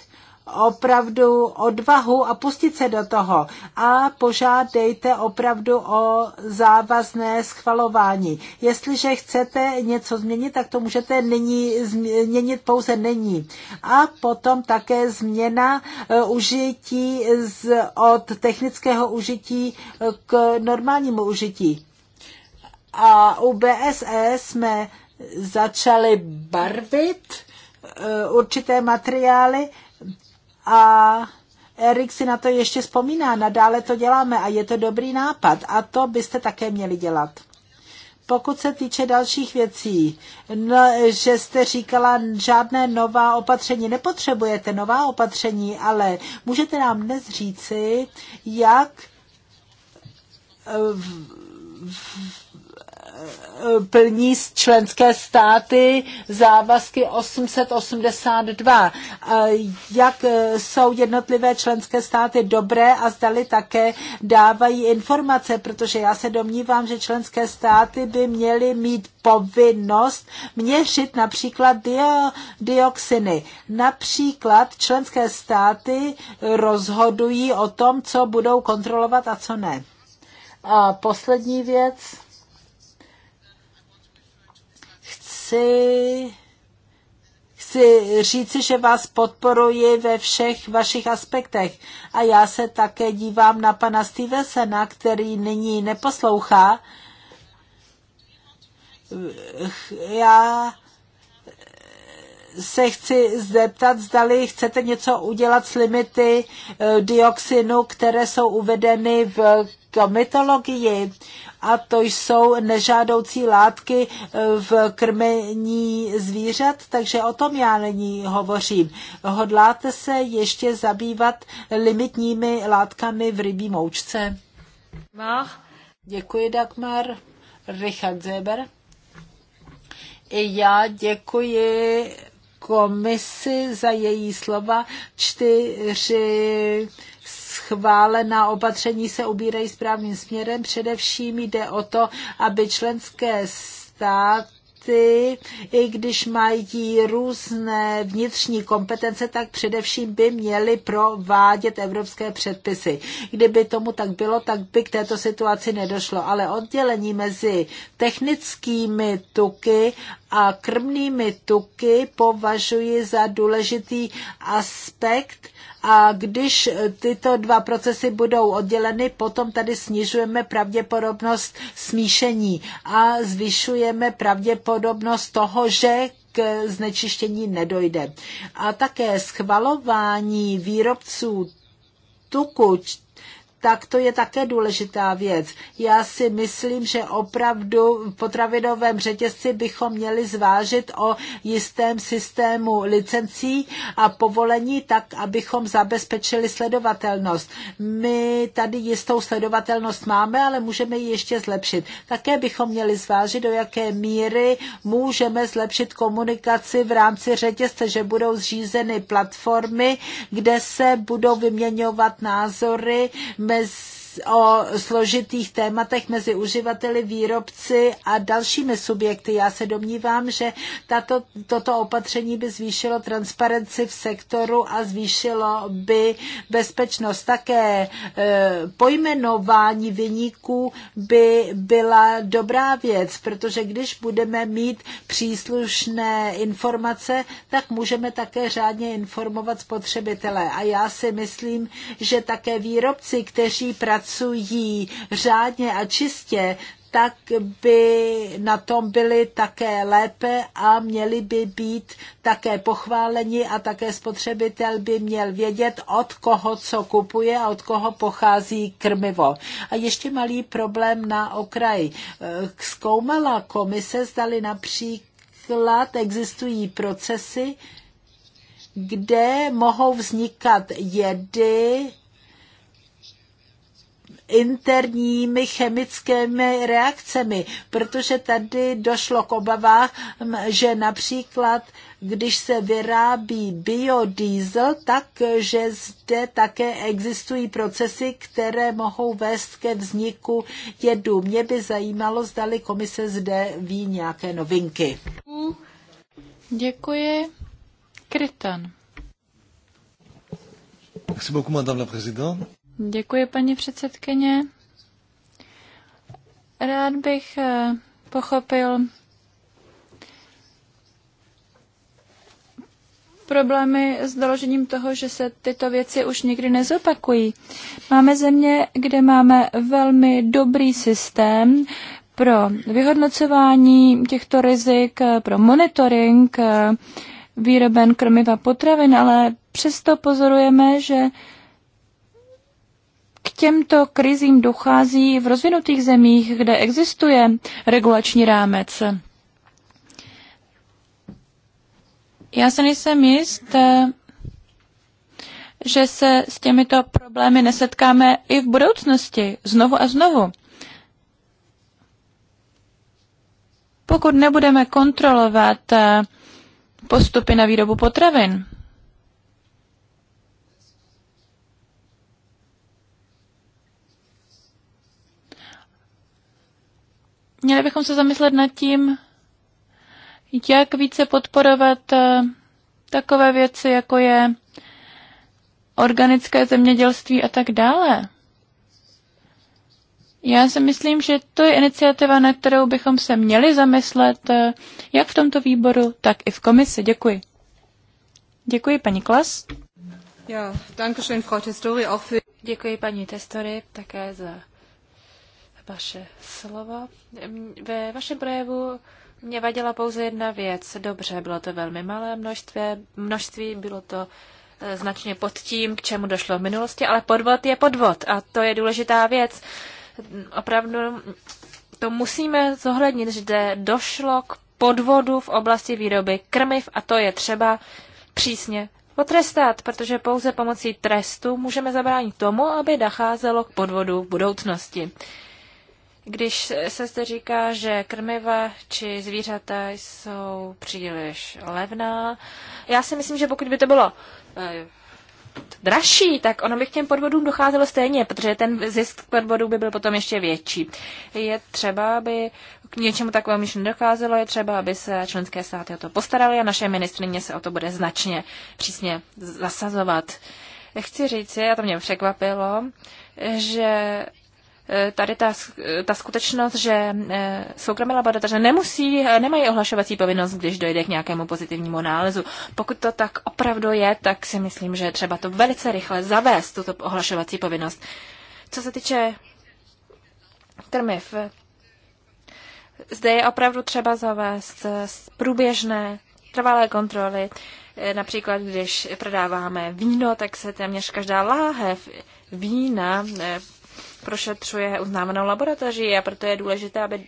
opravdu odvahu a pustit se do toho a požádejte opravdu o závazné schvalování. Jestliže chcete něco změnit, tak to můžete nyní změnit pouze nyní. A potom také změna eh, užití z, od technického užití eh, k normálnímu užití. A u BSE jsme začali barvit e, určité materiály a Erik si na to ještě vzpomíná, nadále to děláme a je to dobrý nápad a to byste také měli dělat. Pokud se týče dalších věcí, no, že jste říkala, žádné nová opatření, nepotřebujete nová opatření, ale můžete nám dnes říci, jak v, v, plní členské státy závazky 882. Jak jsou jednotlivé členské státy dobré a zdali také dávají informace, protože já se domnívám, že členské státy by měly mít povinnost měřit například dio, dioxiny. Například členské státy rozhodují o tom, co budou kontrolovat a co ne. A poslední věc chci, chci říci, že vás podporuji ve všech vašich aspektech. A já se také dívám na pana Stevensona, který nyní neposlouchá. Já se chci zeptat, zdali chcete něco udělat s limity eh, dioxinu, které jsou uvedeny v komitologii a to jsou nežádoucí látky eh, v krmení zvířat, takže o tom já není hovořím. Hodláte se ještě zabývat limitními látkami v rybí moučce? Mach. Děkuji, Dagmar. Richard Zeber. I já děkuji komisi za její slova. Čtyři schválená opatření se ubírají správným směrem. Především jde o to, aby členské státy i když mají různé vnitřní kompetence, tak především by měly provádět evropské předpisy. Kdyby tomu tak bylo, tak by k této situaci nedošlo. Ale oddělení mezi technickými tuky a krmnými tuky považuji za důležitý aspekt a když tyto dva procesy budou odděleny, potom tady snižujeme pravděpodobnost smíšení a zvyšujeme pravděpodobnost toho, že k znečištění nedojde. A také schvalování výrobců tuku tak to je také důležitá věc. Já si myslím, že opravdu v potravinovém řetězci bychom měli zvážit o jistém systému licencí a povolení, tak abychom zabezpečili sledovatelnost. My tady jistou sledovatelnost máme, ale můžeme ji ještě zlepšit. Také bychom měli zvážit, do jaké míry můžeme zlepšit komunikaci v rámci řetězce, že budou zřízeny platformy, kde se budou vyměňovat názory mezi o složitých tématech mezi uživateli, výrobci a dalšími subjekty. Já se domnívám, že tato, toto opatření by zvýšilo transparenci v sektoru a zvýšilo by bezpečnost. Také e, pojmenování vyníků by byla dobrá věc, protože když budeme mít příslušné informace, tak můžeme také řádně informovat spotřebitele. A já si myslím, že také výrobci, kteří pracují pracují řádně a čistě, tak by na tom byli také lépe a měli by být také pochváleni a také spotřebitel by měl vědět, od koho co kupuje a od koho pochází krmivo. A ještě malý problém na okraj. Eh, zkoumala komise, zdali například existují procesy, kde mohou vznikat jedy, interními chemickými reakcemi, protože tady došlo k obavách, že například když se vyrábí biodiesel, takže zde také existují procesy, které mohou vést ke vzniku jedu. Mě by zajímalo, zdali komise zde ví nějaké novinky. Děkuji. Kritan. Merci beaucoup, madame la présidente. Děkuji, paní předsedkyně. Rád bych eh, pochopil problémy s doložením toho, že se tyto věci už nikdy nezopakují. Máme země, kde máme velmi dobrý systém pro vyhodnocování těchto rizik, pro monitoring eh, výroben krmiva potravin, ale přesto pozorujeme, že těmto krizím dochází v rozvinutých zemích, kde existuje regulační rámec. Já se nejsem jist, že se s těmito problémy nesetkáme i v budoucnosti, znovu a znovu. Pokud nebudeme kontrolovat postupy na výrobu potravin, Měli bychom se zamyslet nad tím, jak více podporovat eh, takové věci, jako je organické zemědělství a tak dále. Já si myslím, že to je iniciativa, na kterou bychom se měli zamyslet, eh, jak v tomto výboru, tak i v komisi. Děkuji. Děkuji, paní Klas. Ja, danke schön, Frau auch für... Děkuji, paní Testory, také za vaše slova. Ve vašem projevu mě vadila pouze jedna věc. Dobře, bylo to velmi malé množství, množství bylo to eh, značně pod tím, k čemu došlo v minulosti, ale podvod je podvod a to je důležitá věc. Opravdu to musíme zohlednit, že došlo k podvodu v oblasti výroby krmiv a to je třeba přísně potrestat, protože pouze pomocí trestu můžeme zabránit tomu, aby docházelo k podvodu v budoucnosti. Když se zde říká, že krmiva či zvířata jsou příliš levná, já si myslím, že pokud by to bylo eh, dražší, tak ono by k těm podvodům docházelo stejně, protože ten zisk podvodů by byl potom ještě větší. Je třeba, aby k něčemu takovému již nedocházelo, je třeba, aby se členské státy o to postarali a naše ministrině se o to bude značně přísně zasazovat. Chci říct, a to mě překvapilo, že Eh, tady ta, ta skutečnost, že eh, soukromé laboratoře nemusí, eh, nemají ohlašovací povinnost, když dojde k nějakému pozitivnímu nálezu. Pokud to tak opravdu je, tak si myslím, že třeba to velice rychle zavést, tuto ohlašovací povinnost. Co se týče krmiv, zde je opravdu třeba zavést průběžné trvalé kontroly. Například, když prodáváme víno, tak se téměř každá láhev vína prošetřuje uznávanou laboratoří a proto je důležité, aby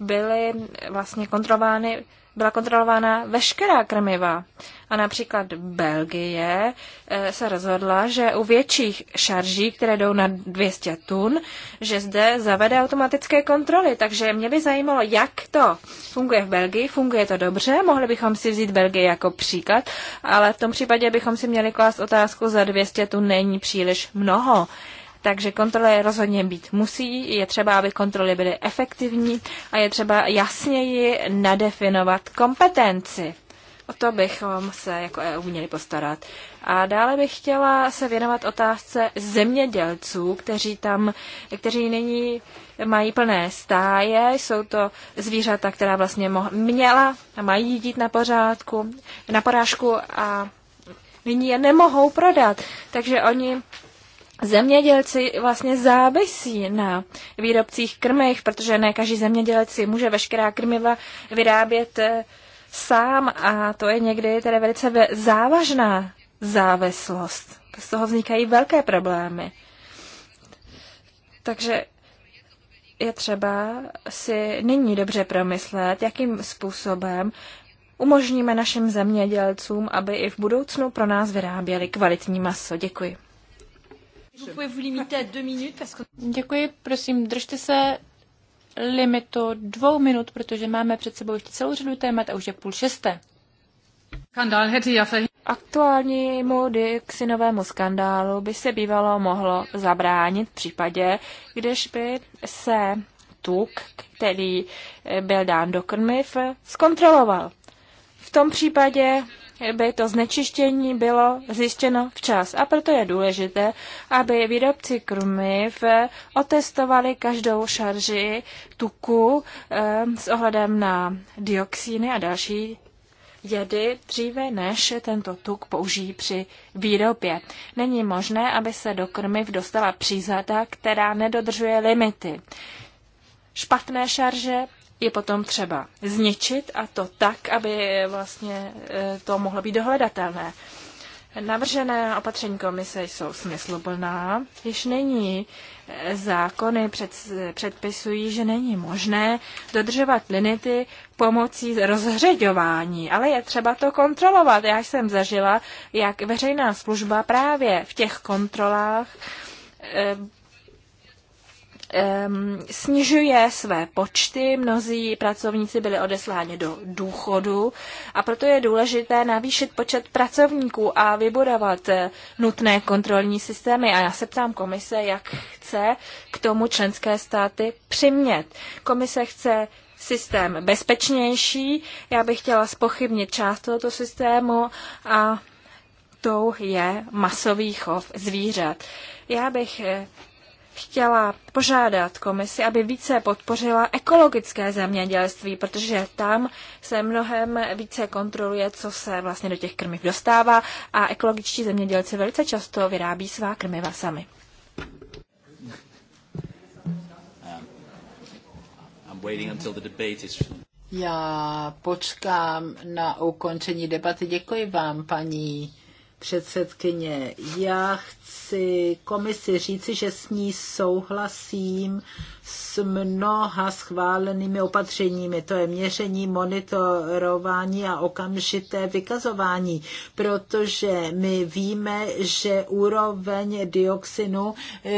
byly vlastně kontrolovány, byla kontrolována veškerá krmiva. A například Belgie eh, se rozhodla, že u větších šarží, které jdou na 200 tun, že zde zavede automatické kontroly. Takže mě by zajímalo, jak to funguje v Belgii. Funguje to dobře, mohli bychom si vzít Belgii jako příklad, ale v tom případě bychom si měli klást otázku, za 200 tun není příliš mnoho. Takže kontroly rozhodně být musí, je třeba, aby kontroly byly efektivní a je třeba jasněji nadefinovat kompetenci. O to bychom se jako EU měli postarat. A dále bych chtěla se věnovat otázce zemědělců, kteří tam, kteří nyní mají plné stáje, jsou to zvířata, která vlastně měla a mají jít na pořádku, na porážku a nyní je nemohou prodat. Takže oni zemědělci vlastně závisí na výrobcích krmech, protože ne každý zemědělec si může veškerá krmiva vyrábět eh, sám a to je někdy tedy velice závažná závislost. Z toho vznikají velké problémy. Takže je třeba si nyní dobře promyslet, jakým způsobem umožníme našim zemědělcům, aby i v budoucnu pro nás vyráběli kvalitní maso. Děkuji. Děkuji, prosím, držte se limitu dvou minut, protože máme před sebou ještě celou řadu témat a už je půl šesté. aktuální k synovému skandálu by se bývalo mohlo zabránit v případě, když by se tuk, který byl dán do krmiv, zkontroloval. V tom případě by to znečištění bylo zjištěno včas. A proto je důležité, aby výrobci krmiv eh, otestovali každou šarži tuku eh, s ohledem na dioxíny a další jedy dříve, než tento tuk použijí při výrobě. Není možné, aby se do krmiv dostala přízada, která nedodržuje limity. Špatné šarže je potom třeba zničit a to tak, aby vlastně e, to mohlo být dohledatelné. Navržené opatření komise jsou smysluplná. Již není e, zákony před, předpisují, že není možné dodržovat limity pomocí rozhřeďování, ale je třeba to kontrolovat. Já jsem zažila, jak veřejná služba právě v těch kontrolách e, snižuje své počty, mnozí pracovníci byli odesláni do důchodu a proto je důležité navýšit počet pracovníků a vybudovat eh, nutné kontrolní systémy. A já se ptám komise, jak chce k tomu členské státy přimět. Komise chce systém bezpečnější, já bych chtěla spochybnit část tohoto systému a tou je masový chov zvířat. Já bych eh, chtěla požádat komisi, aby více podpořila ekologické zemědělství, protože tam se mnohem více kontroluje, co se vlastně do těch krmiv dostává a ekologičtí zemědělci velice často vyrábí svá krmiva sami. Um, Já počkám na ukončení debaty. Děkuji vám, paní předsedkyně. Já chci komisi říci, že s ní souhlasím s mnoha schválenými opatřeními. To je měření, monitorování a okamžité vykazování, protože my víme, že úroveň dioxinu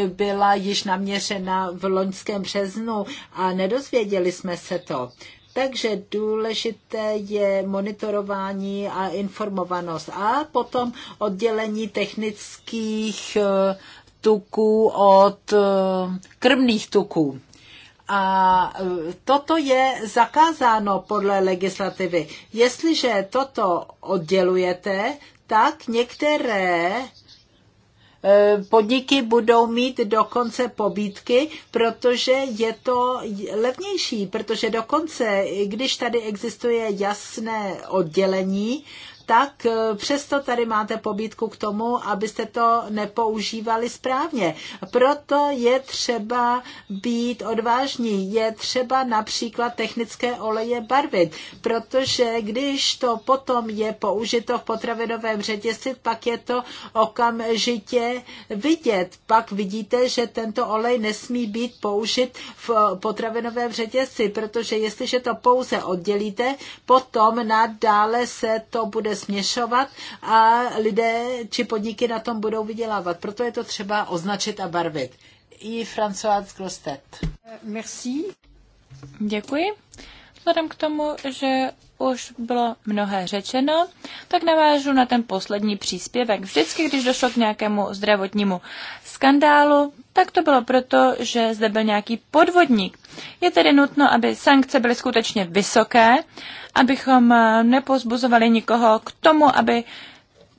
byla již naměřena v loňském březnu a nedozvěděli jsme se to. Takže důležité je monitorování a informovanost. A potom oddělení technických eh, tuků od eh, krmných tuků. A eh, toto je zakázáno podle legislativy. Jestliže toto oddělujete, tak některé E, podniky budou mít dokonce pobítky, protože je to levnější, protože dokonce, když tady existuje jasné oddělení, tak eh, přesto tady máte pobídku k tomu, abyste to nepoužívali správně. Proto je třeba být odvážní. Je třeba například technické oleje barvit, protože když to potom je použito v potravinovém řetězci, pak je to okamžitě vidět. Pak vidíte, že tento olej nesmí být použit v potravinovém řetězci, protože jestliže to pouze oddělíte, potom nadále se to bude směšovat a lidé či podniky na tom budou vydělávat. Proto je to třeba označit a barvit. I François Grostet. Merci. Děkuji. Vzhledem k tomu, že už bylo mnohé řečeno, tak navážu na ten poslední příspěvek. Vždycky, když došlo k nějakému zdravotnímu skandálu, tak to bylo proto, že zde byl nějaký podvodník. Je tedy nutno, aby sankce byly skutečně vysoké abychom eh, nepozbuzovali nikoho k tomu, aby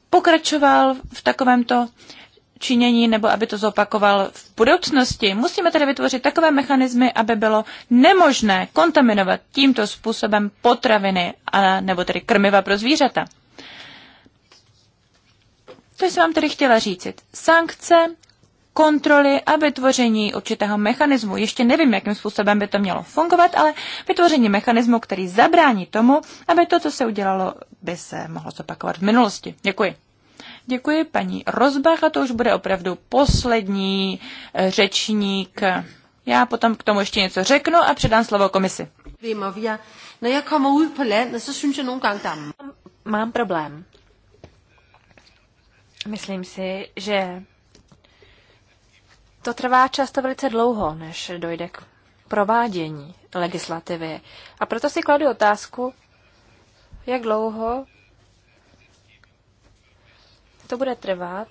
pokračoval v takovémto činění nebo aby to zopakoval v budoucnosti. Musíme tedy vytvořit takové mechanismy, aby bylo nemožné kontaminovat tímto způsobem potraviny a, nebo tedy krmiva pro zvířata. To jsem vám tedy chtěla říct. Sankce kontroly a vytvoření určitého mechanismu. Ještě nevím, jakým způsobem by to mělo fungovat, ale vytvoření mechanismu, který zabrání tomu, aby to, co se udělalo, by se mohlo zopakovat v minulosti. Děkuji. Děkuji paní Rozbach a to už bude opravdu poslední eh, řečník. Já potom k tomu ještě něco řeknu a předám slovo komisi. No, no, Mám problém. Myslím si, že to trvá často velice dlouho, než dojde k provádění legislativy. A proto si kladu otázku, jak dlouho to bude trvat,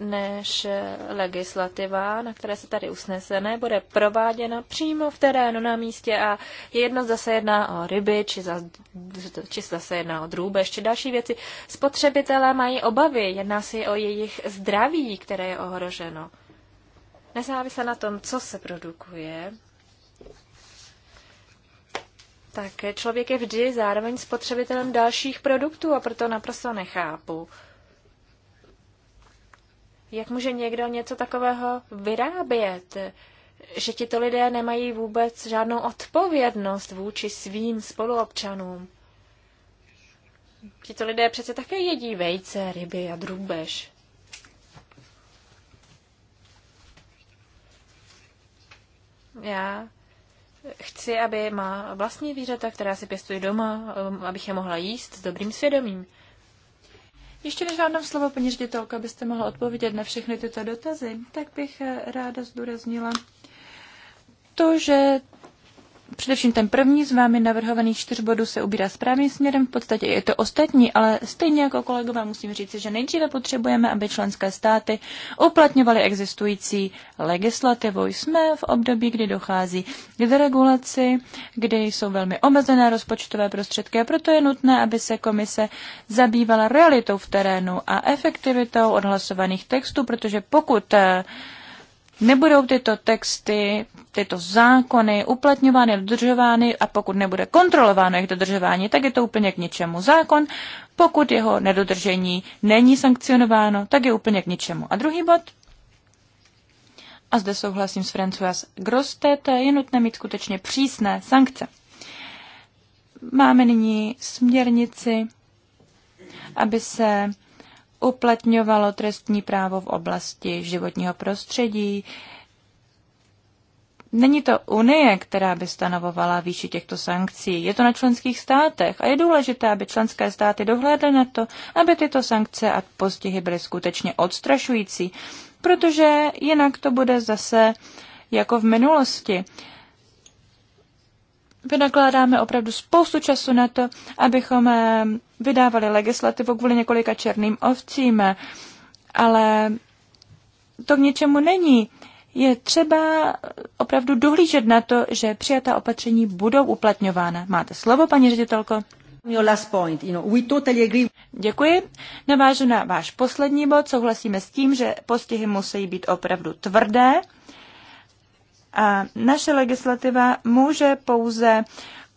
než legislativa, na které se tady usnesené, bude prováděna přímo v terénu na místě a jedno, zase jedná o ryby, či, za, či zase jedná o drůbež, ještě další věci. Spotřebitelé mají obavy, jedná se o jejich zdraví, které je ohroženo nezávisle na tom, co se produkuje, tak člověk je vždy zároveň spotřebitelem dalších produktů a proto naprosto nechápu, jak může někdo něco takového vyrábět, že ti to lidé nemají vůbec žádnou odpovědnost vůči svým spoluobčanům. Tito lidé přece také jedí vejce, ryby a drůbež. Já chci, aby má vlastní zvířata, která si pěstuje doma, um, abych je mohla jíst s dobrým svědomím. Ještě než vám dám slovo, paní ředitelko, abyste mohla odpovědět na všechny tyto dotazy, tak bych ráda zdůraznila to, že Především ten první z vámi navrhovaných čtyř bodů se ubírá správným směrem, v podstatě je to ostatní, ale stejně jako kolegové musím říct, že nejdříve potřebujeme, aby členské státy uplatňovaly existující legislativu. Jsme v období, kdy dochází k deregulaci, kdy jsou velmi omezené rozpočtové prostředky a proto je nutné, aby se komise zabývala realitou v terénu a efektivitou odhlasovaných textů, protože pokud eh, nebudou tyto texty, tyto zákony uplatňovány, dodržovány a pokud nebude kontrolováno jejich dodržování, tak je to úplně k ničemu. Zákon, pokud jeho nedodržení není sankcionováno, tak je úplně k ničemu. A druhý bod, a zde souhlasím s Francois Grostet, je nutné mít skutečně přísné sankce. Máme nyní směrnici, aby se uplatňovalo trestní právo v oblasti životního prostředí. Není to Unie, která by stanovovala výši těchto sankcí, je to na členských státech a je důležité, aby členské státy dohlédly na to, aby tyto sankce a postihy byly skutečně odstrašující, protože jinak to bude zase jako v minulosti vynakládáme opravdu spoustu času na to, abychom eh, vydávali legislativu kvůli několika černým ovcím, ale to k něčemu není. Je třeba opravdu dohlížet na to, že přijatá opatření budou uplatňována. Máte slovo, paní ředitelko? Děkuji. Navážu na váš poslední bod. Souhlasíme s tím, že postihy musí být opravdu tvrdé a naše legislativa může pouze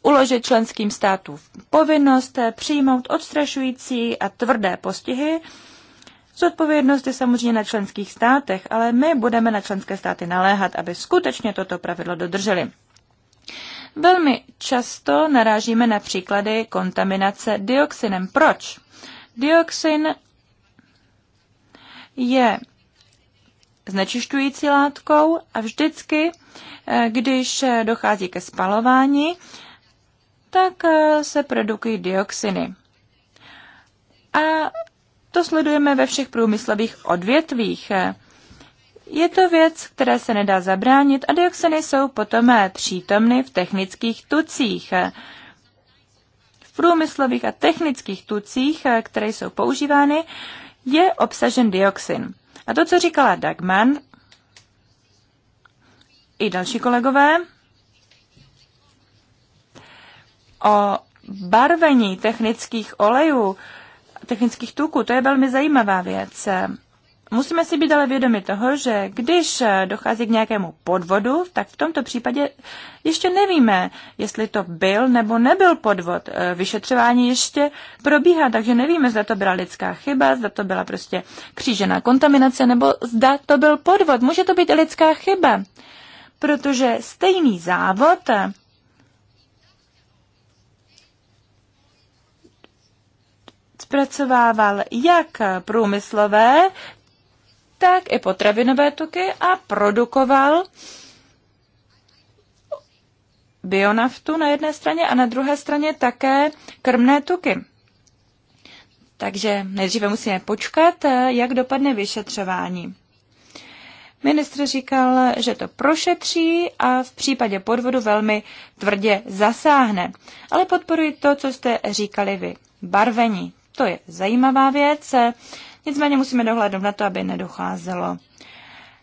uložit členským státům povinnost přijmout odstrašující a tvrdé postihy. Zodpovědnost je samozřejmě na členských státech, ale my budeme na členské státy naléhat, aby skutečně toto pravidlo dodrželi. Velmi často narážíme na příklady kontaminace dioxinem. Proč? Dioxin je znečišťující látkou a vždycky, eh, když eh, dochází ke spalování, tak eh, se produkují dioxiny. A to sledujeme ve všech průmyslových odvětvích. Je to věc, které se nedá zabránit a dioxiny jsou potom přítomny v technických tucích. V průmyslových a technických tucích, které jsou používány, je obsažen dioxin. A to, co říkala Dagman i další kolegové o barvení technických olejů, technických tuků, to je velmi zajímavá věc. Musíme si být ale vědomi toho, že když eh, dochází k nějakému podvodu, tak v tomto případě ještě nevíme, jestli to byl nebo nebyl podvod. Eh, vyšetřování ještě probíhá, takže nevíme, zda to byla lidská chyba, zda to byla prostě křížená kontaminace, nebo zda to byl podvod. Může to být i lidská chyba, protože stejný závod eh, zpracovával jak průmyslové, tak i potravinové tuky a produkoval bionaftu na jedné straně a na druhé straně také krmné tuky. Takže nejdříve musíme počkat, jak dopadne vyšetřování. Ministr říkal, že to prošetří a v případě podvodu velmi tvrdě zasáhne. Ale podporuji to, co jste říkali vy. Barvení. To je zajímavá věc. Nicméně musíme dohlédnout na to, aby nedocházelo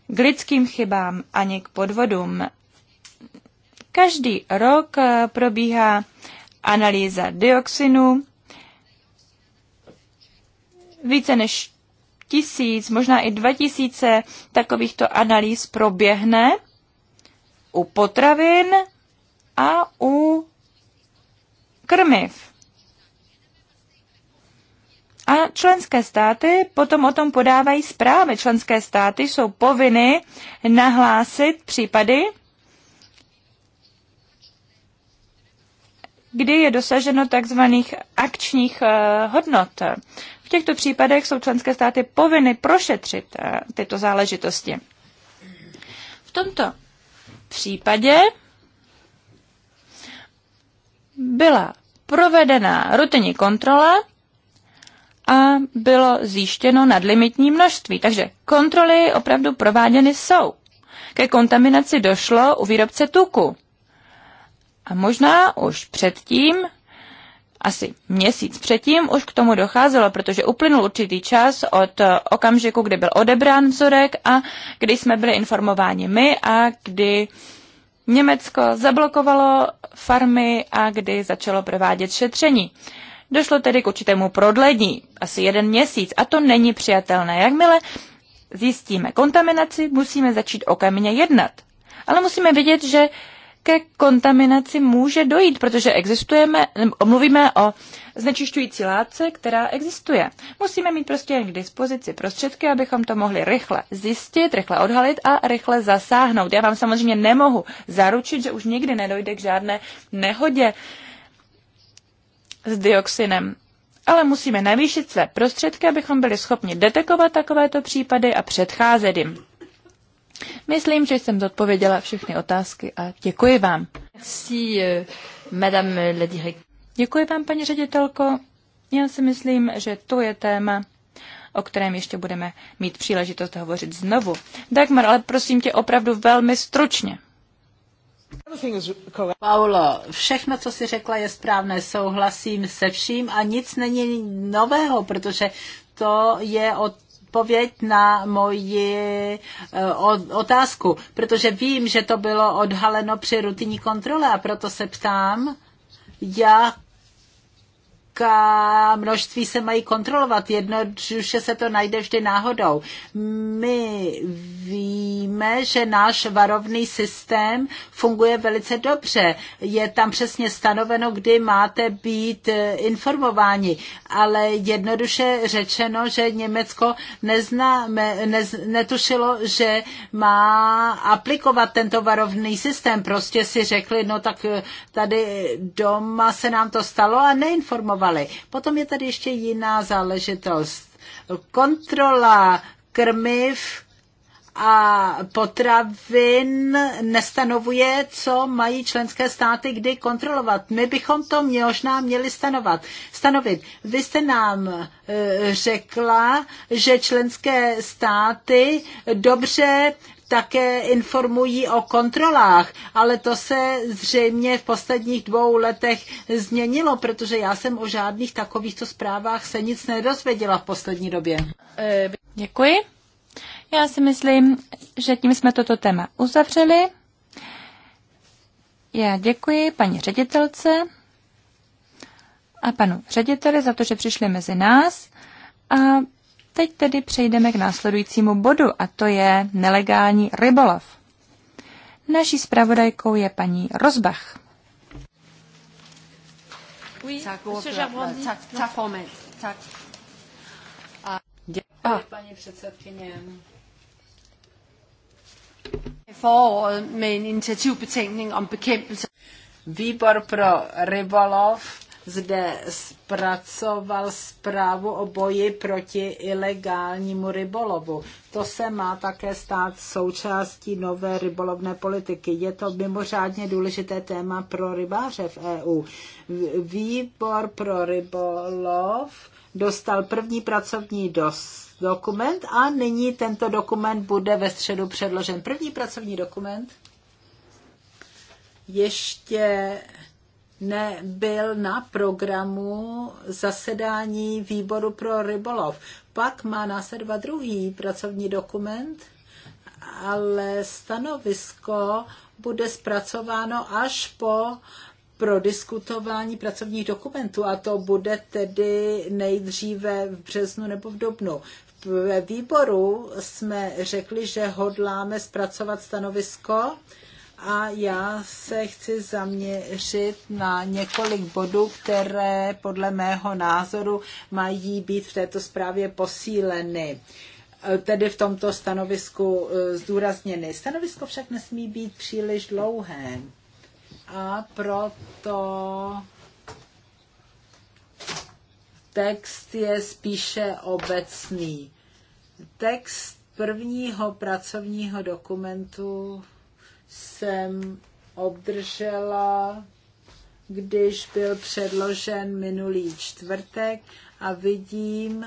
k lidským chybám ani k podvodům. Každý rok eh, probíhá analýza dioxinu. Více než tisíc, možná i dva tisíce takovýchto analýz proběhne u potravin a u krmiv. A členské státy potom o tom podávají zprávy. Členské státy jsou povinny nahlásit případy, kdy je dosaženo tzv. akčních eh, hodnot. V těchto případech jsou členské státy povinny prošetřit eh, tyto záležitosti. V tomto případě byla provedena rutinní kontrola a bylo zjištěno nadlimitní množství. Takže kontroly opravdu prováděny jsou. Ke kontaminaci došlo u výrobce tuku. A možná už předtím, asi měsíc předtím, už k tomu docházelo, protože uplynul určitý čas od okamžiku, kdy byl odebrán vzorek a kdy jsme byli informováni my a kdy Německo zablokovalo farmy a kdy začalo provádět šetření. Došlo tedy k určitému prodlení, asi jeden měsíc, a to není přijatelné. Jakmile zjistíme kontaminaci, musíme začít okamžitě jednat. Ale musíme vědět, že ke kontaminaci může dojít, protože existujeme, mluvíme o znečišťující látce, která existuje. Musíme mít prostě k dispozici prostředky, abychom to mohli rychle zjistit, rychle odhalit a rychle zasáhnout. Já vám samozřejmě nemohu zaručit, že už nikdy nedojde k žádné nehodě, s dioxinem. Ale musíme navýšit své prostředky, abychom byli schopni detekovat takovéto případy a předcházet jim. Myslím, že jsem zodpověděla všechny otázky a děkuji vám. Merci, eh, madame la Děkuji vám, paní ředitelko. Já si myslím, že to je téma, o kterém ještě budeme mít příležitost hovořit znovu. Dagmar, ale prosím tě opravdu velmi stručně. Paulo, všechno, co jsi řekla, je správné. Souhlasím se vším a nic není nového, protože to je od odpověď na moji eh, otázku, protože vím, že to bylo odhaleno při rutinní kontrole a proto se ptám, jak jaká množství se mají kontrolovat. Jednoduše se to najde vždy náhodou. My víme, že náš varovný systém funguje velice dobře. Je tam přesně stanoveno, kdy máte být eh, informováni, ale jednoduše řečeno, že Německo nezná, ne, netušilo, že má aplikovat tento varovný systém. Prostě si řekli, no tak eh, tady doma se nám to stalo a neinformovali kontrolovali. Potom je tady ještě jiná záležitost. Kontrola krmiv a potravin nestanovuje, co mají členské státy kdy kontrolovat. My bychom to možná měli stanovat, stanovit. Vy jste nám e, řekla, že členské státy dobře také informují o kontrolách, ale to se zřejmě v posledních dvou letech změnilo, protože já jsem o žádných takovýchto zprávách se nic nedozvěděla v poslední době. Děkuji. Já si myslím, že tím jsme toto téma uzavřeli. Já děkuji paní ředitelce a panu řediteli za to, že přišli mezi nás a Teď tedy přejdeme k následujícímu bodu a to je nelegální rybolov. Naší zpravodajkou je paní Rozbach. Ah. paní uh, Výbor pro rybolov zde zpracoval zprávu o boji proti ilegálnímu rybolovu. To se má také stát součástí nové rybolovné politiky. Je to mimořádně důležité téma pro rybáře v EU. Výbor pro rybolov dostal první pracovní dost dokument a nyní tento dokument bude ve středu předložen. První pracovní dokument ještě nebyl na programu zasedání výboru pro rybolov. Pak má následovat druhý pracovní dokument, ale stanovisko bude zpracováno až po pro diskutování pracovních dokumentů a to bude tedy nejdříve v březnu nebo v dubnu. Ve výboru jsme řekli, že hodláme zpracovat stanovisko a já se chci zaměřit na několik bodů, které podle mého názoru mají být v této zprávě posíleny tedy v tomto stanovisku e, zdůrazněny. Stanovisko však nesmí být příliš dlouhé a proto text je spíše obecný. Text prvního pracovního dokumentu jsem obdržela, když byl předložen minulý čtvrtek a vidím,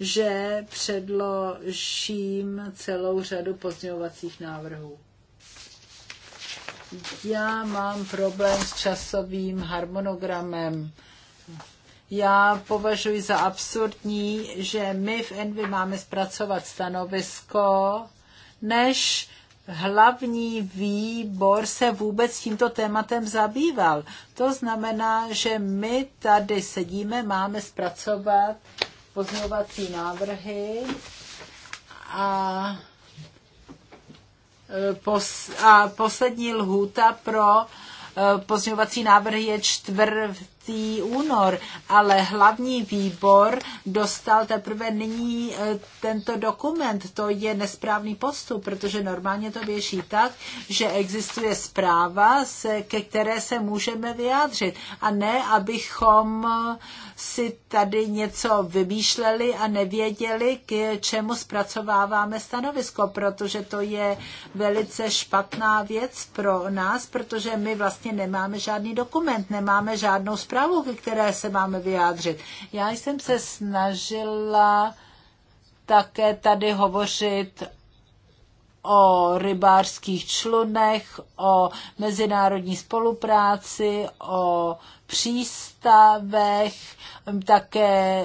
že předložím celou řadu pozměňovacích návrhů. Já mám problém s časovým harmonogramem. Já považuji za absurdní, že my v Envy máme zpracovat stanovisko, než hlavní výbor se vůbec tímto tématem zabýval. To znamená, že my tady sedíme, máme zpracovat pozměňovací návrhy a, e, pos, a poslední lhůta pro e, pozměňovací návrhy je čtvrt únor, ale hlavní výbor dostal teprve nyní e, tento dokument. To je nesprávný postup, protože normálně to běží tak, že existuje zpráva, ke které se můžeme vyjádřit. A ne, abychom si tady něco vymýšleli a nevěděli, k čemu zpracováváme stanovisko, protože to je velice špatná věc pro nás, protože my vlastně nemáme žádný dokument, nemáme žádnou zprávu, ke které se máme vyjádřit. Já jsem se snažila také tady hovořit o rybářských člunech, o mezinárodní spolupráci, o přístavech, také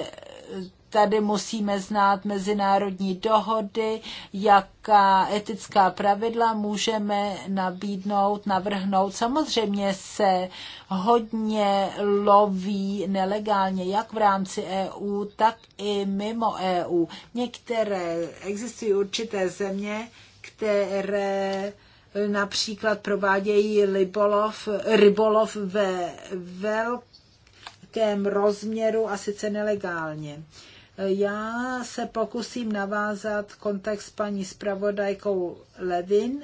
tady musíme znát mezinárodní dohody, jaká etická pravidla můžeme nabídnout, navrhnout. Samozřejmě se hodně loví nelegálně, jak v rámci EU, tak i mimo EU. Některé existují určité země, které například provádějí rybolov, rybolov ve velkém rozměru a sice nelegálně. Uh, já se pokusím navázat kontext s paní zpravodajkou Levin.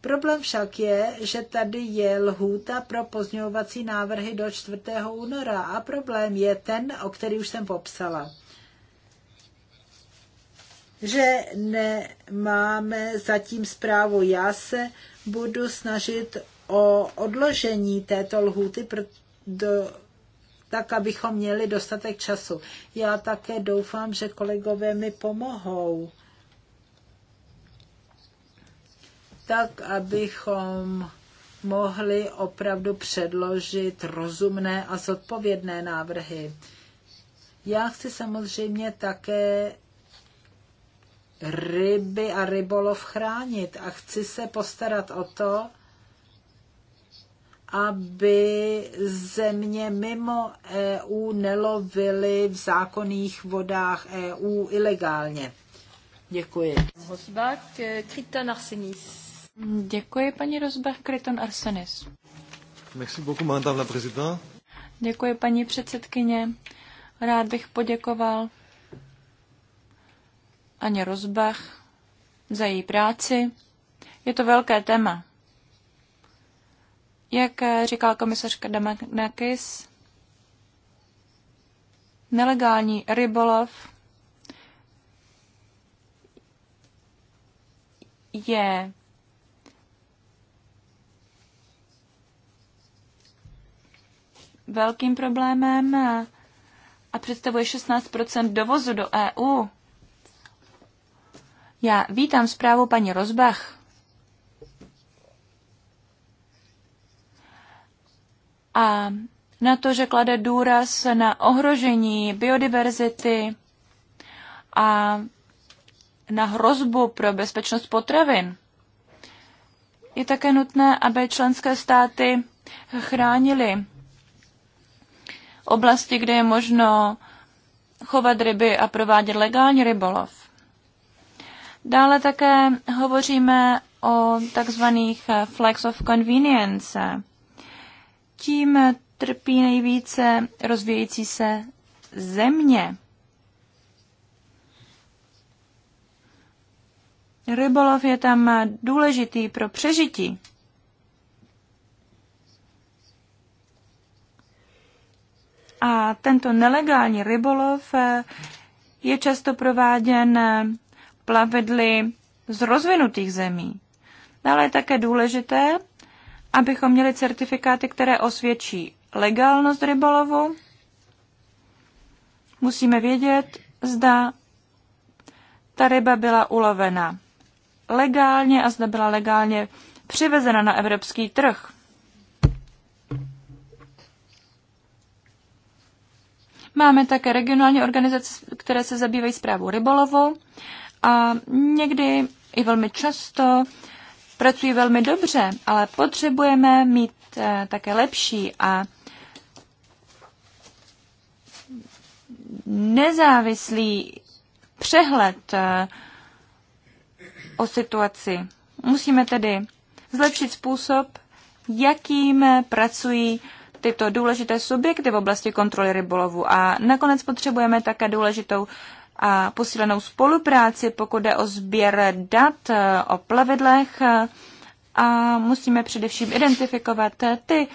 Problém však je, že tady je lhůta pro pozňovací návrhy do 4. února a problém je ten, o který už jsem popsala že nemáme zatím zprávu. Já se budu snažit o odložení této lhůty do tak abychom měli dostatek času. Já také doufám, že kolegové mi pomohou, tak abychom mohli opravdu předložit rozumné a zodpovědné návrhy. Já chci samozřejmě také ryby a rybolov chránit a chci se postarat o to, aby země mimo EU nelovily v zákonných vodách EU ilegálně. Děkuji. Rosbach, Kryton Arsenis. Děkuji, paní Rosbach, Kryton Arsenis. Merci beaucoup, madame la présidente. Děkuji, paní předsedkyně. Rád bych poděkoval Aně Rozbach za její práci. Je to velké téma. Jak eh, říkal komisařka Damanakis, nelegální rybolov je velkým problémem a představuje 16 dovozu do EU. Já vítám zprávu paní Rozbach a na to, že klade důraz na ohrožení biodiverzity a na hrozbu pro bezpečnost potravin. Je také nutné, aby členské státy chránily oblasti, kde je možno chovat ryby a provádět legální rybolov. Dále také hovoříme o takzvaných flags of convenience, tím trpí nejvíce rozvíjející se země. Rybolov je tam důležitý pro přežití. A tento nelegální rybolov eh, je často prováděn eh, plavidly z rozvinutých zemí. Dále je také důležité, abychom měli certifikáty, které osvědčí legálnost rybolovu. Musíme vědět, zda ta ryba byla ulovena legálně a zda byla legálně přivezena na evropský trh. Máme také regionální organizace, které se zabývají zprávou rybolovu a někdy i velmi často pracují velmi dobře, ale potřebujeme mít eh, také lepší a nezávislý přehled eh, o situaci. Musíme tedy zlepšit způsob, jakým pracují tyto důležité subjekty v oblasti kontroly rybolovu. A nakonec potřebujeme také důležitou a posílenou spolupráci, pokud jde o sběr dat eh, o plavidlech eh, a musíme především identifikovat eh, ty,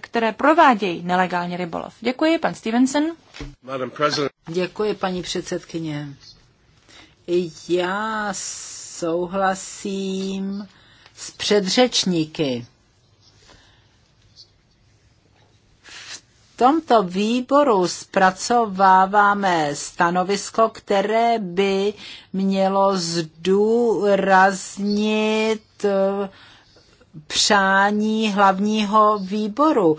které provádějí nelegální rybolov. Děkuji, pan Stevenson. Děkuji, paní předsedkyně. Já souhlasím s předřečníky. tomto výboru zpracováváme stanovisko, které by mělo zdůraznit eh, přání hlavního výboru,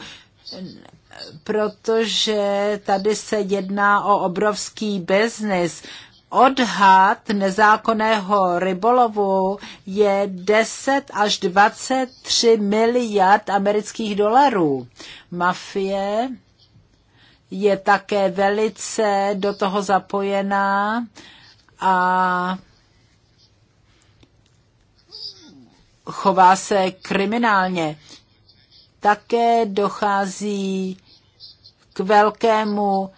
protože tady se jedná o obrovský biznis. Odhad nezákonného rybolovu je 10 až 23 miliard amerických dolarů. Mafie je také velice do toho zapojená a chová se kriminálně. Také dochází k velkému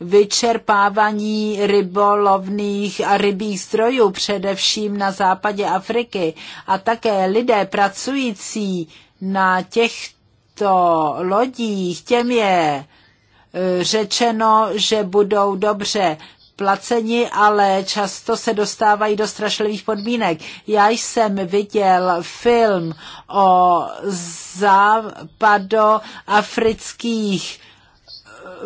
vyčerpávání rybolovných a rybích zdrojů, především na západě Afriky. A také lidé pracující na těchto lodích, těm je Eh, řečeno, že budou dobře placeni, ale často se dostávají do strašlivých podmínek. Já jsem viděl film o západoafrických eh,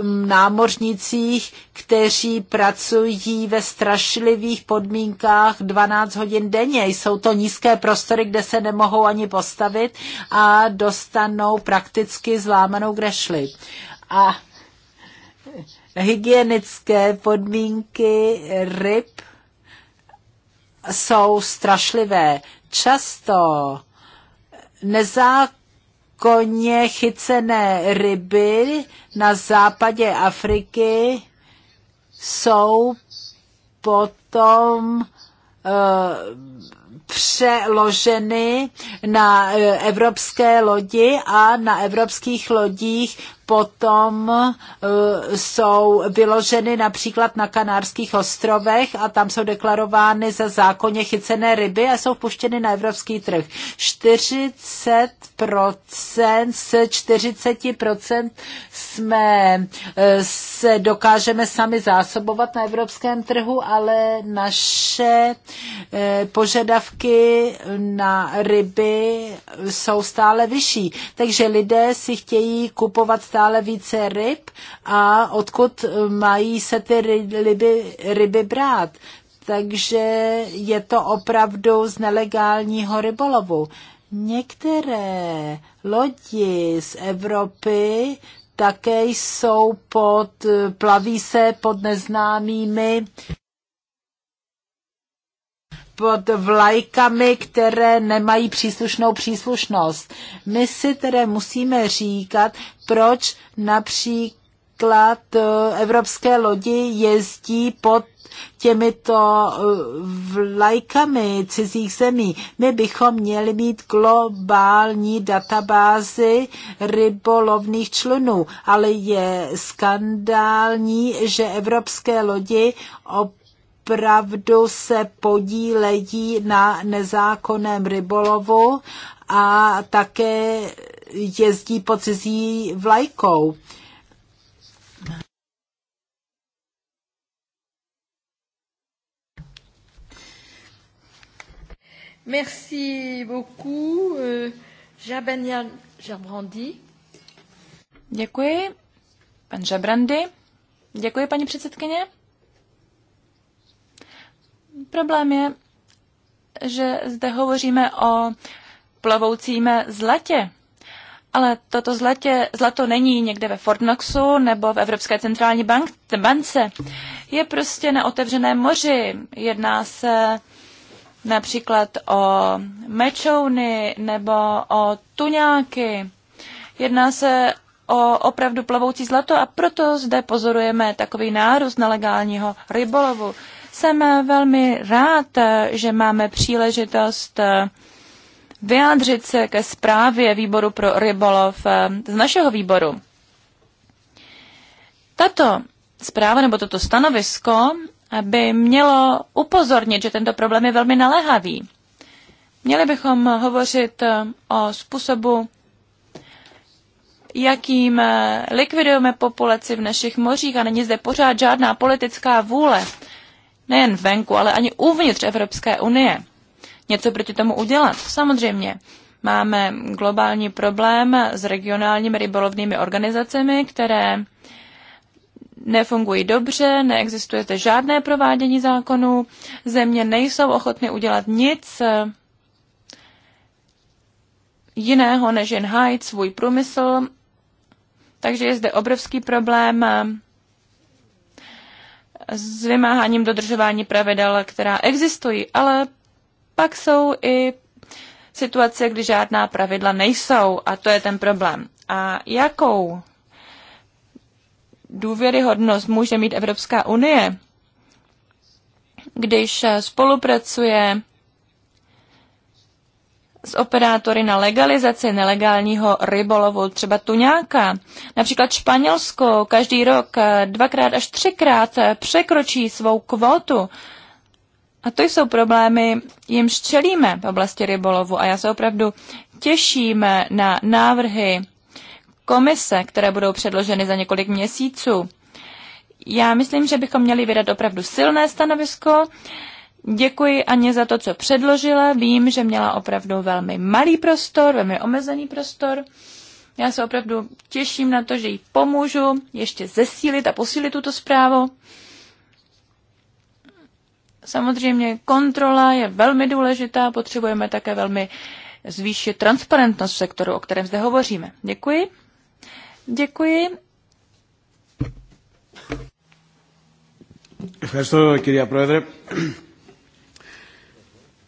námořnicích, kteří pracují ve strašlivých podmínkách 12 hodin denně. Jsou to nízké prostory, kde se nemohou ani postavit a dostanou prakticky zlámanou grešli. A hygienické podmínky ryb jsou strašlivé. Často nezákonně chycené ryby na západě Afriky jsou potom uh, přeloženy na eh, evropské lodi a na evropských lodích potom e, jsou vyloženy například na Kanárských ostrovech a tam jsou deklarovány za zákonně chycené ryby a jsou vpuštěny na evropský trh. 40% z 40% jsme e, se dokážeme sami zásobovat na evropském trhu, ale naše e, požadavky na ryby jsou stále vyšší. Takže lidé si chtějí kupovat stále stále více ryb a odkud eh, mají se ty ryby, ryby brát. Takže je to opravdu z nelegálního rybolovu. Některé lodi z Evropy také jsou pod, eh, plaví se pod neznámými pod vlajkami, které nemají příslušnou příslušnost. My si tedy musíme říkat, proč například eh, evropské lodi jezdí pod těmito eh, vlajkami cizích zemí. My bychom měli mít globální databázy rybolovných člunů, ale je skandální, že evropské lodi op opravdu se podílejí na nezákonném rybolovu a také jezdí po cizí vlajkou. Merci beaucoup, euh, Jabanian Jabrandi. Děkuji, pan Jabrandi. Děkuji, paní předsedkyně. Problém je, že zde hovoříme o plovoucím zlatě. Ale toto zlatě, zlato není někde ve Fortnoxu nebo v Evropské centrální bank, bance. Je prostě na otevřeném moři. Jedná se například o mečouny nebo o tuňáky. Jedná se o opravdu plovoucí zlato a proto zde pozorujeme takový nárůst nelegálního rybolovu. Jsem eh, velmi rád, eh, že máme příležitost eh, vyjádřit se ke zprávě výboru pro rybolov z našeho výboru. Tato zpráva nebo toto stanovisko by mělo upozornit, že tento problém je velmi naléhavý. Měli bychom hovořit o způsobu, jakým likvidujeme populaci v našich mořích a není zde pořád žádná politická vůle nejen venku, ale ani uvnitř Evropské unie něco proti tomu udělat. Samozřejmě máme globální problém s regionálními rybolovnými organizacemi, které nefungují dobře, neexistuje zde žádné provádění zákonů, země nejsou ochotny udělat nic jiného, než jen hájit svůj průmysl, takže je zde obrovský problém s vymáháním dodržování pravidel, která existují, ale pak jsou i situace, kdy žádná pravidla nejsou a to je ten problém. A jakou důvěryhodnost může mít Evropská unie, když spolupracuje s operátory na legalizaci nelegálního rybolovu, třeba tuňáka. Například Španělsko každý rok eh, dvakrát až třikrát eh, překročí svou kvotu. A to jsou problémy, jimž čelíme v oblasti rybolovu. A já se opravdu těším eh, na návrhy komise, které budou předloženy za několik měsíců. Já myslím, že bychom měli vydat opravdu silné stanovisko, Děkuji Aně za to, co předložila. Vím, že měla opravdu velmi malý prostor, velmi omezený prostor. Já se opravdu těším na to, že jí pomůžu ještě zesílit a posílit tuto zprávu. Samozřejmě kontrola je velmi důležitá, potřebujeme také velmi zvýšit transparentnost v sektoru, o kterém zde hovoříme. Děkuji. Děkuji. Děkuji, κυρία Πρόεδρε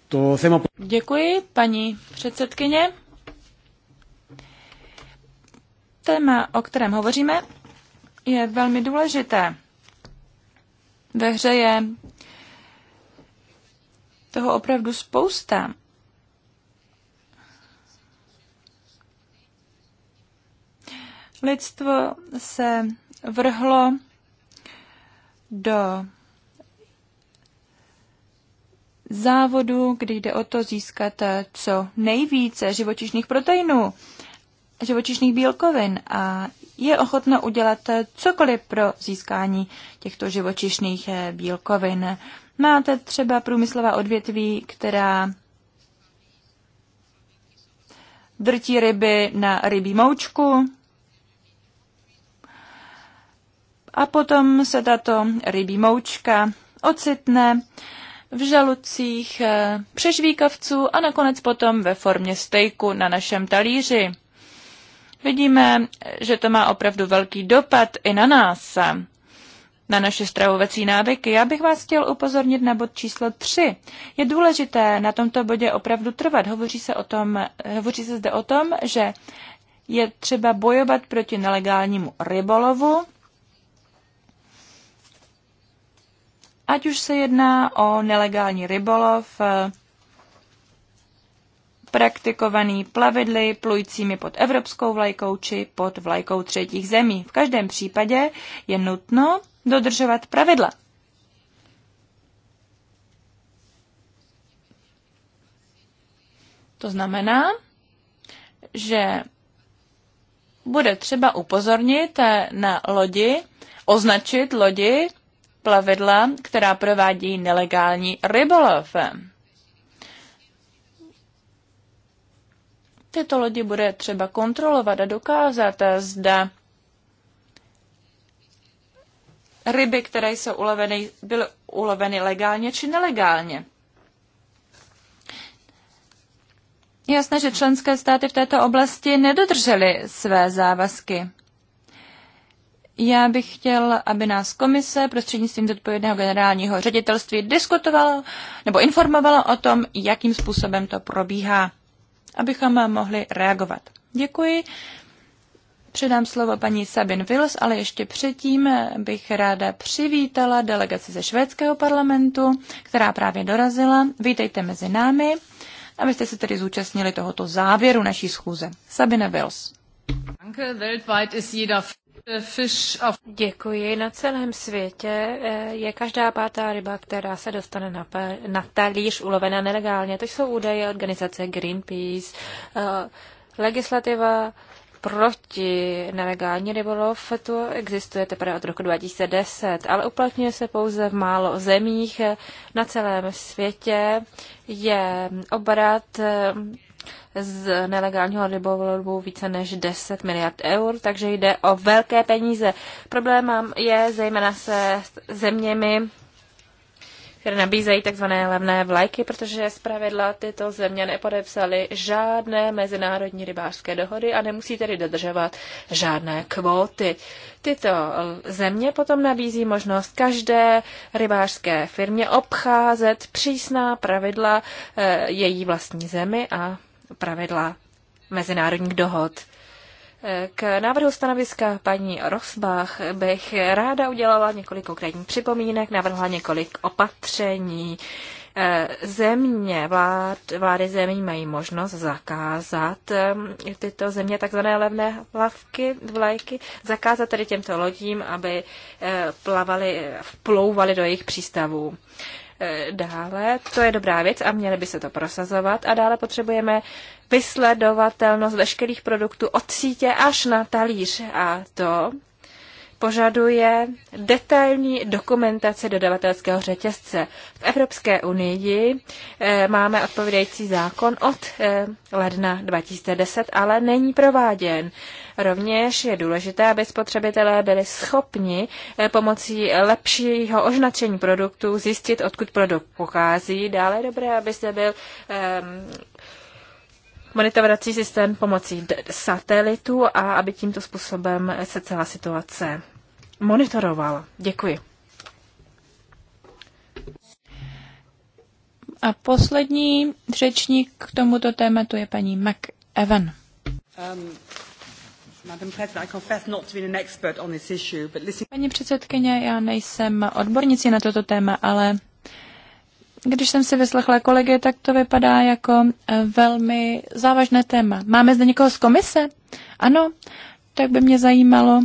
to Děkuji, paní předsedkyně. Téma, o kterém hovoříme, je velmi důležité. Ve hře je toho opravdu spousta. Lidstvo se vrhlo do závodu, kdy jde o to získat eh, co nejvíce živočišných proteinů, živočišných bílkovin a je ochotna udělat eh, cokoliv pro získání těchto živočišných eh, bílkovin. Máte třeba průmyslová odvětví, která drtí ryby na rybí moučku a potom se tato rybí moučka ocitne v žalucích eh, přežvíkavců a nakonec potom ve formě stejku na našem talíři. Vidíme, že to má opravdu velký dopad i na nás, na naše stravovací návyky. Já bych vás chtěl upozornit na bod číslo 3. Je důležité na tomto bodě opravdu trvat. Hovoří se, o tom, hovoří se zde o tom, že je třeba bojovat proti nelegálnímu rybolovu, Ať už se jedná o nelegální rybolov, eh, praktikovaný plavidly plujícími pod evropskou vlajkou či pod vlajkou třetích zemí. V každém případě je nutno dodržovat pravidla. To znamená, že bude třeba upozornit eh, na lodi, označit lodi plavidla, která provádí nelegální rybolov. Tyto lodi bude třeba kontrolovat a dokázat, zda ryby, které jsou uloveny, byly uloveny legálně či nelegálně. jasné, že členské státy v této oblasti nedodržely své závazky já bych chtěl, aby nás komise prostřednictvím zodpovědného generálního ředitelství diskutovala nebo informovala o tom, jakým způsobem to probíhá, abychom mohli reagovat. Děkuji. Předám slovo paní Sabin Wills, ale ještě předtím bych ráda přivítala delegaci ze švédského parlamentu, která právě dorazila. Vítejte mezi námi, abyste se tedy zúčastnili tohoto závěru naší schůze. Sabine Wills. Děkuji. Na celém světě eh, je každá pátá ryba, která se dostane na, na talíř, ulovena nelegálně. To jsou údaje organizace Greenpeace. Eh, legislativa proti nelegální rybolov to existuje teprve od roku 2010, ale uplatňuje se pouze v málo zemích. Eh, na celém světě je obrat z nelegálního rybolovu více než 10 miliard eur, takže jde o velké peníze. Problém je zejména se zeměmi, které nabízejí tzv. levné vlajky, protože zpravidla tyto země nepodepsaly žádné mezinárodní rybářské dohody a nemusí tedy dodržovat žádné kvóty. Tyto země potom nabízí možnost každé rybářské firmě obcházet přísná pravidla eh, její vlastní zemi a pravidla mezinárodních dohod. K návrhu stanoviska paní Rosbach bych ráda udělala několik konkrétních připomínek, navrhla několik opatření. Eh, země, vlád, vlády zemí mají možnost zakázat eh, tyto země takzvané levné plavky, vlajky, zakázat tedy těmto lodím, aby eh, plavali, vplouvali do jejich přístavů. E, dále. To je dobrá věc a měli by se to prosazovat. A dále potřebujeme vysledovatelnost veškerých produktů od sítě až na talíř. A to požaduje detailní dokumentaci dodavatelského řetězce. V Evropské unii e, máme odpovídající zákon od e, ledna 2010, ale není prováděn. Rovněž je důležité, aby spotřebitelé byli schopni eh, pomocí lepšího označení produktů zjistit, odkud produkt pochází. Dále je dobré, aby se byl um, monitorovací systém pomocí satelitu a aby tímto způsobem se celá situace monitorovala. Děkuji. A poslední řečník k tomuto tématu je paní McEwan. Um, Paní předsedkyně, já nejsem odbornicí na toto téma, ale když jsem si vyslechla kolegy, tak to vypadá jako eh, velmi závažné téma. Máme zde někoho z komise? Ano, tak by mě zajímalo,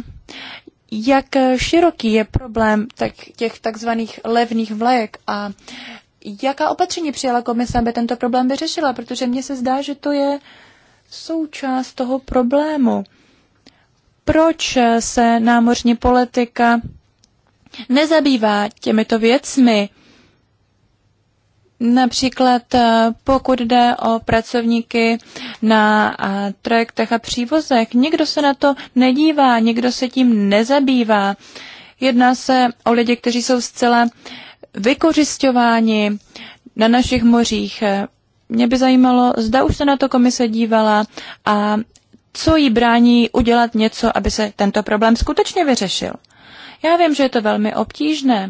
jak eh, široký je problém tak těch takzvaných levných vlajek a jaká opatření přijala komise, aby tento problém vyřešila, protože mně se zdá, že to je součást toho problému proč se námořní politika nezabývá těmito věcmi. Například eh, pokud jde o pracovníky na eh, trajektech a přívozech, nikdo se na to nedívá, nikdo se tím nezabývá. Jedná se o lidi, kteří jsou zcela vykořišťováni na našich mořích. Mě by zajímalo, zda už se na to komise dívala a co jí brání udělat něco, aby se tento problém skutečně vyřešil. Já vím, že je to velmi obtížné,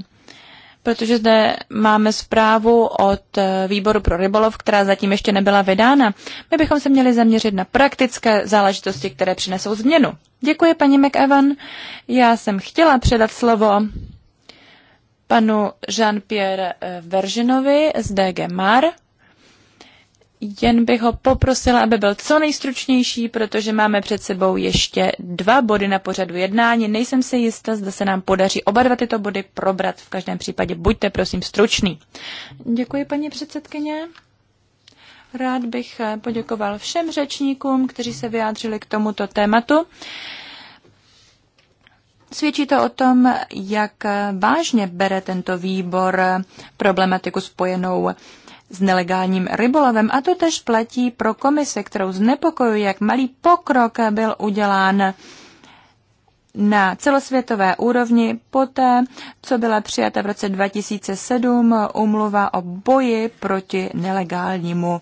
protože zde máme zprávu od eh, výboru pro rybolov, která zatím ještě nebyla vydána. My bychom se měli zaměřit na praktické záležitosti, které přinesou změnu. Děkuji, paní McEvan. Já jsem chtěla předat slovo panu Jean-Pierre eh, Veržinovi z DG Mar jen bych ho poprosila, aby byl co nejstručnější, protože máme před sebou ještě dva body na pořadu jednání. Nejsem si jistá, zda se nám podaří oba dva tyto body probrat. V každém případě buďte prosím stručný. Děkuji, paní předsedkyně. Rád bych poděkoval všem řečníkům, kteří se vyjádřili k tomuto tématu. Svědčí to o tom, jak vážně bere tento výbor problematiku spojenou s nelegálním rybolovem a to tež platí pro komise, kterou znepokojuje, jak malý pokrok byl udělán na celosvětové úrovni poté, co byla přijata v roce 2007 umluva o boji proti nelegálnímu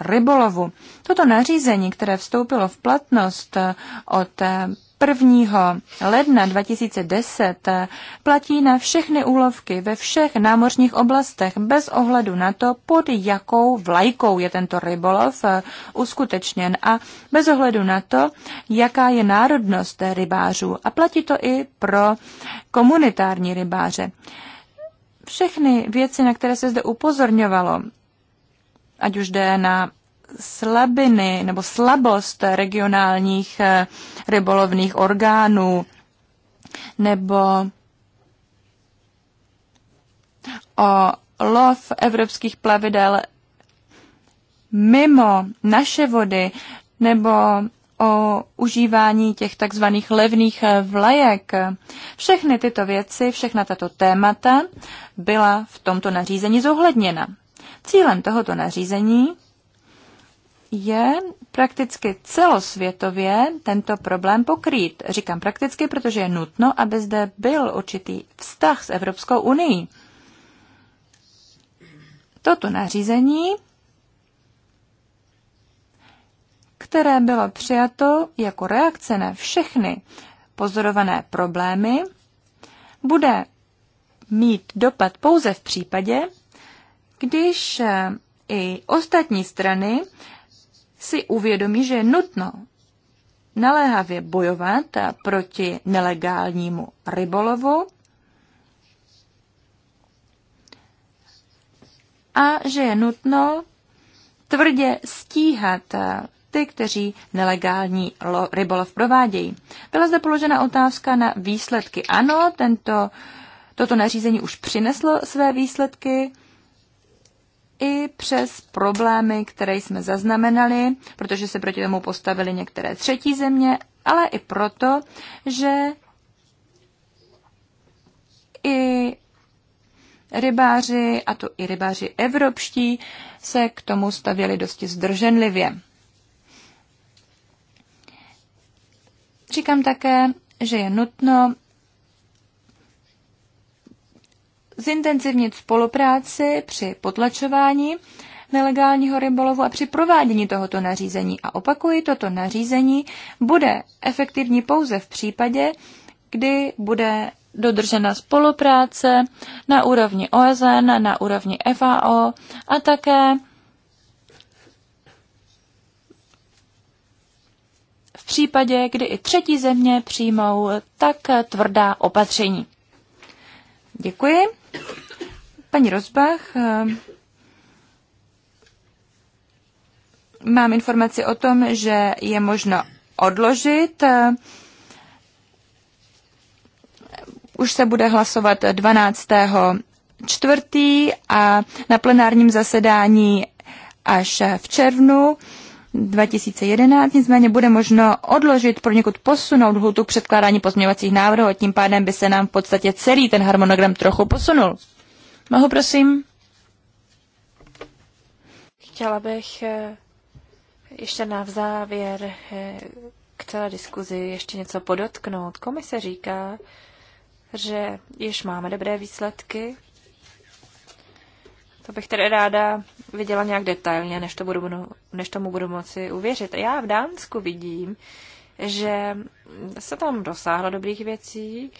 rybolovu. Toto nařízení, které vstoupilo v platnost od 1. ledna 2010 platí na všechny úlovky ve všech námořních oblastech bez ohledu na to, pod jakou vlajkou je tento rybolov eh, uskutečněn a bez ohledu na to, jaká je národnost rybářů. A platí to i pro komunitární rybáře. Všechny věci, na které se zde upozorňovalo, ať už jde na slabiny nebo slabost regionálních eh, rybolovných orgánů nebo o lov evropských plavidel mimo naše vody nebo o užívání těch takzvaných levných eh, vlajek. Všechny tyto věci, všechna tato témata byla v tomto nařízení zohledněna. Cílem tohoto nařízení je prakticky celosvětově tento problém pokrýt. Říkám prakticky, protože je nutno, aby zde byl určitý vztah s Evropskou unii. Toto nařízení, které bylo přijato jako reakce na všechny pozorované problémy, bude mít dopad pouze v případě, když eh, i ostatní strany si uvědomí, že je nutno naléhavě bojovat proti nelegálnímu rybolovu a že je nutno tvrdě stíhat ty, kteří nelegální rybolov provádějí. Byla zde položena otázka na výsledky. Ano, tento, toto nařízení už přineslo své výsledky i přes problémy, které jsme zaznamenali, protože se proti tomu postavili některé třetí země, ale i proto, že i rybáři, a to i rybáři evropští, se k tomu stavěli dosti zdrženlivě. Říkám také, že je nutno zintenzivnit spolupráci při potlačování nelegálního rybolovu a při provádění tohoto nařízení. A opakuji, toto nařízení bude efektivní pouze v případě, kdy bude dodržena spolupráce na úrovni OSN, na úrovni FAO a také v případě, kdy i třetí země přijmou tak tvrdá opatření. Děkuji. Paní Rozbach, eh, mám informaci o tom, že je možno odložit. Eh, už se bude hlasovat 12. čtvrtý a na plenárním zasedání až v červnu. 2011, nicméně bude možno odložit, pro někud posunout lhutu předkládání pozměňovacích návrhů a tím pádem by se nám v podstatě celý ten harmonogram trochu posunul. Mohu prosím? Chtěla bych eh, ještě na závěr eh, k celé diskuzi ještě něco podotknout. Komise říká, že již máme dobré výsledky. To bych tedy ráda viděla nějak detailně, než, to budu, než tomu budu moci uvěřit. Já v Dánsku vidím, že se tam dosáhlo dobrých věcí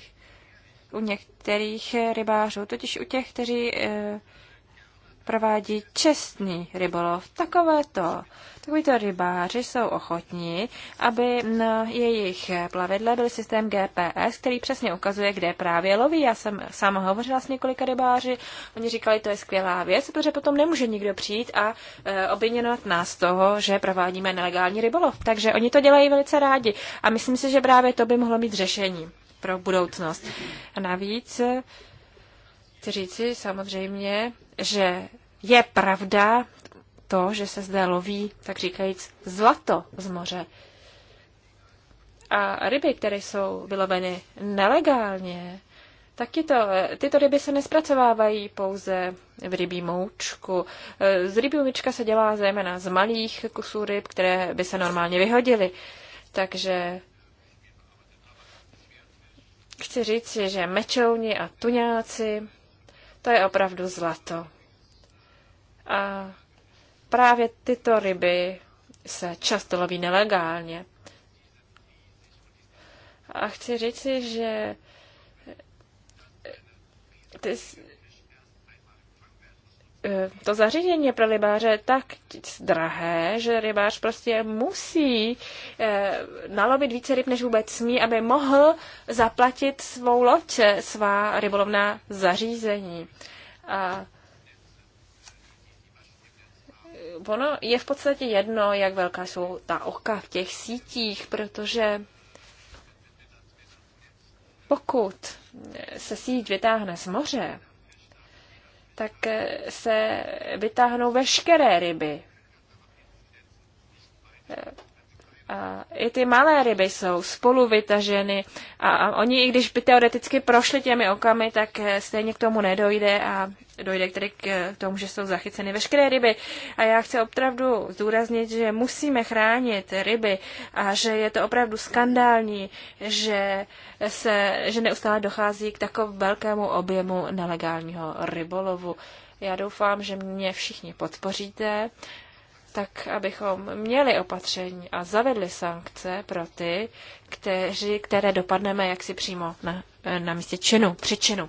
u některých rybářů, totiž u těch, kteří eh, provádí čestný rybolov. takové to. takovýto rybáři jsou ochotní, aby na jejich plavidle byl systém GPS, který přesně ukazuje, kde právě loví. Já jsem sama hovořila s několika rybáři, oni říkali, to je skvělá věc, protože potom nemůže nikdo přijít a e, obvinovat nás toho, že provádíme nelegální rybolov. Takže oni to dělají velice rádi a myslím si, že právě to by mohlo být řešení pro budoucnost. A navíc chci říci samozřejmě, že je pravda to, že se zde loví, tak říkajíc, zlato z moře. A ryby, které jsou vyloveny nelegálně, tak tyto, tyto ryby se nespracovávají pouze v rybí moučku. Z rybí moučka se dělá zejména z malých kusů ryb, které by se normálně vyhodily. Takže chci říct, že mečouni a tuňáci to je opravdu zlato. A právě tyto ryby se často loví nelegálně. A chci říci, že ty E, to zařízení pro rybáře tak drahé, že rybář prostě musí e, nalobit více ryb, než vůbec smí, aby mohl zaplatit svou loď, e, svá rybolovná zařízení. A ono je v podstatě jedno, jak velká jsou ta oka v těch sítích, protože pokud se síť vytáhne z moře, tak se vytáhnou veškeré ryby. i ty malé ryby jsou spolu vytaženy a, a oni, i když by teoreticky prošli těmi okamy, tak eh, stejně k tomu nedojde a dojde k tedy k eh, tomu, že jsou zachyceny veškeré ryby. A já chci opravdu zdůraznit, že musíme chránit ryby a že je to opravdu skandální, že, se, že neustále dochází k takovému velkému objemu nelegálního rybolovu. Já doufám, že mě všichni podpoříte tak abychom měli opatření a zavedli sankce pro ty, kteři, které dopadneme jaksi přímo na, na místě činu, příčinu.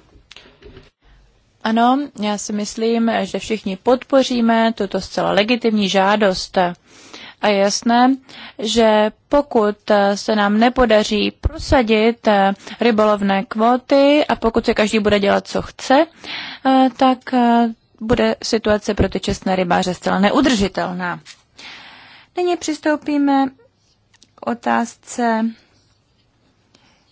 Ano, já si myslím, že všichni podpoříme tuto zcela legitimní žádost. A je jasné, že pokud se nám nepodaří prosadit rybolovné kvóty a pokud se každý bude dělat, co chce, eh, tak eh, bude situace pro ty čestné rybáře zcela neudržitelná. Nyní přistoupíme k otázce,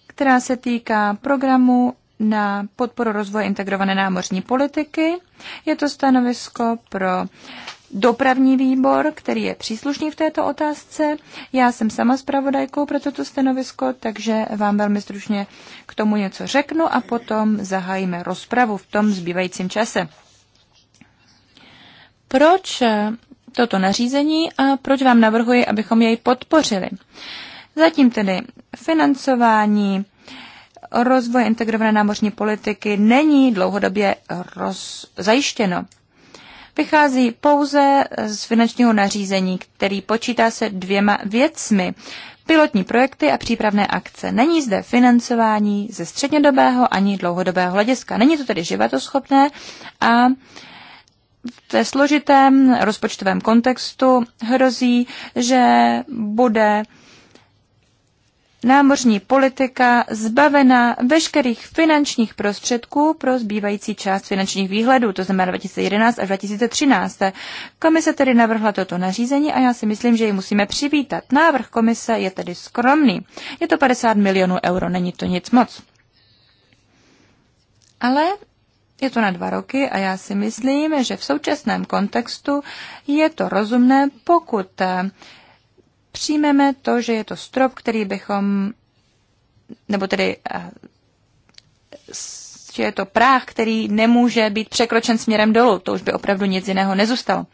která se týká programu na podporu rozvoje integrované námořní politiky. Je to stanovisko pro dopravní výbor, který je příslušný v této otázce. Já jsem sama zpravodajkou pro toto stanovisko, takže vám velmi stručně k tomu něco řeknu a potom zahájíme rozpravu v tom zbývajícím čase proč eh, toto nařízení a proč vám navrhuji, abychom jej podpořili. Zatím tedy financování rozvoje integrované námořní politiky není dlouhodobě roz... zajištěno. Vychází pouze z finančního nařízení, který počítá se dvěma věcmi. Pilotní projekty a přípravné akce. Není zde financování ze střednědobého ani dlouhodobého hlediska. Není to tedy životoschopné a ve složitém rozpočtovém kontextu hrozí, že bude námořní politika zbavena veškerých finančních prostředků pro zbývající část finančních výhledů, to znamená 2011 až 2013. Komise tedy navrhla toto nařízení a já si myslím, že ji musíme přivítat. Návrh komise je tedy skromný. Je to 50 milionů euro, není to nic moc. Ale je to na dva roky a já si myslím, že v současném kontextu je to rozumné, pokud eh, přijmeme to, že je to strop, který bychom, nebo tedy, eh, že je to práh, který nemůže být překročen směrem dolů. To už by opravdu nic jiného nezůstalo.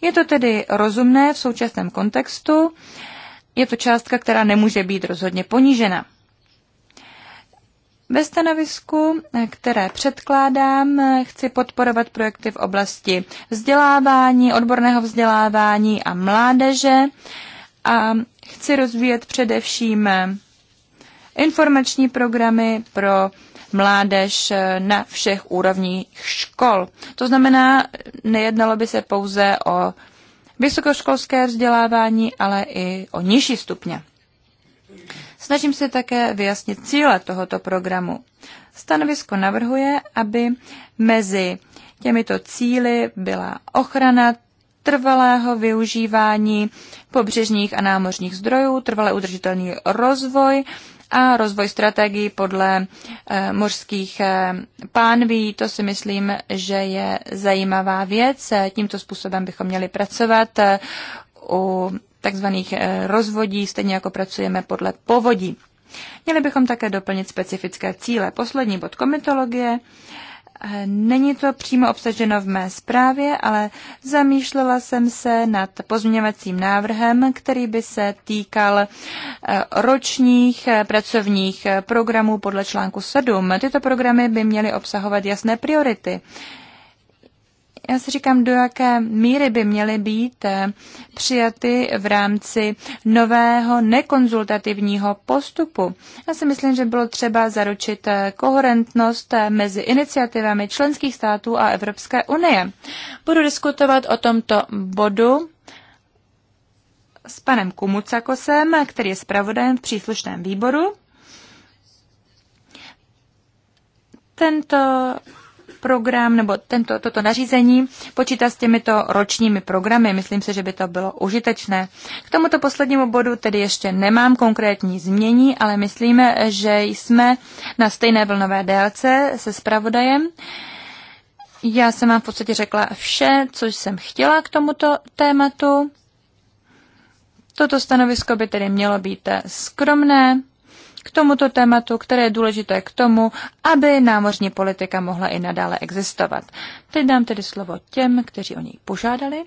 Je to tedy rozumné v současném kontextu. Je to částka, která nemůže být rozhodně ponížena. Ve stanovisku, které předkládám, chci podporovat projekty v oblasti vzdělávání, odborného vzdělávání a mládeže a chci rozvíjet především informační programy pro mládež na všech úrovních škol. To znamená, nejednalo by se pouze o vysokoškolské vzdělávání, ale i o nižší stupně. Snažím se také vyjasnit cíle tohoto programu. Stanovisko navrhuje, aby mezi těmito cíly byla ochrana trvalého využívání pobřežních a námořních zdrojů, trvale udržitelný rozvoj a rozvoj strategií podle e, mořských e, pánví. To si myslím, že je zajímavá věc. Tímto způsobem bychom měli pracovat eh, u takzvaných eh, rozvodí, stejně jako pracujeme podle povodí. Měli bychom také doplnit specifické cíle. Poslední bod komitologie. Eh, není to přímo obsaženo v mé zprávě, ale zamýšlela jsem se nad pozměňovacím návrhem, který by se týkal eh, ročních pracovních programů podle článku 7. Tyto programy by měly obsahovat jasné priority já si říkám, do jaké míry by měly být eh, přijaty v rámci nového nekonzultativního postupu. Já si myslím, že bylo třeba zaručit eh, koherentnost eh, mezi iniciativami členských států a Evropské unie. Budu diskutovat o tomto bodu s panem Kumucakosem, který je zpravodajem v příslušném výboru. Tento program nebo tento, toto nařízení počítá s těmito ročními programy. Myslím si, že by to bylo užitečné. K tomuto poslednímu bodu tedy ještě nemám konkrétní změní, ale myslíme, že jsme na stejné vlnové délce se spravodajem. Já jsem vám v podstatě řekla vše, co jsem chtěla k tomuto tématu. Toto stanovisko by tedy mělo být skromné, k tomuto tématu, které je důležité k tomu, aby námořní politika mohla i nadále existovat. Teď dám tedy slovo těm, kteří o něj požádali.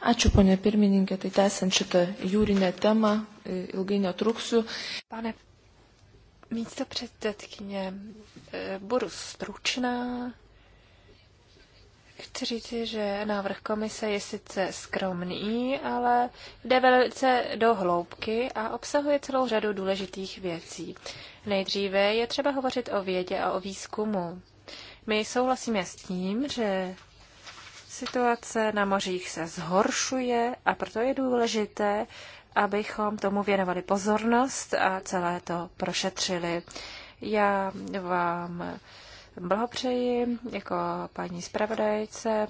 Ačiū, ponė pirmininkė, tai tęsiant šitą jūrinę temą, e, ilgai netruksiu. Pane místo předsedkyně, e, budu stručná. Chci říci, že návrh komise je sice skromný, ale jde velice do hloubky a obsahuje celou řadu důležitých věcí. Nejdříve je třeba hovořit o vědě a o výzkumu. My souhlasíme s tím, že situace na mořích se zhoršuje a proto je důležité, abychom tomu věnovali pozornost a celé to prošetřili. Já vám blahopřeji jako paní zpravodajce.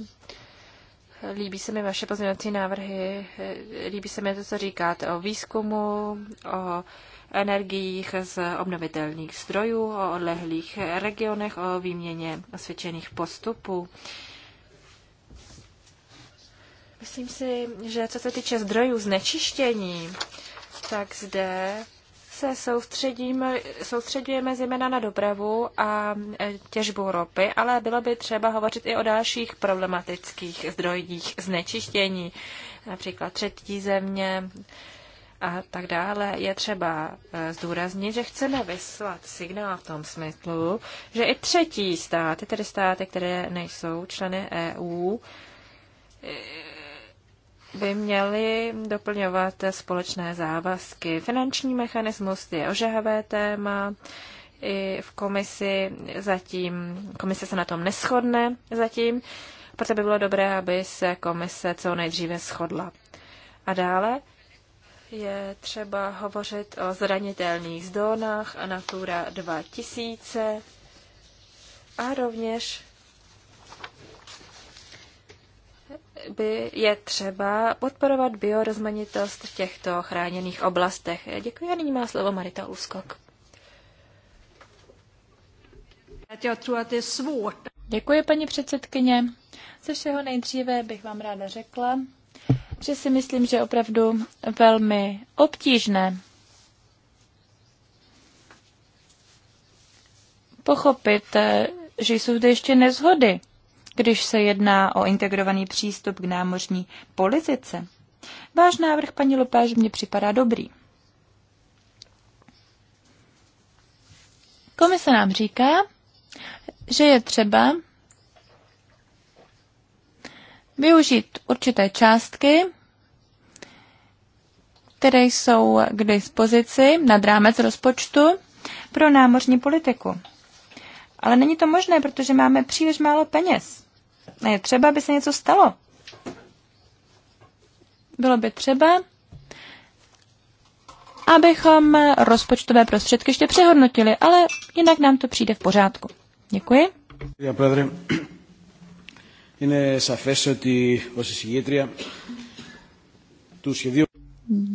Líbí se mi vaše pozměňovací návrhy, líbí se mi to, co říkáte o výzkumu, o energiích z obnovitelných zdrojů, o odlehlých regionech, o výměně osvědčených postupů. Myslím si, že co se týče zdrojů znečištění, tak zde se soustředíme, soustředujeme zejména na dopravu a e, těžbu ropy, ale bylo by třeba hovořit i o dalších problematických zdrojích znečištění, například třetí země a tak dále. Je třeba e, zdůraznit, že chceme vyslat signál v tom smyslu, že i třetí státy, tedy státy, které nejsou členy EU, by měly doplňovat společné závazky. Finanční mechanismus je ožehavé téma, i v komisi zatím, komise se na tom neschodne zatím, proto by bylo dobré, aby se komise co nejdříve shodla. A dále je třeba hovořit o zranitelných zónách a Natura 2000 a rovněž by je třeba podporovat biorozmanitost v těchto chráněných oblastech. Děkuji a nyní má slovo Marita Úskok. Děkuji, paní předsedkyně. Ze všeho nejdříve bych vám ráda řekla, že si myslím, že je opravdu velmi obtížné pochopit, eh, že jsou zde ještě nezhody když se jedná o integrovaný přístup k námořní politice. Váš návrh, paní Lopáž, mně připadá dobrý. Komise nám říká, že je třeba využít určité částky, které jsou k dispozici nad rámec rozpočtu pro námořní politiku. Ale není to možné, protože máme příliš málo peněz. A je třeba, aby se něco stalo. Bylo by třeba, abychom rozpočtové prostředky ještě přehodnotili, ale jinak nám to přijde v pořádku. Děkuji.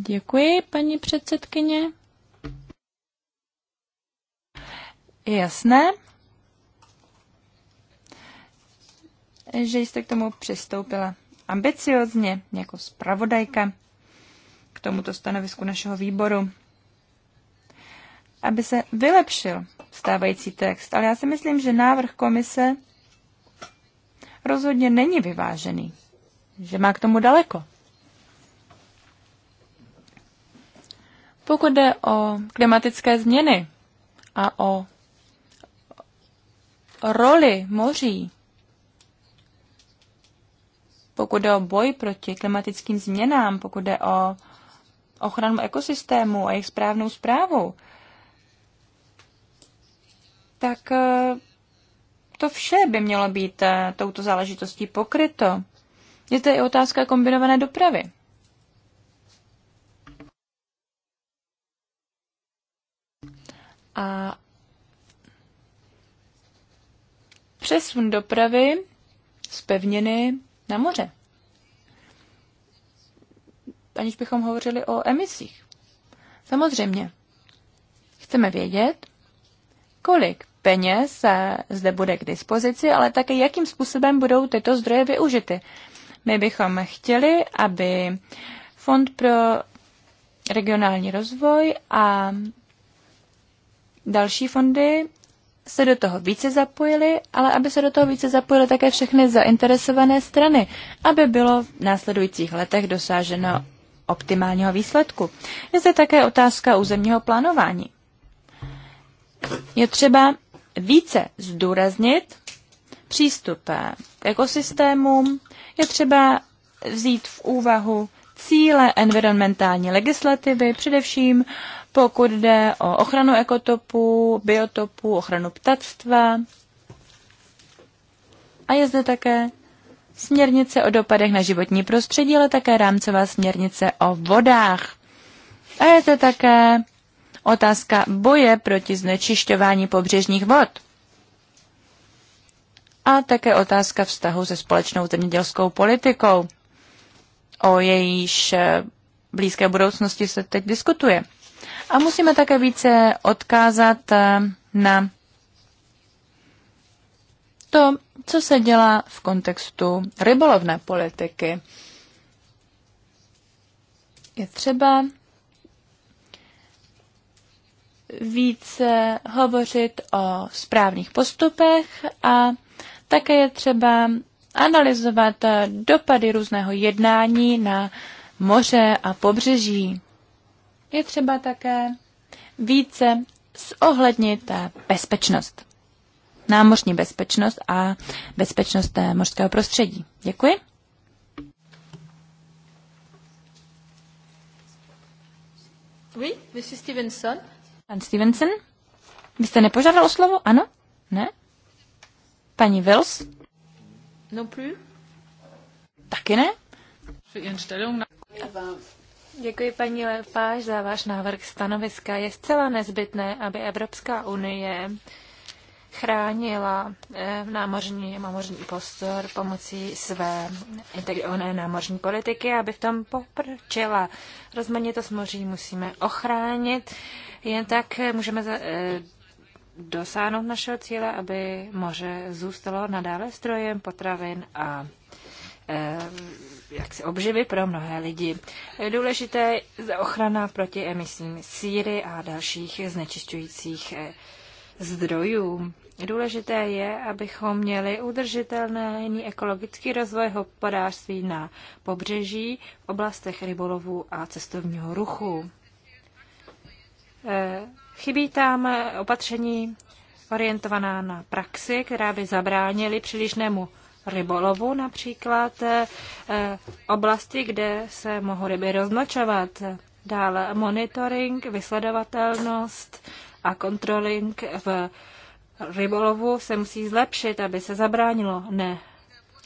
Děkuji, paní předsedkyně. Je jasné, že jste k tomu přistoupila ambiciozně jako zpravodajka k tomuto stanovisku našeho výboru, aby se vylepšil stávající text. Ale já si myslím, že návrh komise rozhodně není vyvážený, že má k tomu daleko. Pokud jde o klimatické změny a o roli moří pokud jde o boj proti klimatickým změnám, pokud jde o ochranu ekosystému a jejich správnou zprávu, tak eh, to vše by mělo být eh, touto záležitostí pokryto. Je to i otázka kombinované dopravy. A přesun dopravy z pevniny na moře. Aniž bychom hovořili o emisích. Samozřejmě, chceme vědět, kolik peněz zde bude k dispozici, ale také jakým způsobem budou tyto zdroje využity. My bychom chtěli, aby Fond pro regionální rozvoj a další fondy se do toho více zapojili, ale aby se do toho více zapojili také všechny zainteresované strany, aby bylo v následujících letech dosáženo optimálního výsledku. Je zde také otázka územního plánování. Je třeba více zdůraznit přístup k ekosystémům, je třeba vzít v úvahu cíle environmentální legislativy, především pokud jde o ochranu ekotopů, biotopů, ochranu ptactva. A je zde také směrnice o dopadech na životní prostředí, ale také rámcová směrnice o vodách. A je zde také otázka boje proti znečišťování pobřežních vod. A také otázka vztahu se společnou zemědělskou politikou. O jejíž eh, blízké budoucnosti se teď diskutuje. A musíme také více odkázat eh, na to, co se dělá v kontextu rybolovné politiky. Je třeba více hovořit o správných postupech a také je třeba analyzovat dopady různého jednání na moře a pobřeží. Je třeba také více zohlednit bezpečnost. Námořní bezpečnost a bezpečnost mořského prostředí. Děkuji. Oui, monsieur Stevenson. Pan Stevenson? Vy jste nepožádal o slovo? Ano? Ne? Paní Wills? Non plus. Taky ne? Děkuji paní Lepáš za váš návrh stanoviska. Je zcela nezbytné, aby Evropská unie chránila eh, námořní, námořní postor pomocí své integrované námořní politiky, aby v tom poprčila. Rozmanitost moří musíme ochránit, jen tak eh, můžeme za, eh, dosáhnout našeho cíle, aby moře zůstalo nadále strojem potravin a Eh, jaksi obživy pro mnohé lidi. Důležité je ochrana proti emisím síry a dalších znečišťujících eh, zdrojů. Důležité je, abychom měli udržitelný ekologický rozvoj hospodářství na pobřeží v oblastech rybolovu a cestovního ruchu. Eh, chybí tam opatření orientovaná na praxi, která by zabránili přílišnému rybolovu, například eh, eh, oblasti, kde se mohou ryby roznočovat, Dále monitoring, vysledovatelnost a kontroling v rybolovu se musí zlepšit, aby se zabránilo ne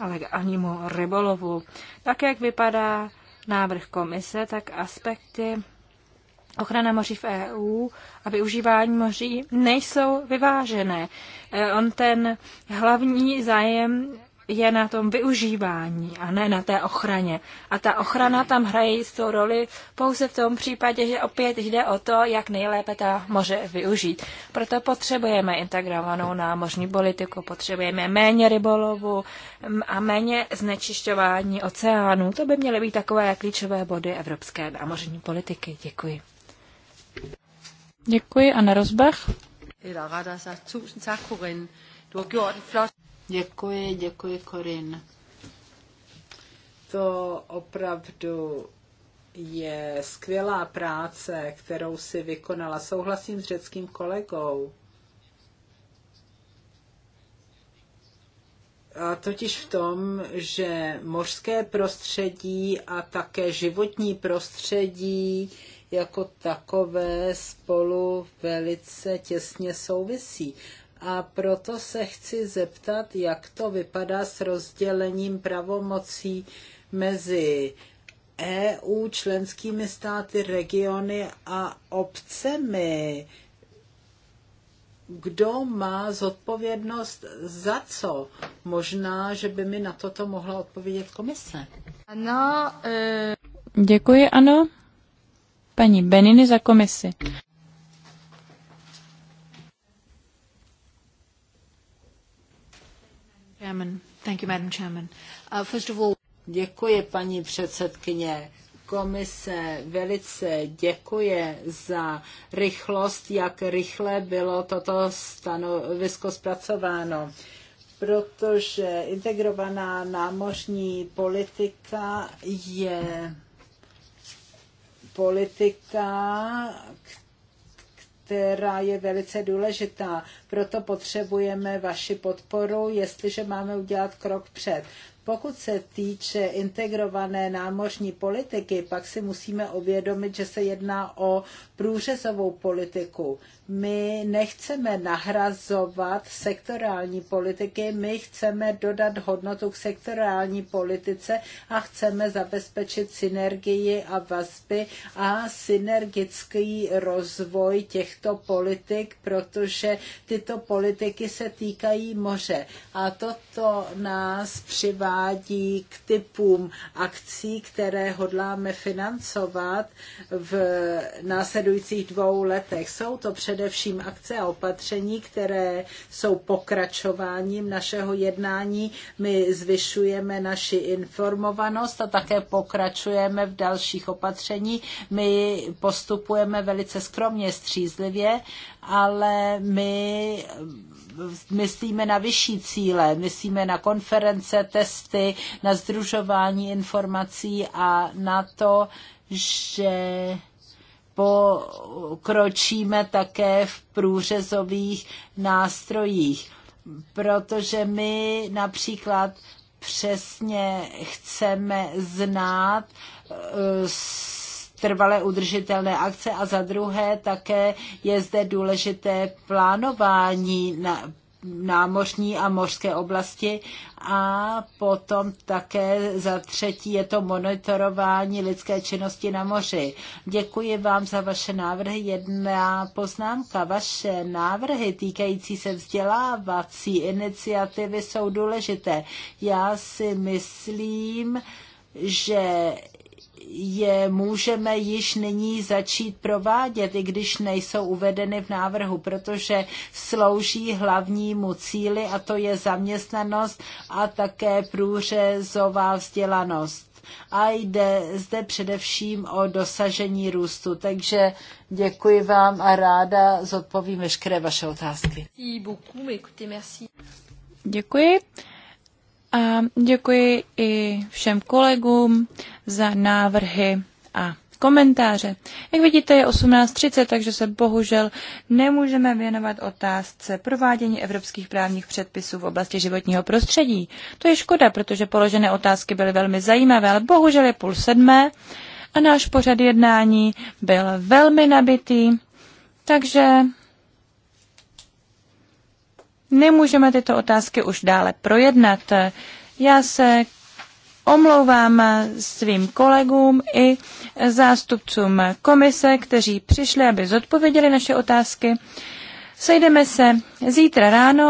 Ale ani mu rybolovu. Tak, jak vypadá návrh komise, tak aspekty ochrana moří v EU a využívání moří nejsou vyvážené. Eh, on ten hlavní zájem je na tom využívání a ne na té ochraně. A ta ochrana tam hraje jistou roli pouze v tom případě, že opět jde o to, jak nejlépe ta moře využít. Proto potřebujeme integrovanou námořní politiku, potřebujeme méně rybolovu mm, a méně znečišťování oceánů. To by měly být takové klíčové body evropské námořní politiky. Děkuji. Děkuji, Anna Rozbach. Eller rettere sagt, tusind tak, Corinne. Du har gjort en flot Děkuji, děkuji, Korin. To opravdu je skvělá práce, kterou si vykonala. Souhlasím s řeckým kolegou. A totiž v tom, že mořské prostředí a také životní prostředí jako takové spolu velice těsně souvisí a proto se chci zeptat, jak to vypadá s rozdělením pravomocí mezi EU, členskými státy, regiony a obcemi. Kdo má zodpovědnost za co? Možná, že by mi na toto mohla odpovědět komise. Ano. E... Děkuji, ano. Paní Beniny za komisi. Uh, Děkuji, paní předsedkyně komise velice děkuje za rychlost, jak rychle bylo toto stanovisko zpracováno, protože integrovaná námořní politika je politika, která je velice důležitá. Proto potřebujeme vaši podporu, jestliže máme udělat krok před. Pokud se týče integrované námořní politiky, pak si musíme uvědomit, že se jedná o průřezovou politiku. My nechceme nahrazovat sektorální politiky, my chceme dodat hodnotu k sektorální politice a chceme zabezpečit synergii a vazby a synergický rozvoj těchto politik, protože tyto politiky se týkají moře. A toto nás přivádí uvádí k typům akcí, které hodláme financovat v následujících dvou letech. Jsou to především akce a opatření, které jsou pokračováním našeho jednání. My zvyšujeme naši informovanost a také pokračujeme v dalších opatření. My postupujeme velice skromně, střízlivě, ale my myslíme na vyšší cíle, myslíme na konference, testy, na združování informací a na to, že pokročíme také v průřezových nástrojích, protože my například přesně chceme znát eh, trvalé udržitelné akce a za druhé také je zde důležité plánování na námořní a mořské oblasti a potom také za třetí je to monitorování lidské činnosti na moři. Děkuji vám za vaše návrhy. Jedna poznámka. Vaše návrhy týkající se vzdělávací iniciativy jsou důležité. Já si myslím, že je můžeme již nyní začít provádět, i když nejsou uvedeny v návrhu, protože slouží hlavnímu cíli a to je zaměstnanost a také průřezová vzdělanost. A jde zde především o dosažení růstu. Takže děkuji vám a ráda zodpovím veškeré vaše otázky. Děkuji. A děkuji i všem kolegům za návrhy a komentáře. Jak vidíte, je 18.30, takže se bohužel nemůžeme věnovat otázce provádění evropských právních předpisů v oblasti životního prostředí. To je škoda, protože položené otázky byly velmi zajímavé, ale bohužel je půl sedmé a náš pořad jednání byl velmi nabitý, takže nemůžeme tyto otázky už dále projednat. Já se omlouvám svým kolegům i zástupcům komise, kteří přišli, aby zodpověděli naše otázky. Sejdeme se zítra ráno.